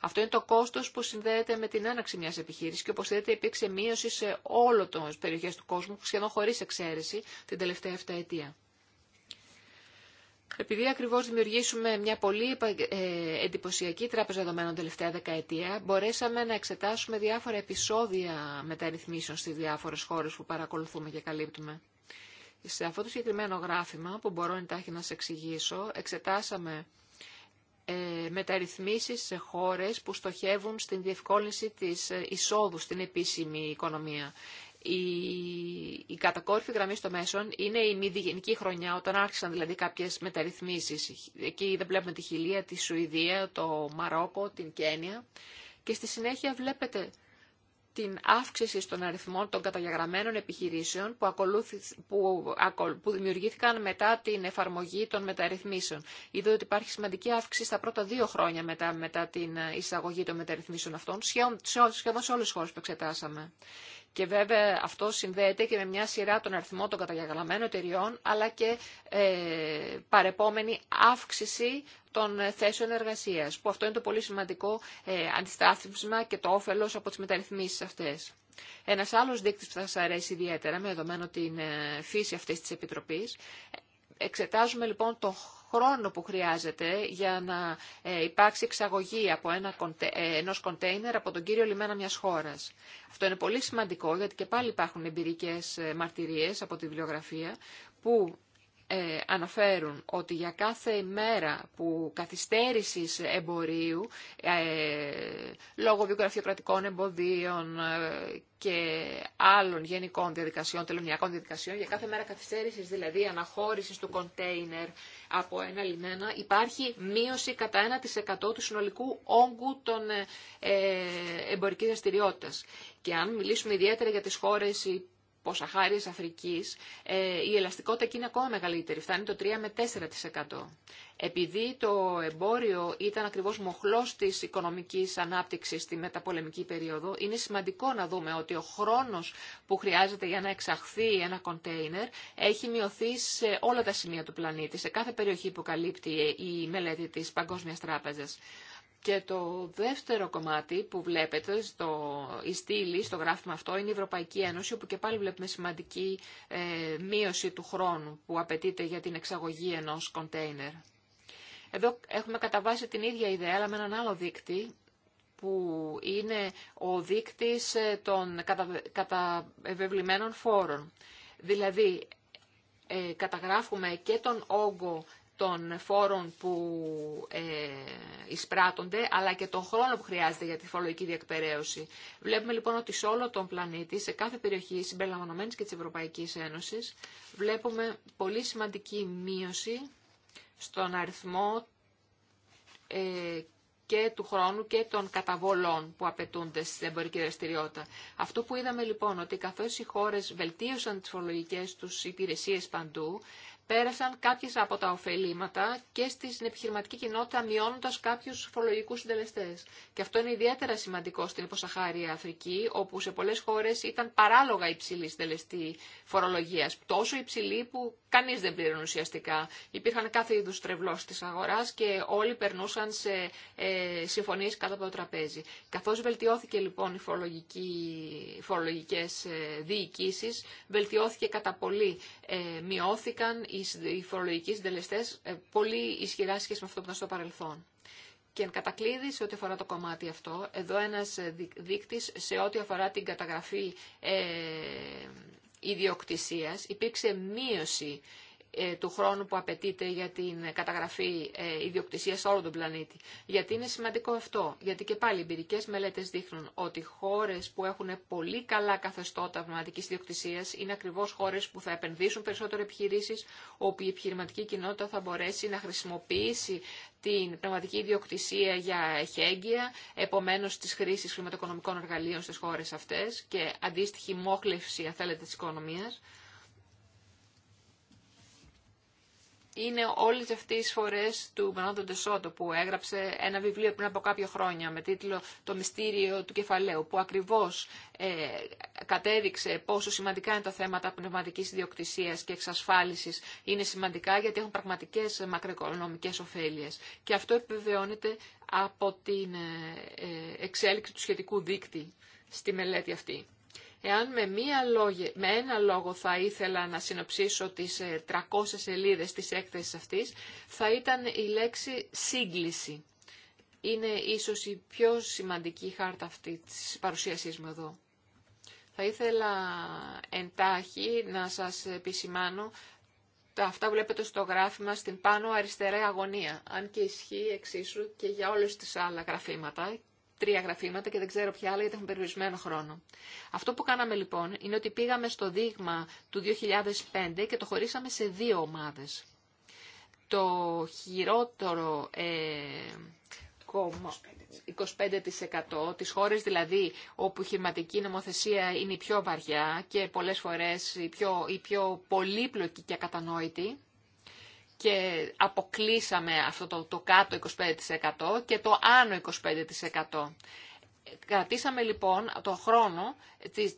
Αυτό είναι το κόστος που συνδέεται με την έναξη μιας επιχείρησης και όπως θέλετε υπήρξε μείωση σε όλο τις περιοχές του κόσμου σχεδόν χωρίς εξαίρεση την τελευταία 7 αιτία. Επειδή ακριβώ δημιουργήσουμε μια πολύ ε, εντυπωσιακή τράπεζα δεδομένων τελευταία δεκαετία, μπορέσαμε να εξετάσουμε διάφορα επεισόδια μεταρρυθμίσεων στι διάφορες χώρες που παρακολουθούμε και καλύπτουμε. Σε αυτό το συγκεκριμένο γράφημα που μπορώ εντάχει να σα εξηγήσω, εξετάσαμε ε, μεταρρυθμίσεις σε χώρε που στοχεύουν στην διευκόλυνση τη ε, εισόδου στην επίσημη οικονομία. Η, η κατακόρυφη γραμμή στο μέσον είναι η μη χρονιά, όταν άρχισαν δηλαδή κάποιε μεταρρυθμίσει. Εκεί δεν βλέπουμε τη Χιλία, τη Σουηδία, το Μαρόκο, την Κένια. Και στη συνέχεια βλέπετε την αύξηση των αριθμών των καταγεγραμμένων επιχειρήσεων που, που, που δημιουργήθηκαν μετά την εφαρμογή των μεταρρυθμίσεων. Είδα ότι υπάρχει σημαντική αύξηση στα πρώτα δύο χρόνια μετά, μετά την εισαγωγή των μεταρρυθμίσεων αυτών, σχεδόν σε όλες τις χώρες που εξετάσαμε. Και βέβαια αυτό συνδέεται και με μια σειρά των αριθμών των καταγεγραμμένων εταιριών, αλλά και ε, παρεπόμενη αύξηση των θέσεων εργασίας, που αυτό είναι το πολύ σημαντικό ε, αντιστάθμισμα και το όφελος από τις μεταρρυθμίσεις αυτές. Ένας άλλος δείκτης που θα σας αρέσει ιδιαίτερα, με δεδομένο την ε, φύση αυτής της Επιτροπής, ε, εξετάζουμε λοιπόν το χρόνο που χρειάζεται για να ε, υπάρξει εξαγωγή από ένα, ε, ενός κοντέινερ από τον κύριο λιμένα μιας χώρας. Αυτό είναι πολύ σημαντικό γιατί και πάλι υπάρχουν εμπειρικές ε, μαρτυρίες από τη βιβλιογραφία που ε, αναφέρουν ότι για κάθε μέρα που καθυστέρησης εμπορίου ε, λόγω βιογραφειοκρατικών εμποδίων ε, και άλλων γενικών διαδικασιών, τελωνιακών διαδικασιών, για κάθε μέρα καθυστέρησης, δηλαδή αναχώρησης του κοντέινερ από ένα λιμένα, υπάρχει μείωση κατά 1% του συνολικού όγκου των ε, εμπορικής δραστηριότητα. Και αν μιλήσουμε ιδιαίτερα για τις χώρες Αφρική, Αφρικής, ε, η ελαστικότητα εκεί είναι ακόμα μεγαλύτερη, φτάνει το 3 με 4%. Επειδή το εμπόριο ήταν ακριβώς μοχλός της οικονομικής ανάπτυξης στη μεταπολεμική περίοδο, είναι σημαντικό να δούμε ότι ο χρόνος που χρειάζεται για να εξαχθεί ένα κοντέινερ έχει μειωθεί σε όλα τα σημεία του πλανήτη, σε κάθε περιοχή που καλύπτει η μελέτη τη Παγκόσμια Τράπεζα. Και το δεύτερο κομμάτι που βλέπετε στο, η στήλη, στο γράφημα αυτό, είναι η Ευρωπαϊκή Ένωση, όπου και πάλι βλέπουμε σημαντική ε, μείωση του χρόνου που απαιτείται για την εξαγωγή ενός κοντέινερ. Εδώ έχουμε καταβάσει την ίδια ιδέα, αλλά με έναν άλλο δείκτη, που είναι ο δείκτης ε, των καταβεβλημένων φόρων. Δηλαδή, ε, καταγράφουμε και τον όγκο των φόρων που ε, εισπράττονται, αλλά και τον χρόνο που χρειάζεται για τη φορολογική διεκπαιρέωση. Βλέπουμε λοιπόν ότι σε όλο τον πλανήτη, σε κάθε περιοχή συμπεριλαμβανομένη και τη Ευρωπαϊκή Ένωση, βλέπουμε πολύ σημαντική μείωση στον αριθμό ε, και του χρόνου και των καταβολών που απαιτούνται στην εμπορική δραστηριότητα. Αυτό που είδαμε λοιπόν ότι καθώς οι χώρες βελτίωσαν τις φορολογικές τους υπηρεσίες παντού, πέρασαν κάποιε από τα ωφελήματα και στην επιχειρηματική κοινότητα μειώνοντα κάποιου φορολογικού συντελεστές. Και αυτό είναι ιδιαίτερα σημαντικό στην υποσαχάρια Αφρική, όπου σε πολλέ χώρε ήταν παράλογα υψηλή συντελεστή φορολογία, τόσο υψηλή που κανεί δεν πλήρωνε ουσιαστικά. Υπήρχαν κάθε είδου τρευλώσει τη αγορά και όλοι περνούσαν σε ε, συμφωνίες κάτω από το τραπέζι. Καθώ βελτιώθηκε λοιπόν οι φορολογικέ ε, διοικησει, βελτιώθηκε κατά πολύ, ε, μειώθηκαν οι οι φορολογικοί συντελεστέ ε, πολύ ισχυρά σχέση με αυτό που ήταν στο παρελθόν. Και εν κατακλείδη σε ό,τι αφορά το κομμάτι αυτό, εδώ ένας ε, δείκτη σε ό,τι αφορά την καταγραφή ε, ιδιοκτησίας, υπήρξε μείωση ε, του χρόνου που απαιτείται για την καταγραφή ε, ιδιοκτησία σε όλο τον πλανήτη. Γιατί είναι σημαντικό αυτό. Γιατί και πάλι οι εμπειρικέ μελέτε δείχνουν ότι χώρε που έχουν πολύ καλά καθεστώτα πνευματική ιδιοκτησία είναι ακριβώ χώρε που θα επενδύσουν περισσότερο επιχειρήσει, όπου η επιχειρηματική κοινότητα θα μπορέσει να χρησιμοποιήσει την πνευματική ιδιοκτησία για εχέγγυα, επομένω τη χρήση χρηματοοικονομικών εργαλείων στι χώρε αυτέ και αντίστοιχη μόχλευση, αν θέλετε, τη οικονομία. είναι όλες αυτές τις φορές του Μανώντο Ντεσότο που έγραψε ένα βιβλίο πριν από κάποια χρόνια με τίτλο «Το μυστήριο του κεφαλαίου» που ακριβώς ε, κατέδειξε πόσο σημαντικά είναι τα θέματα πνευματικής ιδιοκτησίας και εξασφάλισης είναι σημαντικά γιατί έχουν πραγματικές μακροοικονομικές ωφέλειες. Και αυτό επιβεβαιώνεται από την ε, ε, εξέλιξη του σχετικού δίκτυ στη μελέτη αυτή. Εάν με, μία με ένα λόγο θα ήθελα να συνοψίσω τις 300 ε, σελίδες της έκθεσης αυτής, θα ήταν η λέξη σύγκληση. Είναι ίσως η πιο σημαντική χάρτα αυτή της παρουσίασής μου εδώ. Θα ήθελα εντάχει να σας επισημάνω αυτά βλέπετε στο γράφημα στην πάνω αριστερά αγωνία, αν και ισχύει εξίσου και για όλες τις άλλα γραφήματα τρία γραφήματα και δεν ξέρω ποια άλλα γιατί έχουμε περιορισμένο χρόνο. Αυτό που κάναμε λοιπόν είναι ότι πήγαμε στο δείγμα του 2005 και το χωρίσαμε σε δύο ομάδες. Το χειρότερο ε, 25% τις χώρες δηλαδή όπου η χρηματική νομοθεσία είναι η πιο βαριά και πολλές φορές η πιο, η πιο πολύπλοκη και ακατανόητη και αποκλείσαμε αυτό το, το κάτω 25% και το άνω 25%. Κρατήσαμε λοιπόν το χρόνο,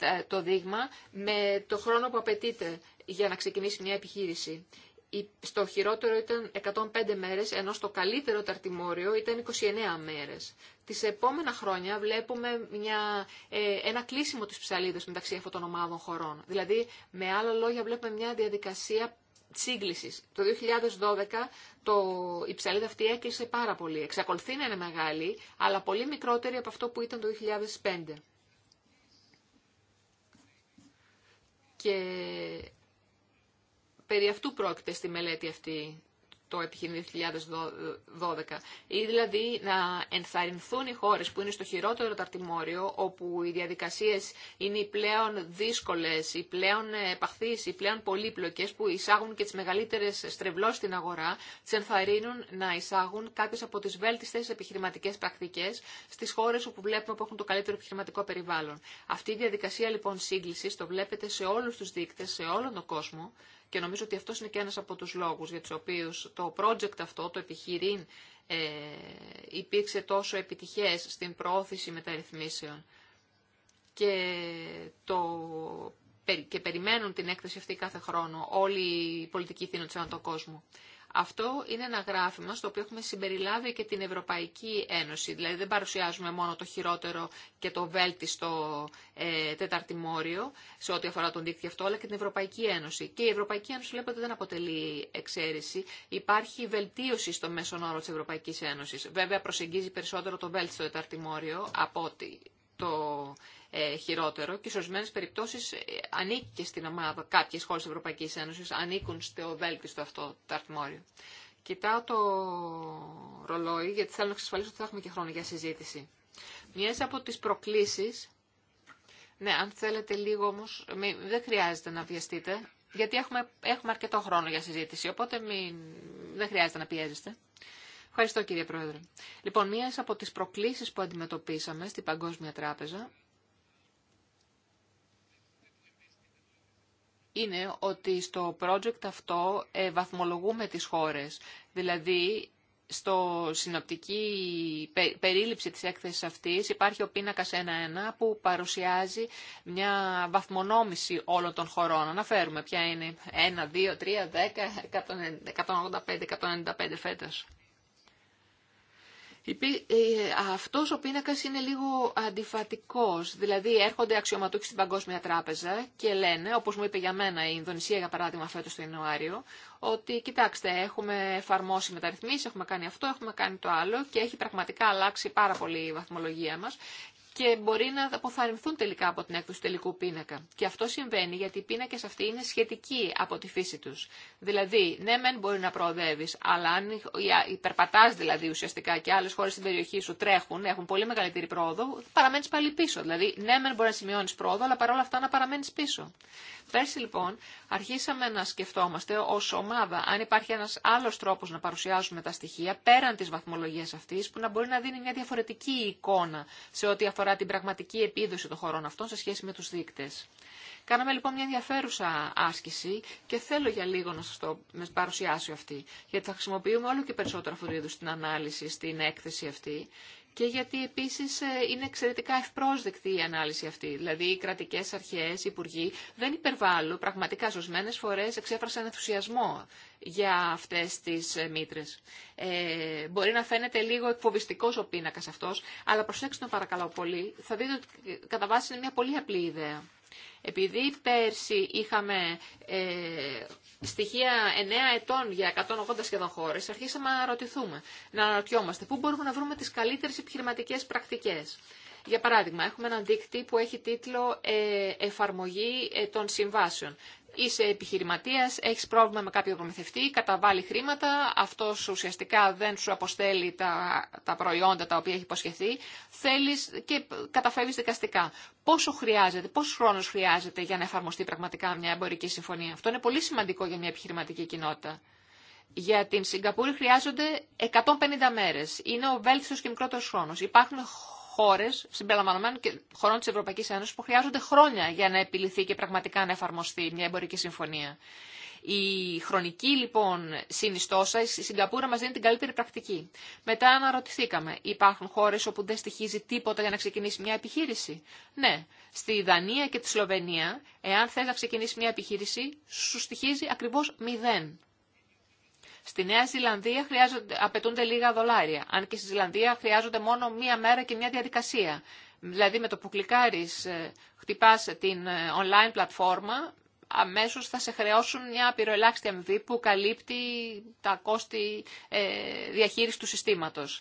ε, το δείγμα, με το χρόνο που απαιτείται για να ξεκινήσει μια επιχείρηση. Στο χειρότερο ήταν 105 μέρες, ενώ στο καλύτερο ταρτιμόριο ήταν 29 μέρες. Τις επόμενα χρόνια βλέπουμε μια, ε, ένα κλείσιμο της ψαλίδας μεταξύ αυτών των ομάδων χωρών. Δηλαδή, με άλλα λόγια, βλέπουμε μια διαδικασία το 2012 το, η ψαλίδα αυτή έκλεισε πάρα πολύ. Εξακολουθεί να είναι μεγάλη, αλλά πολύ μικρότερη από αυτό που ήταν το 2005. Και περί αυτού πρόκειται στη μελέτη αυτή το επιχείρημα 2012. Ή δηλαδή να ενθαρρυνθούν οι χώρες που είναι στο χειρότερο ταρτιμόριο, όπου οι διαδικασίες είναι οι πλέον δύσκολες, οι πλέον επαχθείς, οι πλέον πολύπλοκες, που εισάγουν και τις μεγαλύτερες στρεβλώσεις στην αγορά, τι ενθαρρύνουν να εισάγουν κάποιες από τις βέλτιστες επιχειρηματικές πρακτικές στις χώρες όπου βλέπουμε που έχουν το καλύτερο επιχειρηματικό περιβάλλον. Αυτή η διαδικασία λοιπόν σύγκλησης το βλέπετε σε όλους τους δείκτες, σε όλο τον κόσμο, και νομίζω ότι αυτό είναι και ένας από τους λόγους για τους οποίους το project αυτό, το επιχειρήν, ε, υπήρξε τόσο επιτυχές στην προώθηση μεταρρυθμίσεων. Και, το, και περιμένουν την έκθεση αυτή κάθε χρόνο όλοι οι πολιτικοί θύνοντες ανά τον κόσμο. Αυτό είναι ένα γράφημα στο οποίο έχουμε συμπεριλάβει και την Ευρωπαϊκή Ένωση. Δηλαδή δεν παρουσιάζουμε μόνο το χειρότερο και το βέλτιστο ε, τεταρτημόριο σε ό,τι αφορά τον δίκτυο αυτό, αλλά και την Ευρωπαϊκή Ένωση. Και η Ευρωπαϊκή Ένωση βλέπετε δεν αποτελεί εξαίρεση. Υπάρχει βελτίωση στο μέσον όρο της Ευρωπαϊκής Ένωσης. Βέβαια προσεγγίζει περισσότερο το βέλτιστο τεταρτημόριο από ότι το ε, χειρότερο και σε ορισμένε περιπτώσει ε, ανήκει και στην ομάδα. Κάποιε χώρε τη Ευρωπαϊκή Ένωση ανήκουν στο βέλτιστο αυτό αρθμόριο. Κοιτάω το ρολόι γιατί θέλω να εξασφαλίσω ότι θα έχουμε και χρόνο για συζήτηση. Μια από τι προκλήσει. Ναι, αν θέλετε λίγο όμω, δεν χρειάζεται να βιαστείτε, γιατί έχουμε, έχουμε αρκετό χρόνο για συζήτηση, οπότε μην, δεν χρειάζεται να πιέζεστε. Ευχαριστώ κύριε Πρόεδρε. Λοιπόν, μία από τις προκλήσεις που αντιμετωπίσαμε στην Παγκόσμια Τράπεζα είναι ότι στο project αυτό ε, βαθμολογούμε τις χώρες. Δηλαδή, στο συνοπτική περίληψη της έκθεσης αυτής υπάρχει ο πίνακας 1-1 που παρουσιάζει μια βαθμονόμηση όλων των χωρών. Αναφέρουμε ποια είναι 1, 2, 3, 10, 185, 195 φέτος. Ε, αυτός ο πίνακας είναι λίγο αντιφατικός, δηλαδή έρχονται αξιωματούχοι στην Παγκόσμια Τράπεζα και λένε, όπως μου είπε για μένα η Ινδονησία για παράδειγμα φέτος το Ιανουάριο, ότι κοιτάξτε έχουμε εφαρμόσει μεταρρυθμίσεις, έχουμε κάνει αυτό, έχουμε κάνει το άλλο και έχει πραγματικά αλλάξει πάρα πολύ η βαθμολογία μας και μπορεί να αποθαρρυνθούν τελικά από την έκδοση του τελικού πίνακα. Και αυτό συμβαίνει γιατί οι πίνακε αυτοί είναι σχετικοί από τη φύση του. Δηλαδή, ναι, μεν μπορεί να προοδεύει, αλλά αν υπερπατά δηλαδή ουσιαστικά και άλλε χώρε στην περιοχή σου τρέχουν, έχουν πολύ μεγαλύτερη πρόοδο, παραμένει πάλι πίσω. Δηλαδή, ναι, μεν μπορεί να σημειώνει πρόοδο, αλλά παρόλα αυτά να παραμένει πίσω. Πέρσι λοιπόν αρχίσαμε να σκεφτόμαστε ω ομάδα αν υπάρχει ένα άλλο τρόπο να παρουσιάζουμε τα στοιχεία πέραν τη βαθμολογία αυτή που να μπορεί να δίνει μια διαφορετική εικόνα σε ό,τι αφορά την πραγματική επίδοση των χωρών αυτών σε σχέση με τους δείκτες. Κάναμε λοιπόν μια ενδιαφέρουσα άσκηση και θέλω για λίγο να σας το παρουσιάσω αυτή, γιατί θα χρησιμοποιούμε όλο και περισσότερο αυτού την ανάλυση στην έκθεση αυτή και γιατί επίσης ε, είναι εξαιρετικά ευπρόσδεκτη η ανάλυση αυτή. Δηλαδή οι κρατικές αρχές, οι υπουργοί δεν υπερβάλλουν, πραγματικά σωσμένες φορές εξέφρασαν ενθουσιασμό για αυτές τις ε, μήτρες. Ε, μπορεί να φαίνεται λίγο εκφοβιστικός ο πίνακας αυτός, αλλά προσέξτε τον παρακαλώ πολύ, θα δείτε ότι ε, κατά βάση είναι μια πολύ απλή ιδέα. Επειδή πέρσι είχαμε στοιχεία 9 ετών για 180 σχεδόν χώρε, αρχίσαμε να ρωτηθούμε, να αναρωτιόμαστε πού μπορούμε να βρούμε τι καλύτερε επιχειρηματικέ πρακτικέ. Για παράδειγμα, έχουμε έναν δείκτη που έχει τίτλο δικτυ που εχει τιτλο εφαρμογη ε, των συμβάσεων» είσαι επιχειρηματίας, έχει πρόβλημα με κάποιο προμηθευτή, καταβάλει χρήματα, Αυτό ουσιαστικά δεν σου αποστέλει τα, τα προϊόντα τα οποία έχει υποσχεθεί, θέλεις και καταφεύγεις δικαστικά. Πόσο χρειάζεται, πόσο χρόνος χρειάζεται για να εφαρμοστεί πραγματικά μια εμπορική συμφωνία. Αυτό είναι πολύ σημαντικό για μια επιχειρηματική κοινότητα. Για την Σιγκαπούρη χρειάζονται 150 μέρε. Είναι ο βέλτιστο και μικρότερος χρόνο. Υπάρχουν χώρε, συμπεριλαμβανομένων και χωρών τη Ευρωπαϊκή Ένωση, που χρειάζονται χρόνια για να επιληθεί και πραγματικά να εφαρμοστεί μια εμπορική συμφωνία. Η χρονική λοιπόν συνιστόσα, η Σιγκαπούρα μα δίνει την καλύτερη πρακτική. Μετά αναρωτηθήκαμε, υπάρχουν χώρε όπου δεν στοιχίζει τίποτα για να ξεκινήσει μια επιχείρηση. Ναι, στη Δανία και τη Σλοβενία, εάν θε να ξεκινήσει μια επιχείρηση, σου στοιχίζει ακριβώ μηδέν. Στη Νέα Ζηλανδία χρειάζονται, απαιτούνται λίγα δολάρια, αν και στη Ζηλανδία χρειάζονται μόνο μία μέρα και μία διαδικασία. Δηλαδή με το που κλικάρεις, ε, χτυπάς την ε, online πλατφόρμα, αμέσως θα σε χρεώσουν μια απειροελάχιστη αμοιβή που καλύπτει τα κόστη ε, διαχείριση του συστήματος.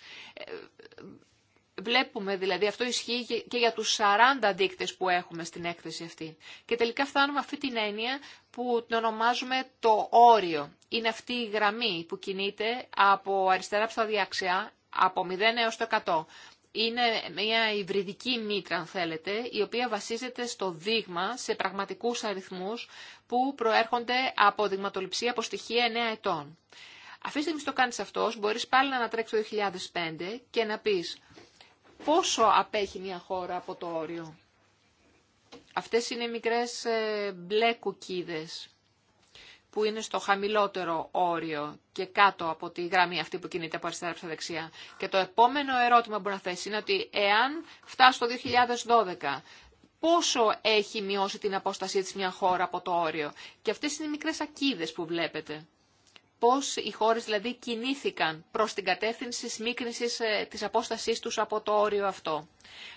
Βλέπουμε δηλαδή, αυτό ισχύει και για τους 40 δείκτες που έχουμε στην έκθεση αυτή. Και τελικά φτάνουμε αυτή την έννοια που την ονομάζουμε το όριο. Είναι αυτή η γραμμή που κινείται από αριστερά προς τα διάξια, από 0 έως το 100. Είναι μια υβριδική μήτρα, αν θέλετε, η οποία βασίζεται στο δείγμα, σε πραγματικούς αριθμούς που προέρχονται από δειγματοληψία από στοιχεία 9 ετών. Αφήστε τη το κάνεις αυτός, μπορείς πάλι να ανατρέξεις το 2005 και να πεις πόσο απέχει μια χώρα από το όριο. Αυτές είναι οι μικρές ε, μπλε κουκίδες που είναι στο χαμηλότερο όριο και κάτω από τη γραμμή αυτή που κινείται από αριστερά προς τα δεξιά. Και το επόμενο ερώτημα που μπορεί να θέσει είναι ότι εάν φτάσει το 2012, πόσο έχει μειώσει την απόστασή της μια χώρα από το όριο. Και αυτές είναι οι μικρές ακίδες που βλέπετε πώς οι χώρες δηλαδή κινήθηκαν προς την κατεύθυνση μίκνησης ε, της απόστασής τους από το όριο αυτό.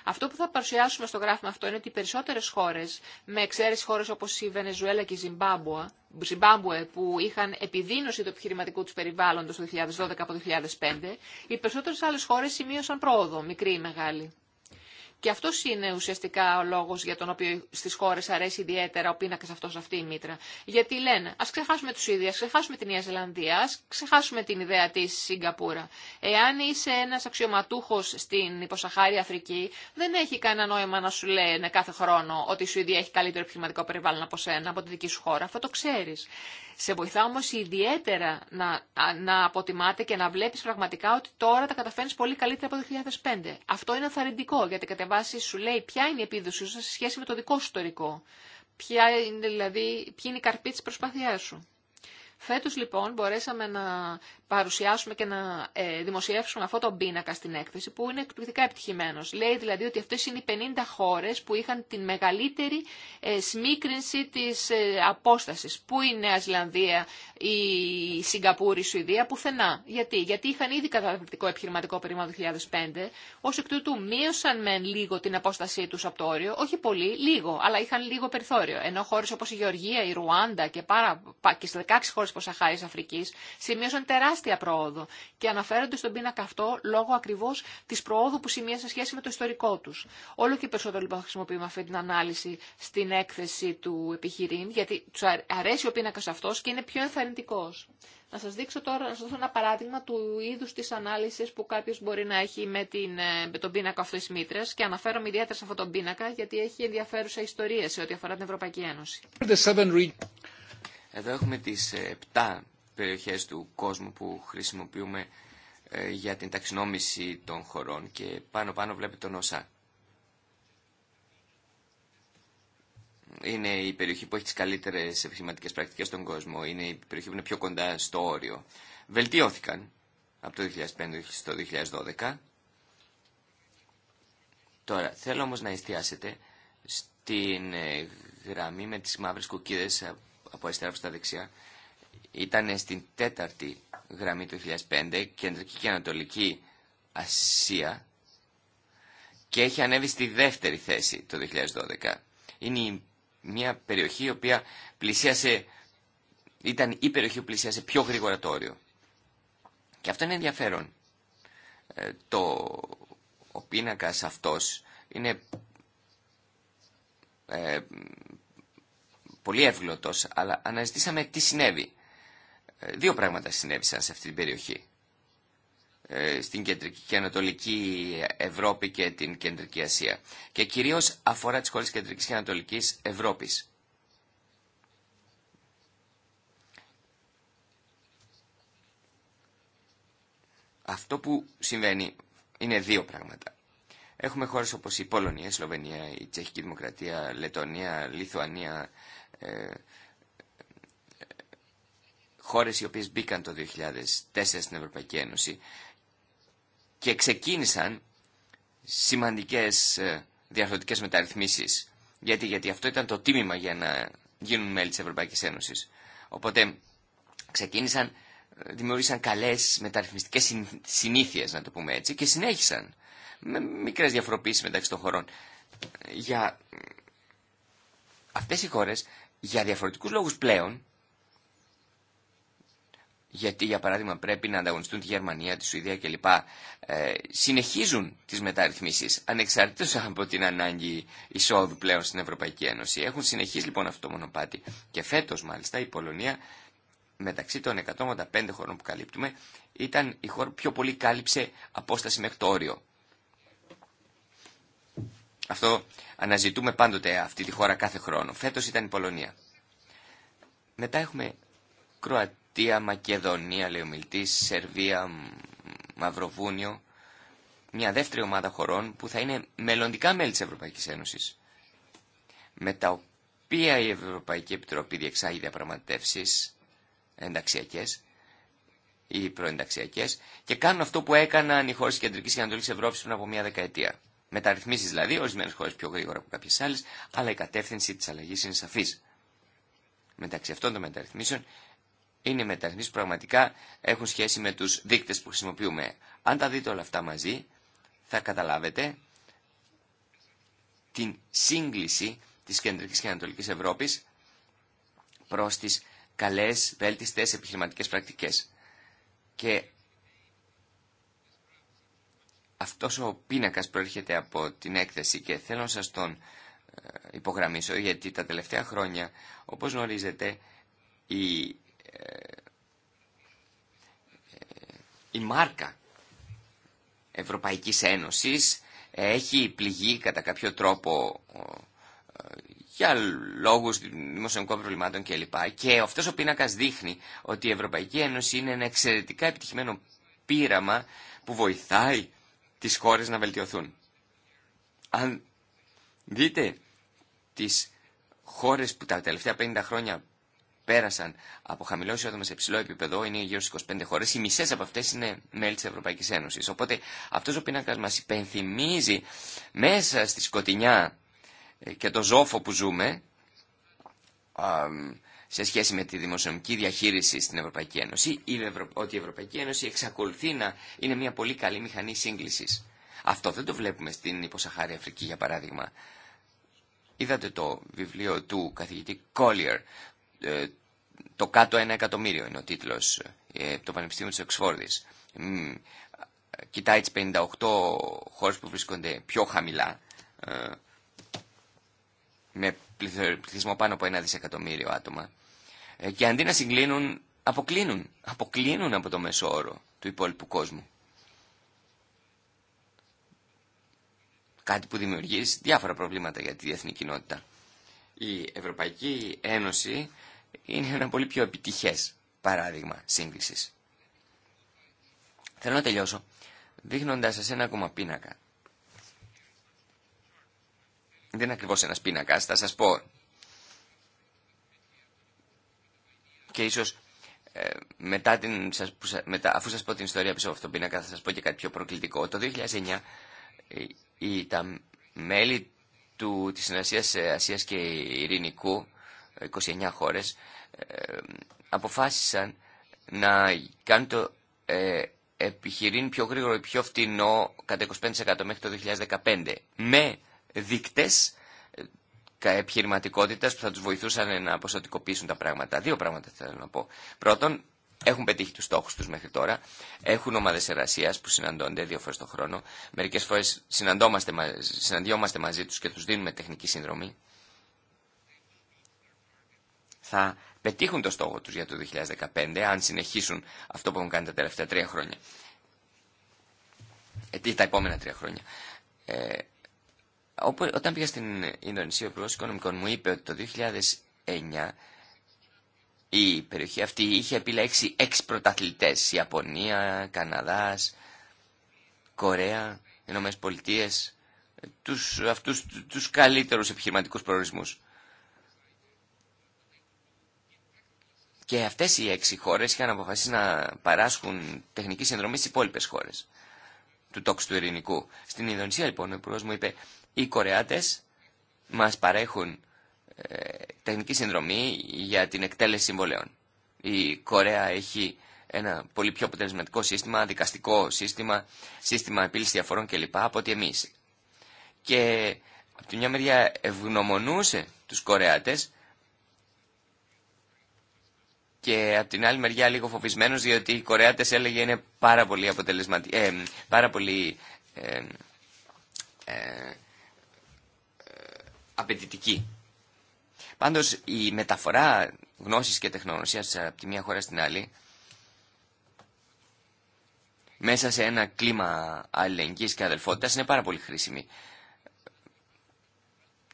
Αυτό που θα παρουσιάσουμε στο γράφημα αυτό είναι ότι οι περισσότερες χώρες, με εξαίρεση χώρες όπως η Βενεζουέλα και η Ζιμπάμπουα, Ζιμπάμπουε που είχαν επιδείνωση του επιχειρηματικού του περιβάλλοντος το 2012 από το 2005, οι περισσότερες άλλες χώρες σημείωσαν πρόοδο, μικρή ή μεγάλη. Και αυτό είναι ουσιαστικά ο λόγο για τον οποίο στι χώρε αρέσει ιδιαίτερα ο πίνακα αυτό αυτή η μήτρα. Γιατί λένε, α ξεχάσουμε του ίδιου, α ξεχάσουμε την Νέα Ζηλανδία, α ξεχάσουμε την ιδέα τη Σιγκαπούρα. Εάν είσαι ένα αξιωματούχο στην υποσαχάρη Αφρική, δεν έχει κανένα νόημα να σου λένε κάθε χρόνο ότι η Σουηδία έχει καλύτερο επιχειρηματικό περιβάλλον από σένα, από τη δική σου χώρα. Αυτό το ξέρει. Σε βοηθά όμω ιδιαίτερα να, να αποτιμάται και να βλέπει πραγματικά ότι τώρα τα καταφέρνει πολύ καλύτερα από το 2005. Αυτό είναι αθαρρυντικό, γιατί κατά σου λέει ποια είναι η επίδοσή σου σε σχέση με το δικό σου ιστορικό. Ποια είναι, δηλαδή, ποιοι είναι οι καρποί τη προσπάθειά σου. Φέτος λοιπόν μπορέσαμε να παρουσιάσουμε και να ε, δημοσιεύσουμε αυτό το πίνακα στην έκθεση που είναι εκπληκτικά επιτυχημένος. Λέει δηλαδή ότι αυτές είναι οι 50 χώρες που είχαν την μεγαλύτερη ε, σμίκρινση της ε, απόστασης. Πού είναι η Νέα Ζηλανδία, η Σιγκαπούρη, η Σουηδία, πουθενά. Γιατί, Γιατί είχαν ήδη καταπληκτικό επιχειρηματικό περίμα 2005, ως εκ τούτου μείωσαν μεν λίγο την απόστασή τους από το όριο, όχι πολύ, λίγο, αλλά είχαν λίγο περιθώριο. Ενώ χώρες όπως η Γεωργία, η Ρουάντα και, πάρα, και χώρε όπω Αφρική σημείωσαν τεράστια πρόοδο και αναφέρονται στον πίνακα αυτό λόγω ακριβώ τη προόδου που σημείωσαν σε σχέση με το ιστορικό του. Όλο και περισσότερο λοιπόν χρησιμοποιούμε αυτή την ανάλυση στην έκθεση του επιχειρήν, γιατί του αρέσει ο πίνακα αυτό και είναι πιο ενθαρρυντικό. Να σας δείξω τώρα, να σας δώσω ένα παράδειγμα του είδους της ανάλυσης που κάποιος μπορεί να έχει με, την, ε, με τον πίνακα αυτής τη μήτρας και αναφέρομαι ιδιαίτερα σε αυτόν τον πίνακα γιατί έχει ενδιαφέρουσα ιστορία σε ό,τι αφορά την Ευρωπαϊκή Ένωση. Εδώ έχουμε τις 7 ε, περιοχές του κόσμου που χρησιμοποιούμε ε, για την ταξινόμηση των χωρών και πάνω πάνω βλέπετε τον ΩΣΑ. Είναι η περιοχή που έχει τις καλύτερες επιχειρηματικές πρακτικές στον κόσμο. Είναι η περιοχή που είναι πιο κοντά στο όριο. Βελτιώθηκαν από το 2005 στο 2012. Τώρα, θέλω όμως να εστιάσετε στην ε, γραμμή με τις μαύρες κουκίδες από αριστερά προς τα δεξιά, ήταν στην τέταρτη γραμμή του 2005, κεντρική και ανατολική Ασία και έχει ανέβει στη δεύτερη θέση το 2012. Είναι μια περιοχή η οποία πλησίασε, ήταν η περιοχή που πλησίασε πιο γρήγορα το όριο. Και αυτό είναι ενδιαφέρον. Ε, το, ο πίνακας αυτός είναι ε, πολύ εύγλωτος, αλλά αναζητήσαμε τι συνέβη. Ε, δύο πράγματα συνέβησαν σε αυτή την περιοχή. Ε, στην κεντρική και ανατολική Ευρώπη και την κεντρική Ασία. Και κυρίως αφορά τις χώρες κεντρικής και Ανατολική Ευρώπης. Αυτό που συμβαίνει είναι δύο πράγματα. Έχουμε χώρες όπως η Πολωνία, η Σλοβενία, η Τσεχική Δημοκρατία, Λετωνία, Λιθουανία, ε, χώρες οι οποίες μπήκαν το 2004 στην Ευρωπαϊκή Ένωση και ξεκίνησαν σημαντικές ε, διαρθρωτικές μεταρρυθμίσεις. Γιατί, γιατί αυτό ήταν το τίμημα για να γίνουν μέλη της Ευρωπαϊκής Ένωσης. Οπότε ξεκίνησαν, ε, δημιούργησαν καλές μεταρρυθμιστικές συνήθειες, να το πούμε έτσι, και συνέχισαν με μικρές διαφοροποίησεις μεταξύ των χωρών. Για αυτές οι χώρες για διαφορετικούς λόγους πλέον, γιατί για παράδειγμα πρέπει να ανταγωνιστούν τη Γερμανία, τη Σουηδία κλπ. Ε, συνεχίζουν τις μεταρρυθμίσεις ανεξαρτήτως από την ανάγκη εισόδου πλέον στην Ευρωπαϊκή Ένωση. Έχουν συνεχίσει λοιπόν αυτό το μονοπάτι. Και φέτος μάλιστα η Πολωνία μεταξύ των 185 χωρών που καλύπτουμε ήταν η χώρα που πιο πολύ κάλυψε απόσταση μέχρι το όριο. Αυτό αναζητούμε πάντοτε αυτή τη χώρα κάθε χρόνο. Φέτος ήταν η Πολωνία. Μετά έχουμε Κροατία, Μακεδονία, λέει Σερβία, Μαυροβούνιο. Μια δεύτερη ομάδα χωρών που θα είναι μελλοντικά μέλη της Ευρωπαϊκής Ένωσης. Με τα οποία η Ευρωπαϊκή Επιτροπή διεξάγει διαπραγματεύσει ενταξιακέ ή προενταξιακέ, και κάνουν αυτό που έκαναν οι χώρε τη Κεντρικής και Ευρώπης πριν από μια δεκαετία. Μεταρρυθμίσεις δηλαδή, ορισμένε χώρε πιο γρήγορα από κάποιε άλλε, αλλά η κατεύθυνση τη αλλαγή είναι σαφή. Μεταξύ αυτών των μεταρρυθμίσεων είναι μεταρρυθμίσεις που πραγματικά έχουν σχέση με τους δείκτε που χρησιμοποιούμε. Αν τα δείτε όλα αυτά μαζί, θα καταλάβετε την σύγκληση της κεντρικής και Ανατολική Ευρώπη προ τι καλέ, βέλτιστες επιχειρηματικέ πρακτικέ. Και αυτός ο πίνακας προέρχεται από την έκθεση και θέλω να σας τον ε, υπογραμμίσω γιατί τα τελευταία χρόνια, όπως γνωρίζετε, η, ε, ε, η μάρκα Ευρωπαϊκής Ένωσης έχει πληγεί κατά κάποιο τρόπο για λόγους δημοσιονομικών προβλημάτων κλπ. Και αυτός ο πίνακας δείχνει ότι η Ευρωπαϊκή Ένωση είναι ένα εξαιρετικά επιτυχημένο πείραμα που βοηθάει τις χώρες να βελτιωθούν. Αν δείτε τις χώρες που τα τελευταία 50 χρόνια πέρασαν από χαμηλό εισόδημα σε υψηλό επίπεδο, είναι γύρω στι 25 χώρες, οι μισές από αυτές είναι μέλη της Ευρωπαϊκής Ένωσης. Οπότε αυτός ο πίνακα μα υπενθυμίζει μέσα στη σκοτεινιά και το ζόφο που ζούμε, σε σχέση με τη δημοσιονομική διαχείριση στην Ευρωπαϊκή Ένωση ότι η Ευρωπαϊκή Ένωση εξακολουθεί να είναι μια πολύ καλή μηχανή σύγκλησης. Αυτό δεν το βλέπουμε στην υποσαχάρη Αφρική για παράδειγμα. Είδατε το βιβλίο του καθηγητή Collier, ε, το κάτω ένα εκατομμύριο είναι ο τίτλος, ε, το Πανεπιστήμιο της Οξφόρδης. Κοιτάει τις 58 χώρες που βρίσκονται πιο χαμηλά, ε, με πληθυσμό πάνω από ένα δισεκατομμύριο άτομα. Ε, και αντί να συγκλίνουν, αποκλίνουν. Αποκλίνουν από το μέσο όρο του υπόλοιπου κόσμου. Κάτι που δημιουργεί διάφορα προβλήματα για τη διεθνή κοινότητα. Η Ευρωπαϊκή Ένωση είναι ένα πολύ πιο επιτυχές παράδειγμα σύγκρισης. Θέλω να τελειώσω δείχνοντας σας ένα ακόμα πίνακα. Δεν είναι ακριβώς ένας πίνακας, θα σας πω και ίσως ε, μετά την, μετά, αφού σας πω την ιστορία πίσω από τον πίνακα θα σα πω και κάτι πιο προκλητικό. Το 2009 ε, τα μέλη του, της Συνασίας Ασίας και Ειρηνικού, 29 χώρες, ε, αποφάσισαν να κάνουν το επιχειρήν πιο γρήγορο ή πιο φτηνό κατά 25% μέχρι το 2015 με δείκτες επιχειρηματικότητα που θα του βοηθούσαν να ποσοτικοποιήσουν τα πράγματα. Δύο πράγματα θέλω να πω. Πρώτον, έχουν πετύχει του στόχου του μέχρι τώρα. Έχουν ομάδε εργασία που συναντώνται δύο φορέ το χρόνο. Μερικέ φορέ συναντιόμαστε μαζί του και του δίνουμε τεχνική συνδρομή. Θα πετύχουν το στόχο του για το 2015 αν συνεχίσουν αυτό που έχουν κάνει τα τελευταία τρία χρόνια. Ε, τι, τα επόμενα τρία χρόνια. Ε, όταν πήγα στην Ινδονησία, ο Υπουργός Οικονομικών μου είπε ότι το 2009 η περιοχή αυτή είχε επιλέξει έξι πρωταθλητές. Ιαπωνία, Καναδάς, Κορέα, Ηνωμένες Πολιτείες. Τους, αυτούς τους καλύτερους επιχειρηματικούς προορισμούς. Και αυτές οι έξι χώρες είχαν αποφασίσει να παράσχουν τεχνική συνδρομή στις υπόλοιπες χώρες του τόξου του ειρηνικού. Στην Ινδονησία λοιπόν ο υπουργός μου είπε οι Κορεάτες μας παρέχουν ε, τεχνική συνδρομή για την εκτέλεση συμβολέων. Η Κορέα έχει ένα πολύ πιο αποτελεσματικό σύστημα, δικαστικό σύστημα, σύστημα επίλυση διαφορών κλπ. από ότι εμείς. Και από τη μια μεριά ευγνωμονούσε τους Κορεάτες και από την άλλη μεριά λίγο φοβισμένος διότι οι Κορεάτες έλεγε είναι πάρα πολύ αποτελεσματικοί, ε, απαιτητική. Πάντως η μεταφορά γνώσης και τεχνογνωσίας από τη μία χώρα στην άλλη μέσα σε ένα κλίμα αλληλεγγύης και αδελφότητας είναι πάρα πολύ χρήσιμη.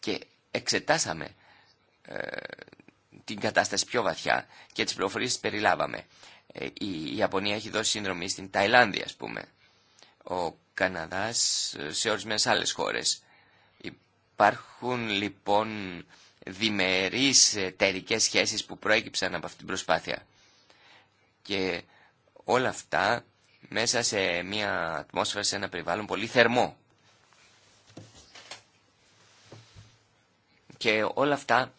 Και εξετάσαμε ε, την κατάσταση πιο βαθιά και τις πληροφορίες περιλάβαμε. Ε, η Ιαπωνία έχει δώσει συνδρομή στην Ταϊλάνδη ας πούμε. Ο Καναδάς ε, σε ορισμένες άλλες χώρες. Υπάρχουν λοιπόν διμερείς ε, εταιρικές σχέσεις που προέκυψαν από αυτή την προσπάθεια. Και όλα αυτά μέσα σε μια ατμόσφαιρα, σε ένα περιβάλλον πολύ θερμό. Και όλα αυτά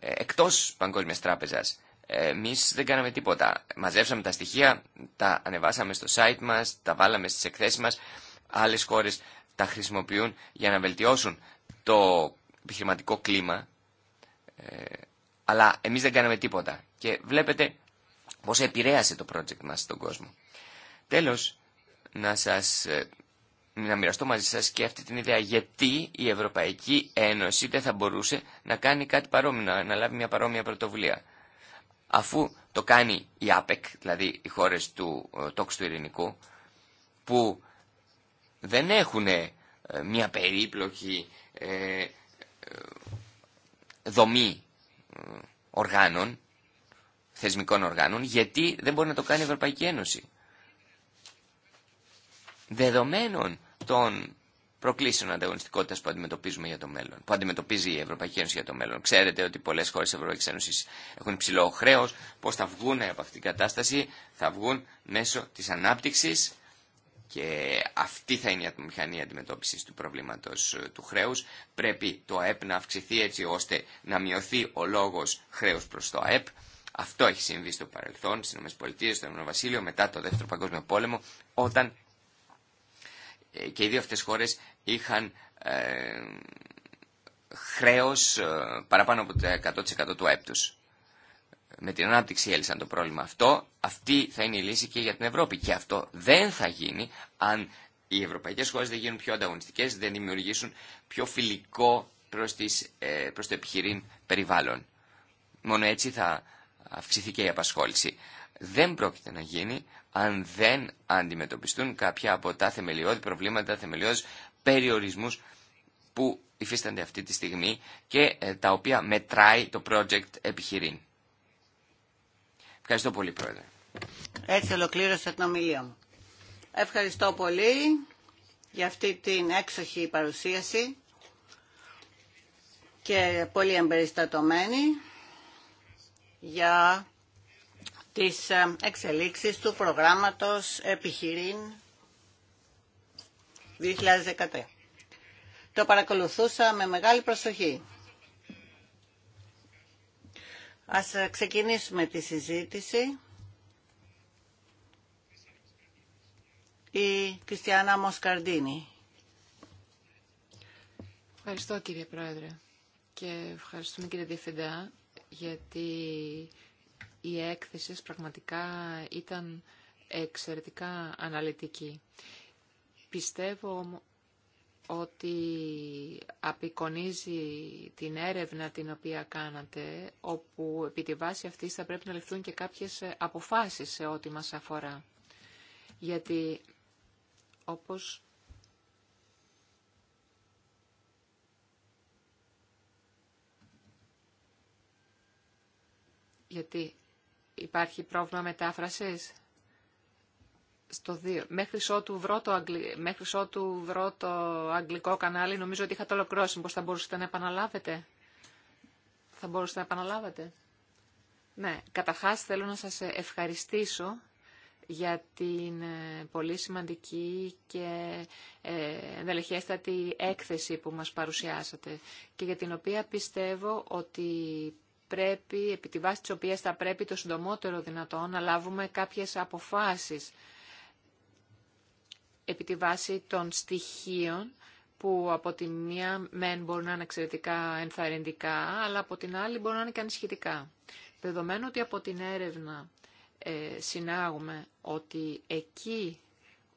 ε, εκτός Παγκόσμιας Τράπεζας. Ε, Εμεί δεν κάναμε τίποτα. Μαζέψαμε τα στοιχεία, τα ανεβάσαμε στο site μας, τα βάλαμε στις εκθέσεις μας. Άλλες χώρες τα χρησιμοποιούν για να βελτιώσουν το επιχειρηματικό κλίμα, ε, αλλά εμείς δεν κάναμε τίποτα. Και βλέπετε πώς επηρέασε το project μας στον κόσμο. Τέλος, να, σας, ε, να μοιραστώ μαζί σας και αυτή την ιδέα γιατί η Ευρωπαϊκή Ένωση δεν θα μπορούσε να κάνει κάτι παρόμοιο, να λάβει μια παρόμοια πρωτοβουλία. Αφού το κάνει η ΑΠΕΚ, δηλαδή οι χώρες του ε, τόξου του ειρηνικού, που δεν έχουν μια περίπλοκη ε, ε, δομή ε, οργάνων, θεσμικών οργάνων, γιατί δεν μπορεί να το κάνει η Ευρωπαϊκή Ένωση. Δεδομένων των προκλήσεων ανταγωνιστικότητα που αντιμετωπίζουμε για το μέλλον, που αντιμετωπίζει η Ευρωπαϊκή Ένωση για το μέλλον. Ξέρετε ότι πολλέ χώρε τη Ευρωπαϊκή Ένωση έχουν υψηλό χρέο. Πώ θα βγουν από αυτήν την κατάσταση, θα βγουν μέσω τη ανάπτυξη και αυτή θα είναι η μηχανή αντιμετώπιση του προβλήματο ε, του χρέου. Πρέπει το ΑΕΠ να αυξηθεί έτσι ώστε να μειωθεί ο λόγο χρέου προ το ΑΕΠ. Αυτό έχει συμβεί στο παρελθόν, στι ΗΠΑ, στο Ηνωμένο Βασίλειο, μετά το Δεύτερο Παγκόσμιο Πόλεμο, όταν ε, και οι δύο αυτές χώρες είχαν ε, χρέος ε, παραπάνω από το 100% του ΑΕΠ τους με την ανάπτυξη έλυσαν το πρόβλημα αυτό, αυτή θα είναι η λύση και για την Ευρώπη. Και αυτό δεν θα γίνει αν οι ευρωπαϊκές χώρες δεν γίνουν πιο ανταγωνιστικές, δεν δημιουργήσουν πιο φιλικό προς, τις, ε, προς το επιχειρήν περιβάλλον. Μόνο έτσι θα αυξηθεί και η απασχόληση. Δεν πρόκειται να γίνει αν δεν αντιμετωπιστούν κάποια από τα θεμελιώδη προβλήματα, θεμελιώδης περιορισμούς που υφίστανται αυτή τη στιγμή και ε, τα οποία μετράει το project επιχειρήν. Ευχαριστώ πολύ, Πρόεδρε. Έτσι ολοκλήρωσα την ομιλία μου. Ευχαριστώ πολύ για αυτή την έξοχη παρουσίαση και πολύ εμπεριστατωμένη για τις ε, εξελίξεις του προγράμματος Επιχειρήν 2013. Το παρακολουθούσα με μεγάλη προσοχή Ας ξεκινήσουμε τη συζήτηση. Η Κριστιανά Μοσκαρντίνη. Ευχαριστώ κύριε Πρόεδρε και ευχαριστούμε κύριε Διευθυντά γιατί η έκθεση πραγματικά ήταν εξαιρετικά αναλυτική. Πιστεύω ότι απεικονίζει την έρευνα την οποία κάνατε, όπου επί τη βάση αυτής θα πρέπει να ληφθούν και κάποιες αποφάσεις σε ό,τι μας αφορά. Γιατί όπως Γιατί υπάρχει πρόβλημα μετάφρασης στο 2. Μέχρι ότου, βρω το αγγλικό κανάλι, νομίζω ότι είχα το ολοκληρώσει. Μήπως θα μπορούσατε να επαναλάβετε. Θα μπορούσατε να επαναλάβετε. Ναι, καταρχάς θέλω να σας ευχαριστήσω για την ε, πολύ σημαντική και ε, ενδελεχέστατη έκθεση που μας παρουσιάσατε και για την οποία πιστεύω ότι πρέπει, επί τη βάση της οποίας θα πρέπει το συντομότερο δυνατόν να λάβουμε κάποιες αποφάσεις επί τη βάση των στοιχείων που από τη μία μεν μπορούν να είναι εξαιρετικά ενθαρρυντικά, αλλά από την άλλη μπορούν να είναι και ανησυχητικά. Δεδομένου ότι από την έρευνα ε, συνάγουμε ότι εκεί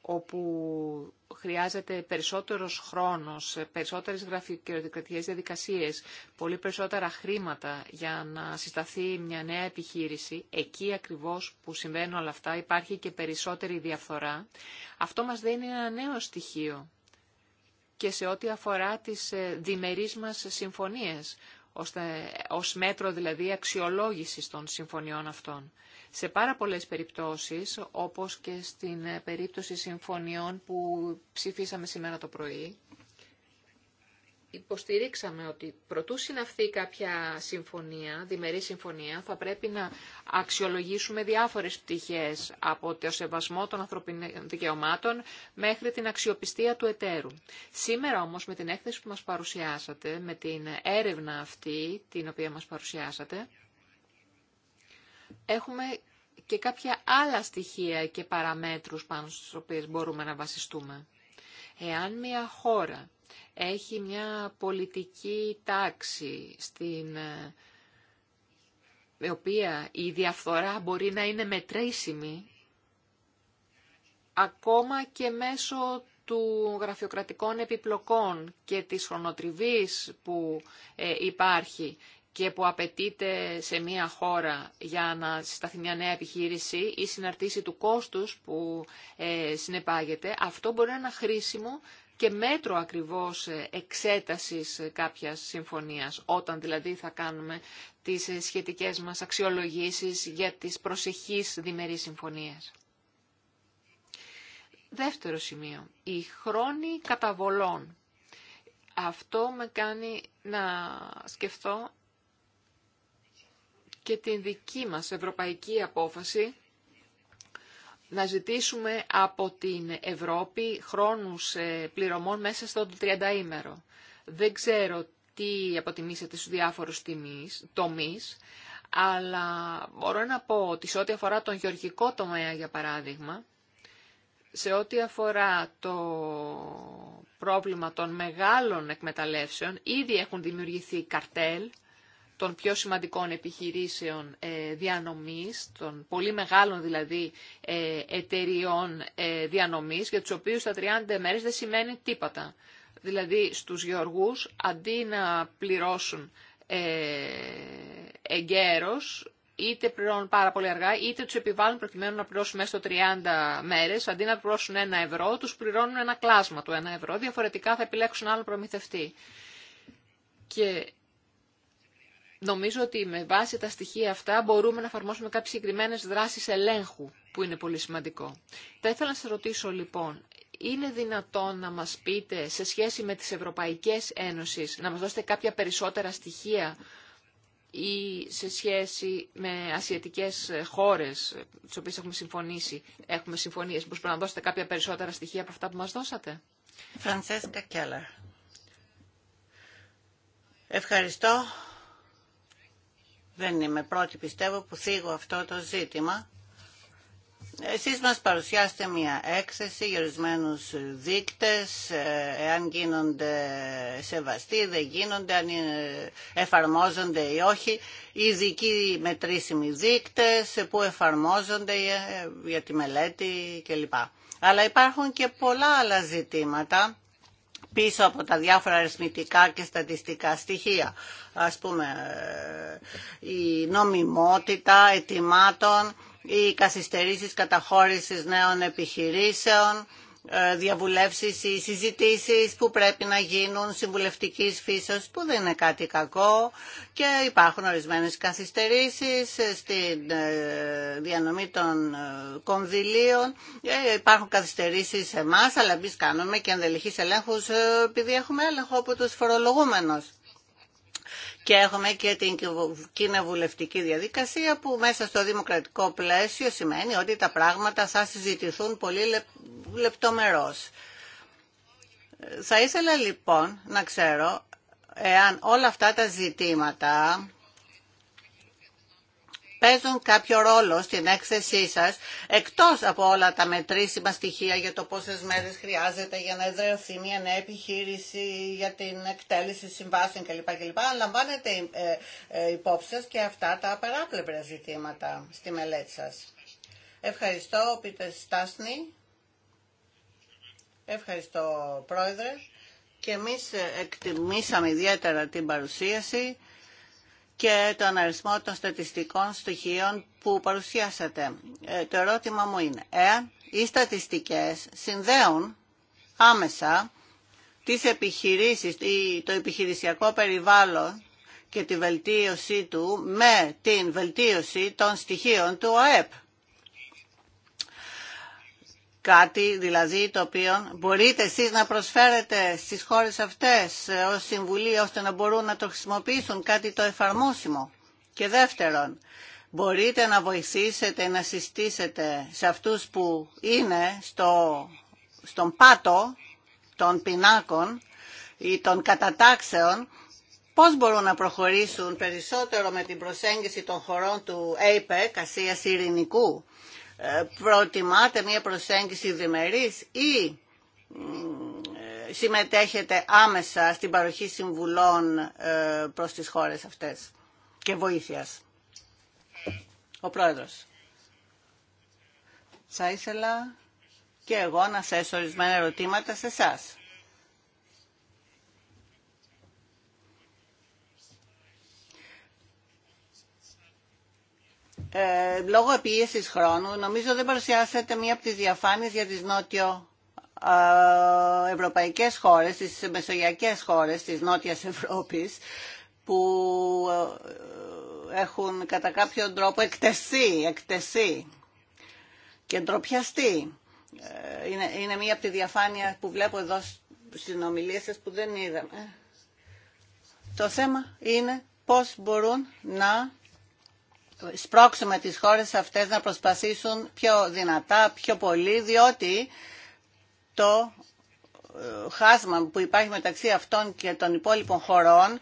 όπου χρειάζεται περισσότερος χρόνος, περισσότερες γραφειοκρατικές διαδικασίες, πολύ περισσότερα χρήματα για να συσταθεί μια νέα επιχείρηση, εκεί ακριβώς που συμβαίνουν όλα αυτά υπάρχει και περισσότερη διαφορά. αυτό μας δίνει ένα νέο στοιχείο και σε ό,τι αφορά τις ε, διμερείς μας συμφωνίες, ώστε, ως μέτρο δηλαδή αξιολόγησης των συμφωνιών αυτών. Σε πάρα πολλές περιπτώσεις, όπως και στην περίπτωση συμφωνιών που ψηφίσαμε σήμερα το πρωί, υποστηρίξαμε ότι προτού συναυθεί κάποια συμφωνία, διμερή συμφωνία, θα πρέπει να αξιολογήσουμε διάφορες πτυχές από το σεβασμό των ανθρωπινών δικαιωμάτων μέχρι την αξιοπιστία του εταίρου. Σήμερα όμως με την έκθεση που μας παρουσιάσατε, με την έρευνα αυτή την οποία μας παρουσιάσατε, έχουμε και κάποια άλλα στοιχεία και παραμέτρους πάνω στους οποίες μπορούμε να βασιστούμε. Εάν μια χώρα έχει μια πολιτική τάξη στην ε, η οποία η διαφθορά μπορεί να είναι μετρήσιμη ακόμα και μέσω του γραφειοκρατικών επιπλοκών και της χρονοτριβής που ε, υπάρχει και που απαιτείται σε μια χώρα για να συσταθεί μια νέα επιχείρηση ή συναρτήσει του κόστους που ε, συνεπάγεται, αυτό μπορεί να είναι χρήσιμο και μέτρο ακριβώς ε, εξέτασης ε, κάποιας συμφωνίας, όταν δηλαδή θα κάνουμε τις ε, σχετικές μας αξιολογήσεις για τις προσεχείς διμερείς συμφωνίες. Δεύτερο σημείο, η χρόνη καταβολών. Αυτό με κάνει να σκεφτώ και την δική μας ευρωπαϊκή απόφαση να ζητήσουμε από την Ευρώπη χρόνους ε, πληρωμών μέσα στο 30ημερο. Δεν ξέρω τι αποτιμήσετε στους διάφορους τιμής, τομείς, αλλά μπορώ να πω ότι σε ό,τι αφορά τον γεωργικό τομέα, για παράδειγμα, σε ό,τι αφορά το πρόβλημα των μεγάλων εκμεταλλεύσεων, ήδη έχουν δημιουργηθεί καρτέλ των πιο σημαντικών επιχειρήσεων ε, διανομής, των πολύ μεγάλων δηλαδή ε, εταιριών ε, διανομής, για τους οποίους τα 30 μέρες δεν σημαίνει τίποτα. Δηλαδή στους γεωργούς, αντί να πληρώσουν εγκαίρος, είτε πληρώνουν πάρα πολύ αργά, είτε τους επιβάλλουν προκειμένου να πληρώσουν μέσα στο 30 μέρες, αντί να πληρώσουν ένα ευρώ, τους πληρώνουν ένα κλάσμα του ένα ευρώ, διαφορετικά θα επιλέξουν άλλο προμηθευτή. Και νομίζω ότι με βάση τα στοιχεία αυτά μπορούμε να εφαρμόσουμε κάποιες συγκεκριμένε δράσεις ελέγχου, που είναι πολύ σημαντικό. Θα ήθελα να σας ρωτήσω λοιπόν, είναι δυνατόν να μας πείτε σε σχέση με τις Ευρωπαϊκές Ένωσης, να μας δώσετε κάποια περισσότερα στοιχεία ή σε σχέση με ασιατικές χώρες, τις οποίες έχουμε συμφωνήσει, έχουμε συμφωνίες, μπορείτε να δώσετε κάποια περισσότερα στοιχεία από αυτά που μας δώσατε. Φρανσέσκα Ευχαριστώ. Δεν είμαι πρώτη πιστεύω που θίγω αυτό το ζήτημα. Εσείς μας παρουσιάσετε μια έκθεση για ορισμένου δείκτες, ε, εάν γίνονται σεβαστοί, δεν γίνονται, αν εφαρμόζονται ή όχι, ειδικοί μετρήσιμοι δείκτες που εφαρμόζονται ε, για τη μελέτη κλπ. Αλλά υπάρχουν και πολλά άλλα ζητήματα πίσω από τα διάφορα αριθμητικά και στατιστικά στοιχεία. Ας πούμε, ε, η νομιμότητα ετοιμάτων, οι καθυστερήσεις καταχώρησης νέων επιχειρήσεων, ε, διαβουλεύσεις ή συζητήσεις που πρέπει να γίνουν συμβουλευτικής φύσεως που δεν είναι κάτι κακό και υπάρχουν ορισμένες καθυστερήσεις ε, στη ε, διανομή των κονδυλίων υπάρχουν καθυστερήσεις σε εμά, αλλά εμεί κάνουμε και ενδελεχείς ελέγχους επειδή έχουμε έλεγχο από τους φορολογούμενους και έχουμε και την κοινοβουλευτική διαδικασία που μέσα στο δημοκρατικό πλαίσιο σημαίνει ότι τα πράγματα θα συζητηθούν πολύ λεπτομερώς. Θα ήθελα λοιπόν να ξέρω εάν όλα αυτά τα ζητήματα παίζουν κάποιο ρόλο στην έκθεσή σας, εκτός από όλα τα μετρήσιμα στοιχεία για το πόσες μέρες χρειάζεται για να εδραιωθεί μια νέα επιχείρηση, για την εκτέλεση συμβάσεων κλπ. κλπ. Λαμβάνετε ε, ε, υπόψη και αυτά τα παράπλευρα ζητήματα στη μελέτη σας. Ευχαριστώ, Πίτερ Στάσνη. Ευχαριστώ, Πρόεδρε. Και εμείς ε, εκτιμήσαμε ιδιαίτερα την παρουσίαση και τον αριθμό των στατιστικών στοιχείων που παρουσιάσατε. Ε, το ερώτημα μου είναι, εάν οι στατιστικές συνδέουν άμεσα τις επιχειρήσεις το επιχειρησιακό περιβάλλον και τη βελτίωσή του με την βελτίωση των στοιχείων του ΟΕΠ κάτι δηλαδή το οποίο μπορείτε εσείς να προσφέρετε στις χώρες αυτές ε, ως συμβουλή ώστε να μπορούν να το χρησιμοποιήσουν κάτι το εφαρμόσιμο. Και δεύτερον, μπορείτε να βοηθήσετε, να συστήσετε σε αυτούς που είναι στο, στον πάτο των πινάκων ή των κατατάξεων πώς μπορούν να προχωρήσουν περισσότερο με την προσέγγιση των χωρών του APEC, Ασίας Ειρηνικού, ε, προτιμάτε μια προσέγγιση διμερής ή ε, συμμετέχετε άμεσα στην παροχή συμβουλών ε, προς τις χώρες αυτές και βοήθειας. Ο Πρόεδρος. Θα ήθελα και εγώ να θέσω ορισμένα ερωτήματα σε εσάς. Ε, λόγω πίεσης χρόνου νομίζω δεν παρουσιάσατε μία από τις διαφάνειες για τις νότιο ε, ευρωπαϊκές χώρες, τις μεσογειακές χώρες της Νότιας Ευρώπης που ε, έχουν κατά κάποιο τρόπο εκτεθεί, εκτεθεί και ντροπιαστεί. Είναι, είναι μία από τη διαφάνεια που βλέπω εδώ στις συνομιλίες σας που δεν είδαμε. Το θέμα είναι πώς μπορούν να σπρώξουμε τις χώρες αυτές να προσπαθήσουν πιο δυνατά, πιο πολύ, διότι το ε, χάσμα που υπάρχει μεταξύ αυτών και των υπόλοιπων χωρών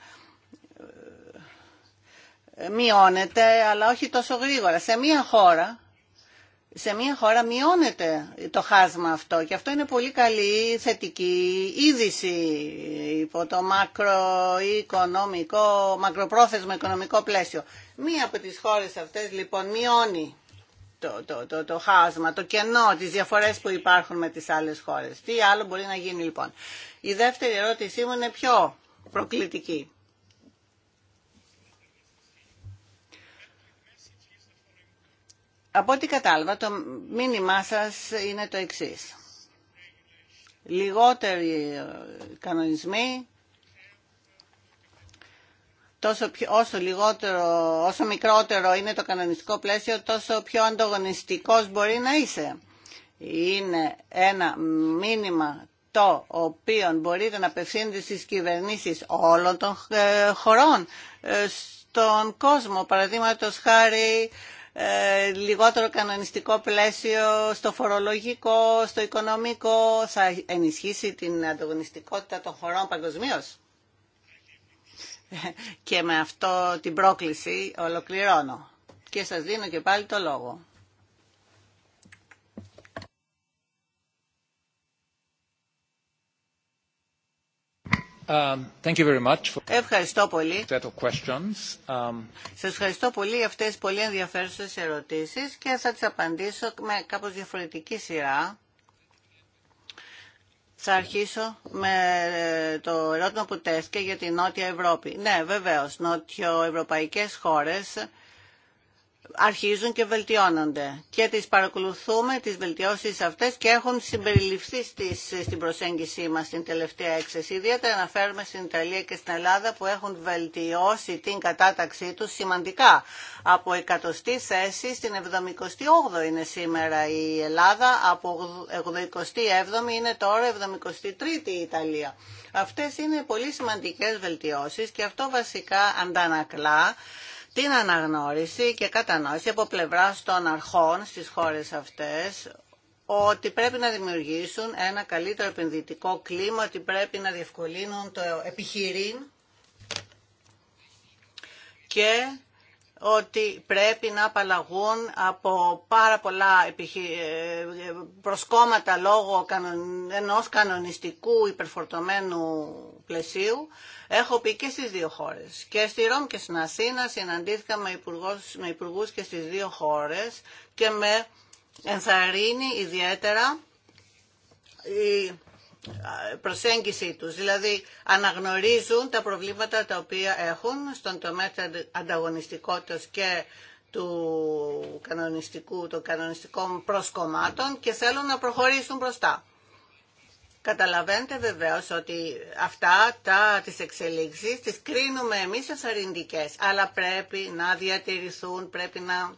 ε, μειώνεται, αλλά όχι τόσο γρήγορα. Σε μία χώρα σε μια χώρα μειώνεται το χάσμα αυτό και αυτό είναι πολύ καλή θετική είδηση υπό το μακροοικονομικό, μακροπρόθεσμο οικονομικό πλαίσιο. Μία από τις χώρες αυτές λοιπόν μειώνει το, το, το, το χάσμα, το κενό, τις διαφορές που υπάρχουν με τις άλλες χώρες. Τι άλλο μπορεί να γίνει λοιπόν. Η δεύτερη ερώτησή μου είναι πιο προκλητική. Από ό,τι κατάλαβα, το μήνυμά σας είναι το εξής. Λιγότεροι ε, κανονισμοί, τόσο όσο, λιγότερο, όσο μικρότερο είναι το κανονιστικό πλαίσιο, τόσο πιο ανταγωνιστικός μπορεί να είσαι. Είναι ένα μήνυμα το οποίο μπορείτε να απευθύνετε στις κυβερνήσεις όλων των ε, χωρών ε, στον κόσμο. παραδείγματος χάρη ε, λιγότερο κανονιστικό πλαίσιο στο φορολογικό, στο οικονομικό, θα ενισχύσει την ανταγωνιστικότητα των χωρών παγκοσμίω. Και με αυτό την πρόκληση ολοκληρώνω. Και σας δίνω και πάλι το λόγο. Um, ευχαριστώ πολύ. Um, Σας ευχαριστώ πολύ για αυτές τις πολύ ενδιαφέρουσες ερωτήσεις και θα τις απαντήσω με κάπως διαφορετική σειρά. Θα αρχίσω με ε, το ερώτημα που τέθηκε για τη Νότια Ευρώπη. Ναι, βεβαίως, νοτιοευρωπαϊκές χώρες αρχίζουν και βελτιώνονται και τις παρακολουθούμε τις βελτιώσεις αυτές και έχουν συμπεριληφθεί στις, στην προσέγγιση μας την τελευταία έξεση. Ιδιαίτερα αναφέρουμε στην Ιταλία και στην Ελλάδα που έχουν βελτιώσει την κατάταξή τους σημαντικά. Από 100η θέση στην 78η είναι σήμερα Ελλάδα, από 87η είναι τώρα 73η η Ιταλία. Αυτές είναι πολύ σημαντικές βελτιώσεις και αυτό βασικά αντανακλά την αναγνώριση και κατανόηση από πλευρά των αρχών στις χώρες αυτές ότι πρέπει να δημιουργήσουν ένα καλύτερο επενδυτικό κλίμα, ότι πρέπει να διευκολύνουν το επιχειρήν και ότι πρέπει να απαλλαγούν από πάρα πολλά ε, προσκόμματα λόγω ενός κανονιστικού υπερφορτωμένου πλαισίου. Έχω πει και στις δύο χώρες. Και στη Ρώμη και στην Αθήνα συναντήθηκα με, υπουργούς, με υπουργούς και στις δύο χώρες και με ενθαρρύνει ιδιαίτερα η προσέγγιση τους. Δηλαδή αναγνωρίζουν τα προβλήματα τα οποία έχουν στον τομέα της ανταγωνιστικότητας και του κανονιστικού, των κανονιστικών προσκομμάτων και θέλουν να προχωρήσουν μπροστά. Καταλαβαίνετε βεβαίως ότι αυτά τα, τις εξελίξεις τις κρίνουμε εμείς ως αρνητικές, αλλά πρέπει να διατηρηθούν, πρέπει να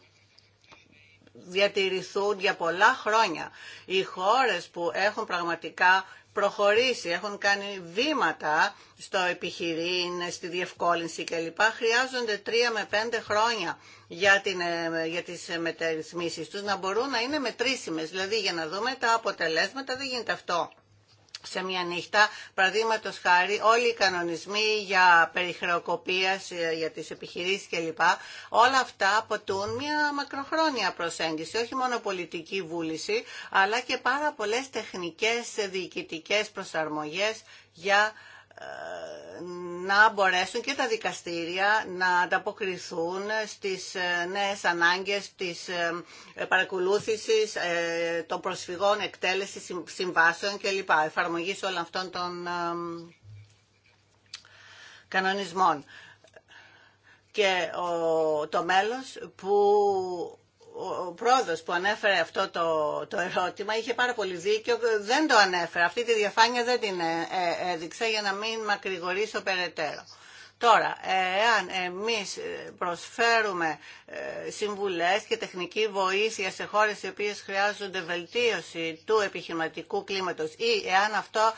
διατηρηθούν για πολλά χρόνια. Οι χώρες που έχουν πραγματικά προχωρήσει, έχουν κάνει βήματα στο επιχειρήν, στη διευκόλυνση κλπ. Χρειάζονται τρία με πέντε χρόνια για, την, ε, για τις μεταρρυθμίσεις τους να μπορούν να είναι μετρήσιμες. Δηλαδή για να δούμε τα αποτελέσματα δεν γίνεται αυτό σε μια νύχτα. Παραδείγματο χάρη, όλοι οι κανονισμοί για περιχρεοκοπία, ε, για τις επιχειρήσεις κλπ. Όλα αυτά αποτούν μια μακροχρόνια προσέγγιση, όχι μόνο πολιτική βούληση, αλλά και πάρα πολλές τεχνικές διοικητικέ προσαρμογές για να μπορέσουν και τα δικαστήρια να ανταποκριθούν στις ε, νέες ανάγκες της ε, παρακολούθησης ε, των προσφυγών, εκτέλεσης συμβάσεων κλπ. Εφαρμογής όλων αυτών των κανονισμών. Και το μέλος που ο πρόεδρος που ανέφερε αυτό το, το ερώτημα είχε πάρα πολύ δίκιο, δεν το ανέφερε. Αυτή τη διαφάνεια δεν την ε, ε, έδειξα για να μην μακρηγορήσω περαιτέρω. Τώρα, ε, εάν εμείς προσφέρουμε συμβουλές και τεχνική βοήθεια σε χώρες οι οποίες χρειάζονται βελτίωση του επιχειρηματικού κλίματος ή εάν αυτό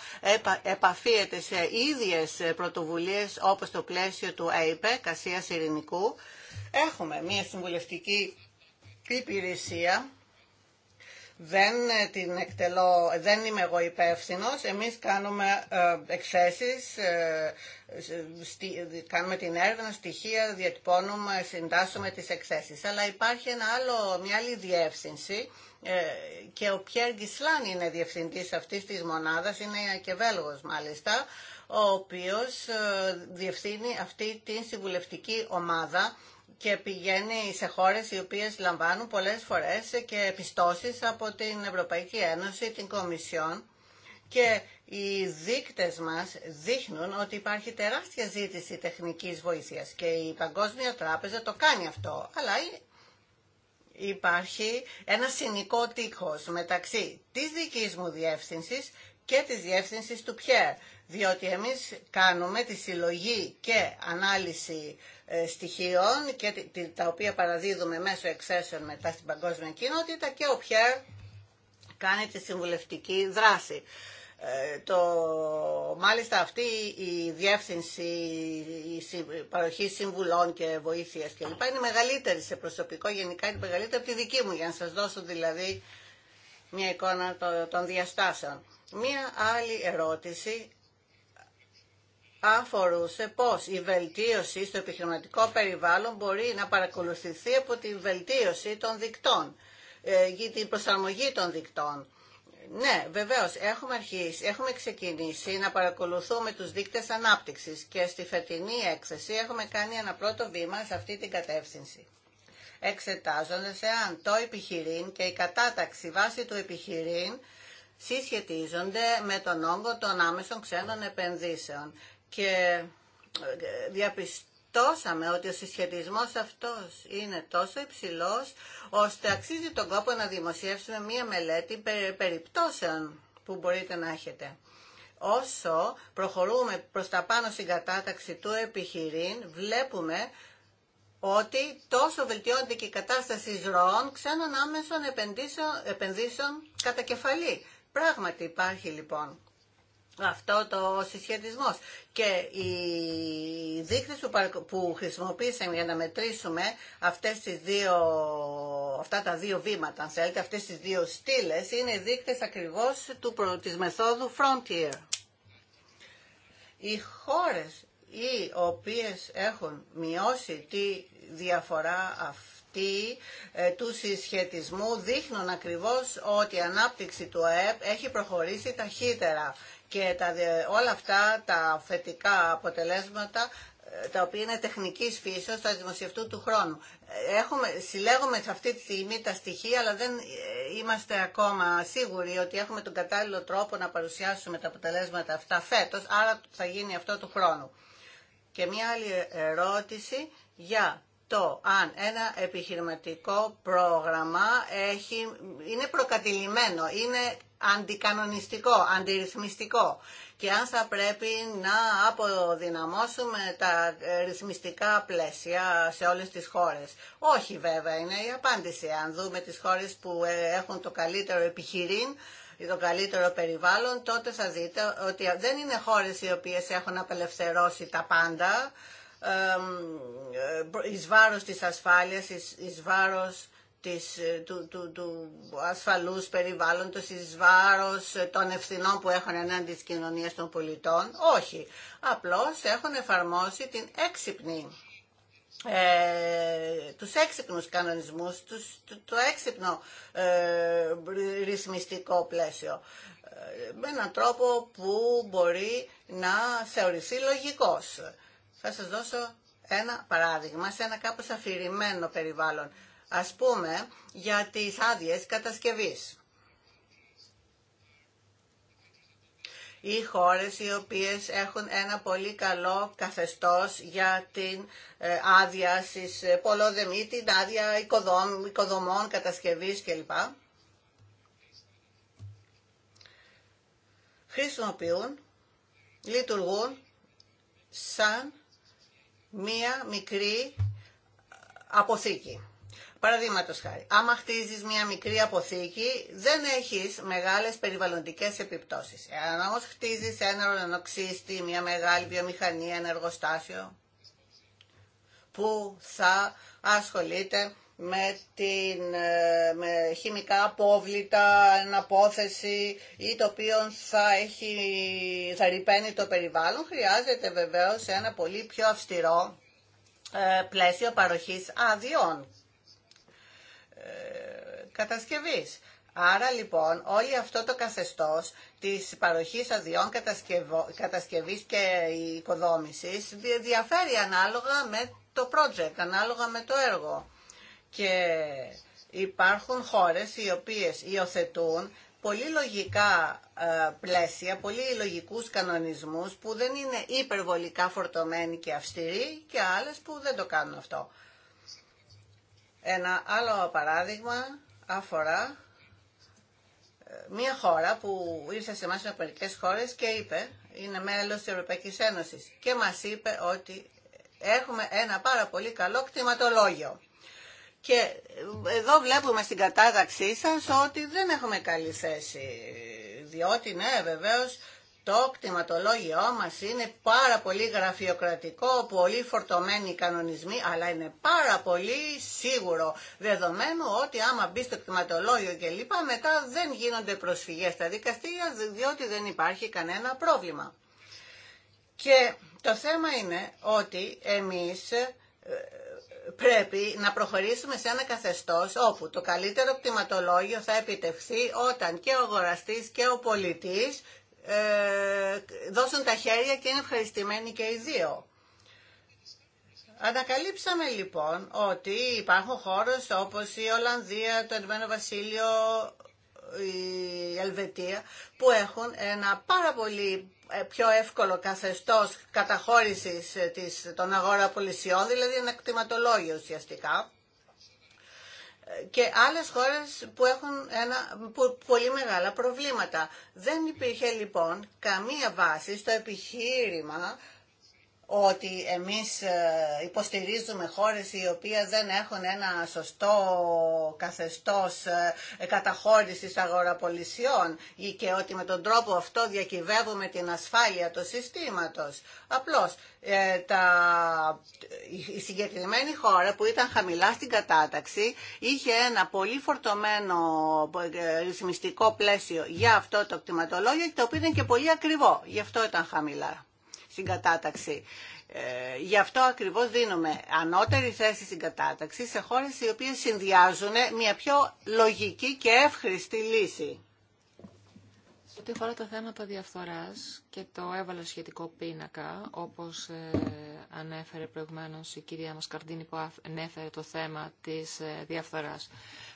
επαφίεται σε ίδιες πρωτοβουλίες όπως το πλαίσιο του ΑΕΠΕ, Κασίας Ειρηνικού, έχουμε μια συμβουλευτική η υπηρεσία δεν ε, την εκτελώ, δεν είμαι εγώ υπεύθυνο. Εμείς κάνουμε ε, εκθέσεις, ε, κάνουμε την έρευνα, στοιχεία, διατυπώνουμε, συντάσσουμε τις εκθέσεις. Αλλά υπάρχει ένα άλλο, μια άλλη διεύθυνση και ο Πιέρ Γκισλάν είναι διευθυντής αυτής της μονάδας, είναι και μάλιστα, ο οποίος διευθύνει αυτή την συμβουλευτική ομάδα και πηγαίνει σε χώρες οι οποίες λαμβάνουν πολλές φορές και επιστώσεις από την Ευρωπαϊκή Ένωση, την Κομισιόν και οι δείκτες μας δείχνουν ότι υπάρχει τεράστια ζήτηση τεχνικής βοήθειας και η Παγκόσμια Τράπεζα το κάνει αυτό, αλλά υπάρχει ένα συνικό τείχος μεταξύ της δικής μου διεύθυνσης και της διεύθυνση του Πιέρ, διότι εμείς κάνουμε τη συλλογή και ανάλυση ε, στοιχείων και τα οποία παραδίδουμε μέσω εξέσεων μετά στην παγκόσμια κοινότητα και ο Πιέρ κάνει τη συμβουλευτική δράση. Ε, το, μάλιστα αυτή η διεύθυνση η παροχή συμβουλών και βοήθειας και λοιπά είναι μεγαλύτερη σε προσωπικό γενικά είναι μεγαλύτερη από τη δική μου για να σας δώσω δηλαδή μια εικόνα των διαστάσεων. Μία άλλη ερώτηση αφορούσε πώς η βελτίωση στο επιχειρηματικό περιβάλλον μπορεί να παρακολουθηθεί από τη βελτίωση των δικτών ε, για την προσαρμογή των δικτών. Ναι, βεβαίως, έχουμε αρχίσει, έχουμε ξεκινήσει να παρακολουθούμε τους δίκτες ανάπτυξης και στη φετινή έκθεση έχουμε κάνει ένα πρώτο βήμα σε αυτή την κατεύθυνση. Εξετάζοντας εάν το επιχειρήν και η κατάταξη βάσει του επιχειρήν συσχετίζονται με τον όγκο των άμεσων ξένων επενδύσεων. Και ε, διαπιστώσαμε ότι ο συσχετισμός αυτός είναι τόσο υψηλός, ώστε αξίζει τον κόπο να δημοσιεύσουμε μία μελέτη περιπτώσεων που μπορείτε να έχετε. Όσο προχωρούμε προς τα πάνω στην κατάταξη του επιχειρήν, βλέπουμε ότι τόσο βελτιώνεται και η κατάσταση ροών ξένων άμεσων επενδύσεων, επενδύσεων κατά κεφαλή. Πράγματι υπάρχει λοιπόν αυτό το συσχετισμός και οι δείκτες που χρησιμοποίησαμε για να μετρήσουμε αυτές τις δύο, αυτά τα δύο βήματα, αν θέλετε, αυτές τις δύο στήλες είναι οι δείκτες ακριβώς του, της μεθόδου Frontier. Οι χώρες οι οποίες έχουν μειώσει τη διαφορά αυτή ε, του συσχετισμού δείχνουν ακριβώς ότι η ανάπτυξη του ΑΕΠ έχει προχωρήσει ταχύτερα και τα, όλα αυτά τα θετικά αποτελέσματα ε, τα οποία είναι τεχνική φύση θα δημοσιευτούν του χρόνου. Ε, έχουμε, συλλέγουμε σε αυτή τη στιγμή τα στοιχεία, αλλά δεν είμαστε ακόμα σίγουροι ότι έχουμε τον κατάλληλο τρόπο να παρουσιάσουμε τα αποτελέσματα αυτά φέτος, άρα θα γίνει αυτό του χρόνου. Και μια άλλη ερώτηση για το αν ένα επιχειρηματικό πρόγραμμα έχει, είναι προκατηλημένο, είναι αντικανονιστικό, αντιρυθμιστικό και αν θα πρέπει να αποδυναμώσουμε τα ε, ρυθμιστικά πλαίσια σε όλες τις χώρες. Όχι βέβαια είναι η απάντηση. Αν δούμε τις χώρες που ε, έχουν το καλύτερο επιχειρήν, το καλύτερο περιβάλλον, τότε θα δείτε ότι δεν είναι χώρες οι οποίες έχουν απελευθερώσει τα πάντα, ε, εις βάρος της ασφάλειας, εις βάρος ε, του, του, του ασφαλούς περιβάλλοντος, εις βάρος ε, των ευθυνών που έχουν ενάντια της κοινωνίας των πολιτών. Όχι. Απλώς έχουν εφαρμόσει την έξυπνη ε, τους έξυπνους κανονισμούς, τους, το, το έξυπνο ρυθμιστικό πλαίσιο με έναν τρόπο που μπορεί να θεωρηθεί λογικός. Θα σας δώσω ένα παράδειγμα σε ένα κάπως αφηρημένο περιβάλλον. Ας πούμε για τις άδειες κατασκευής. ή χώρες οι οποίες έχουν ένα πολύ καλό καθεστώς για την ε, άδεια στις ε, πολλοδεμή, την άδεια οικοδομών, οικοδομών κατασκευής κλπ. Χρησιμοποιούν, λειτουργούν σαν μία μικρή αποθήκη. Παραδείγματο χάρη, άμα ένα οξύ μία μικρή αποθήκη, δεν έχεις μεγάλες περιβαλλοντικές επιπτώσεις. εάν ομω χτιζει ένα μία μεγάλη βιομηχανία, ένα εργοστάσιο, που θα ασχολείται με, την, ε, χημικά απόβλητα, αναπόθεση ή το οποίο θα, έχει, θα ρηπαίνει το περιβάλλον, χρειάζεται βεβαίως ένα πολύ πιο αυστηρό ε, πλαίσιο παροχής αδειών ε, κατασκευής. Άρα λοιπόν όλο αυτό το καθεστώς της παροχής αδειών κατασκευής και οικοδόμησης διαφέρει ανάλογα με το project, ανάλογα με το έργο. Και υπάρχουν χώρες οι οποίες υιοθετούν πολύ λογικά ε, πλαίσια, πολύ λογικούς κανονισμούς που δεν είναι υπερβολικά φορτωμένοι και αυστηροί και άλλες που δεν το κάνουν αυτό. Ένα άλλο παράδειγμα αφορά ε, μια χώρα που ήρθε σε εμάς μερικές χώρες και είπε, είναι μέλος της Ευρωπαϊκής Ένωσης και μας είπε ότι έχουμε ένα πάρα πολύ καλό κτηματολόγιο. Και εδώ βλέπουμε στην κατάταξή σας ότι δεν έχουμε καλή θέση, διότι ναι βεβαίως το κτηματολόγιό μας είναι πάρα πολύ γραφειοκρατικό, πολύ φορτωμένοι οι κανονισμοί, αλλά είναι πάρα πολύ σίγουρο, δεδομένου ότι άμα μπει στο κτηματολόγιο και λοιπά, μετά δεν γίνονται προσφυγές στα δικαστήρια, διότι δεν υπάρχει κανένα πρόβλημα. Και το θέμα είναι ότι εμείς ε, πρέπει να προχωρήσουμε σε ένα καθεστώς όπου το καλύτερο κτηματολόγιο θα επιτευχθεί όταν και ο αγοραστής και ο πολιτής ε, δώσουν τα χέρια και είναι ευχαριστημένοι και οι δύο. Ανακαλύψαμε λοιπόν ότι υπάρχουν χώρες όπως η Ολλανδία, το Ερμένο Βασίλειο, η Ελβετία που έχουν ένα πάρα πολύ ε, πιο εύκολο καθεστώς καταχώρησης ε, της, των αγοραπολισιών, δηλαδή ένα κτηματολόγιο ουσιαστικά, ε, και άλλες χώρες που έχουν ένα, πολύ μεγάλα προβλήματα. Δεν υπήρχε λοιπόν καμία βάση στο επιχείρημα ότι εμείς ε, υποστηρίζουμε χώρες οι οποίες δεν έχουν ένα σωστό καθεστώς ε, καταχώρησης αγοραπολισιών ή και ότι με τον τρόπο αυτό διακυβεύουμε την ασφάλεια του συστήματος. Απλώς ε, τα, η συγκεκριμένη χώρα που ήταν χαμηλά στην κατάταξη είχε ένα πολύ φορτωμένο ρυθμιστικό πλαίσιο για αυτό το κτηματολόγιο το οποίο ήταν και πολύ ακριβό. Γι' αυτό ήταν χαμηλά στην κατάταξη. Ε, γι' αυτό ακριβώς δίνουμε ανώτερη θέση στην κατάταξη σε χώρες οι οποίες συνδυάζουν μια πιο λογική και εύχρηστη λύση. Ό,τι αφορά τα θέματα διαφθοράς και το έβαλε σχετικό πίνακα, όπως ε, ανέφερε προηγουμένως η κυρία μας Καρντίνη που ανέφερε το θέμα της ε, διαφθοράς.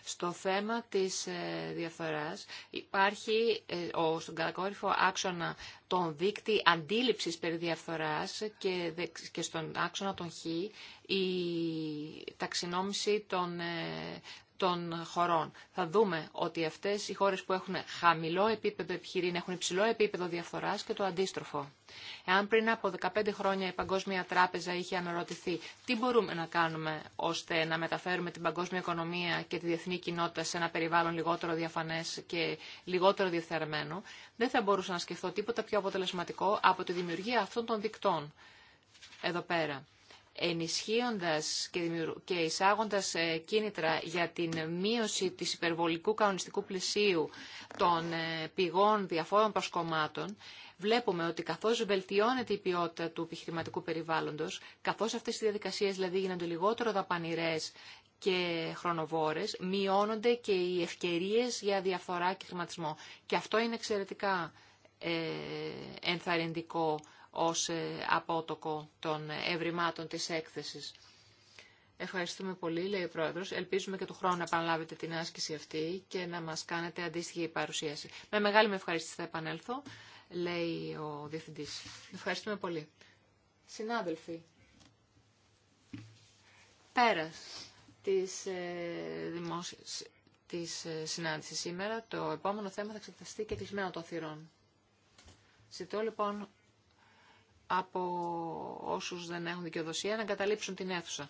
Στο θέμα της ε, διαφθοράς υπάρχει ο, στον κατακόρυφο άξονα τον δείκτη αντίληψης περί διαφθοράς και, και στον άξονα των Χ η ταξινόμηση των των χωρών. Θα δούμε ότι αυτέ οι χώρες που έχουν χαμηλό επίπεδο επιχειρήν έχουν υψηλό επίπεδο διαφοράς και το αντίστροφο. Εάν πριν από 15 χρόνια η Παγκόσμια Τράπεζα είχε αναρωτηθεί τι μπορούμε να κάνουμε ώστε να μεταφέρουμε την παγκόσμια οικονομία και τη διεθνή κοινότητα σε ένα περιβάλλον λιγότερο διαφανές και λιγότερο διεθερμένο, δεν θα μπορούσα να σκεφτώ τίποτα πιο αποτελεσματικό από τη δημιουργία αυτών των δικτών εδώ πέρα ενισχύοντας και εισάγοντας ε, κίνητρα για την μείωση της υπερβολικού κανονιστικού πλαισίου των ε, πηγών διαφόρων προσκομμάτων, βλέπουμε ότι καθώς βελτιώνεται η ποιότητα του επιχειρηματικού περιβάλλοντος, καθώς αυτές οι διαδικασίες δηλαδή γίνονται λιγότερο δαπανηρές και χρονοβόρες, μειώνονται και οι ευκαιρίες για διαφθορά και χρηματισμό. Και αυτό είναι εξαιρετικά ε, ενθαρρυντικό ως ε, απότοκο των ευρημάτων της έκθεσης. Ευχαριστούμε πολύ, λέει ο Πρόεδρος. Ελπίζουμε και του χρόνου να επαναλάβετε την άσκηση αυτή και να μας κάνετε αντίστοιχη παρουσίαση. Με μεγάλη με ευχαρίστηση θα επανέλθω, λέει ο Διευθυντής. Ευχαριστούμε πολύ. Συνάδελφοι, πέρας της, ε, της ε, συνάντησης σήμερα, το επόμενο θέμα θα εξεταστεί και κλεισμένο των θυρών. Ζητώ λοιπόν από όσους δεν έχουν δικαιοδοσία να καταλήψουν την αίθουσα.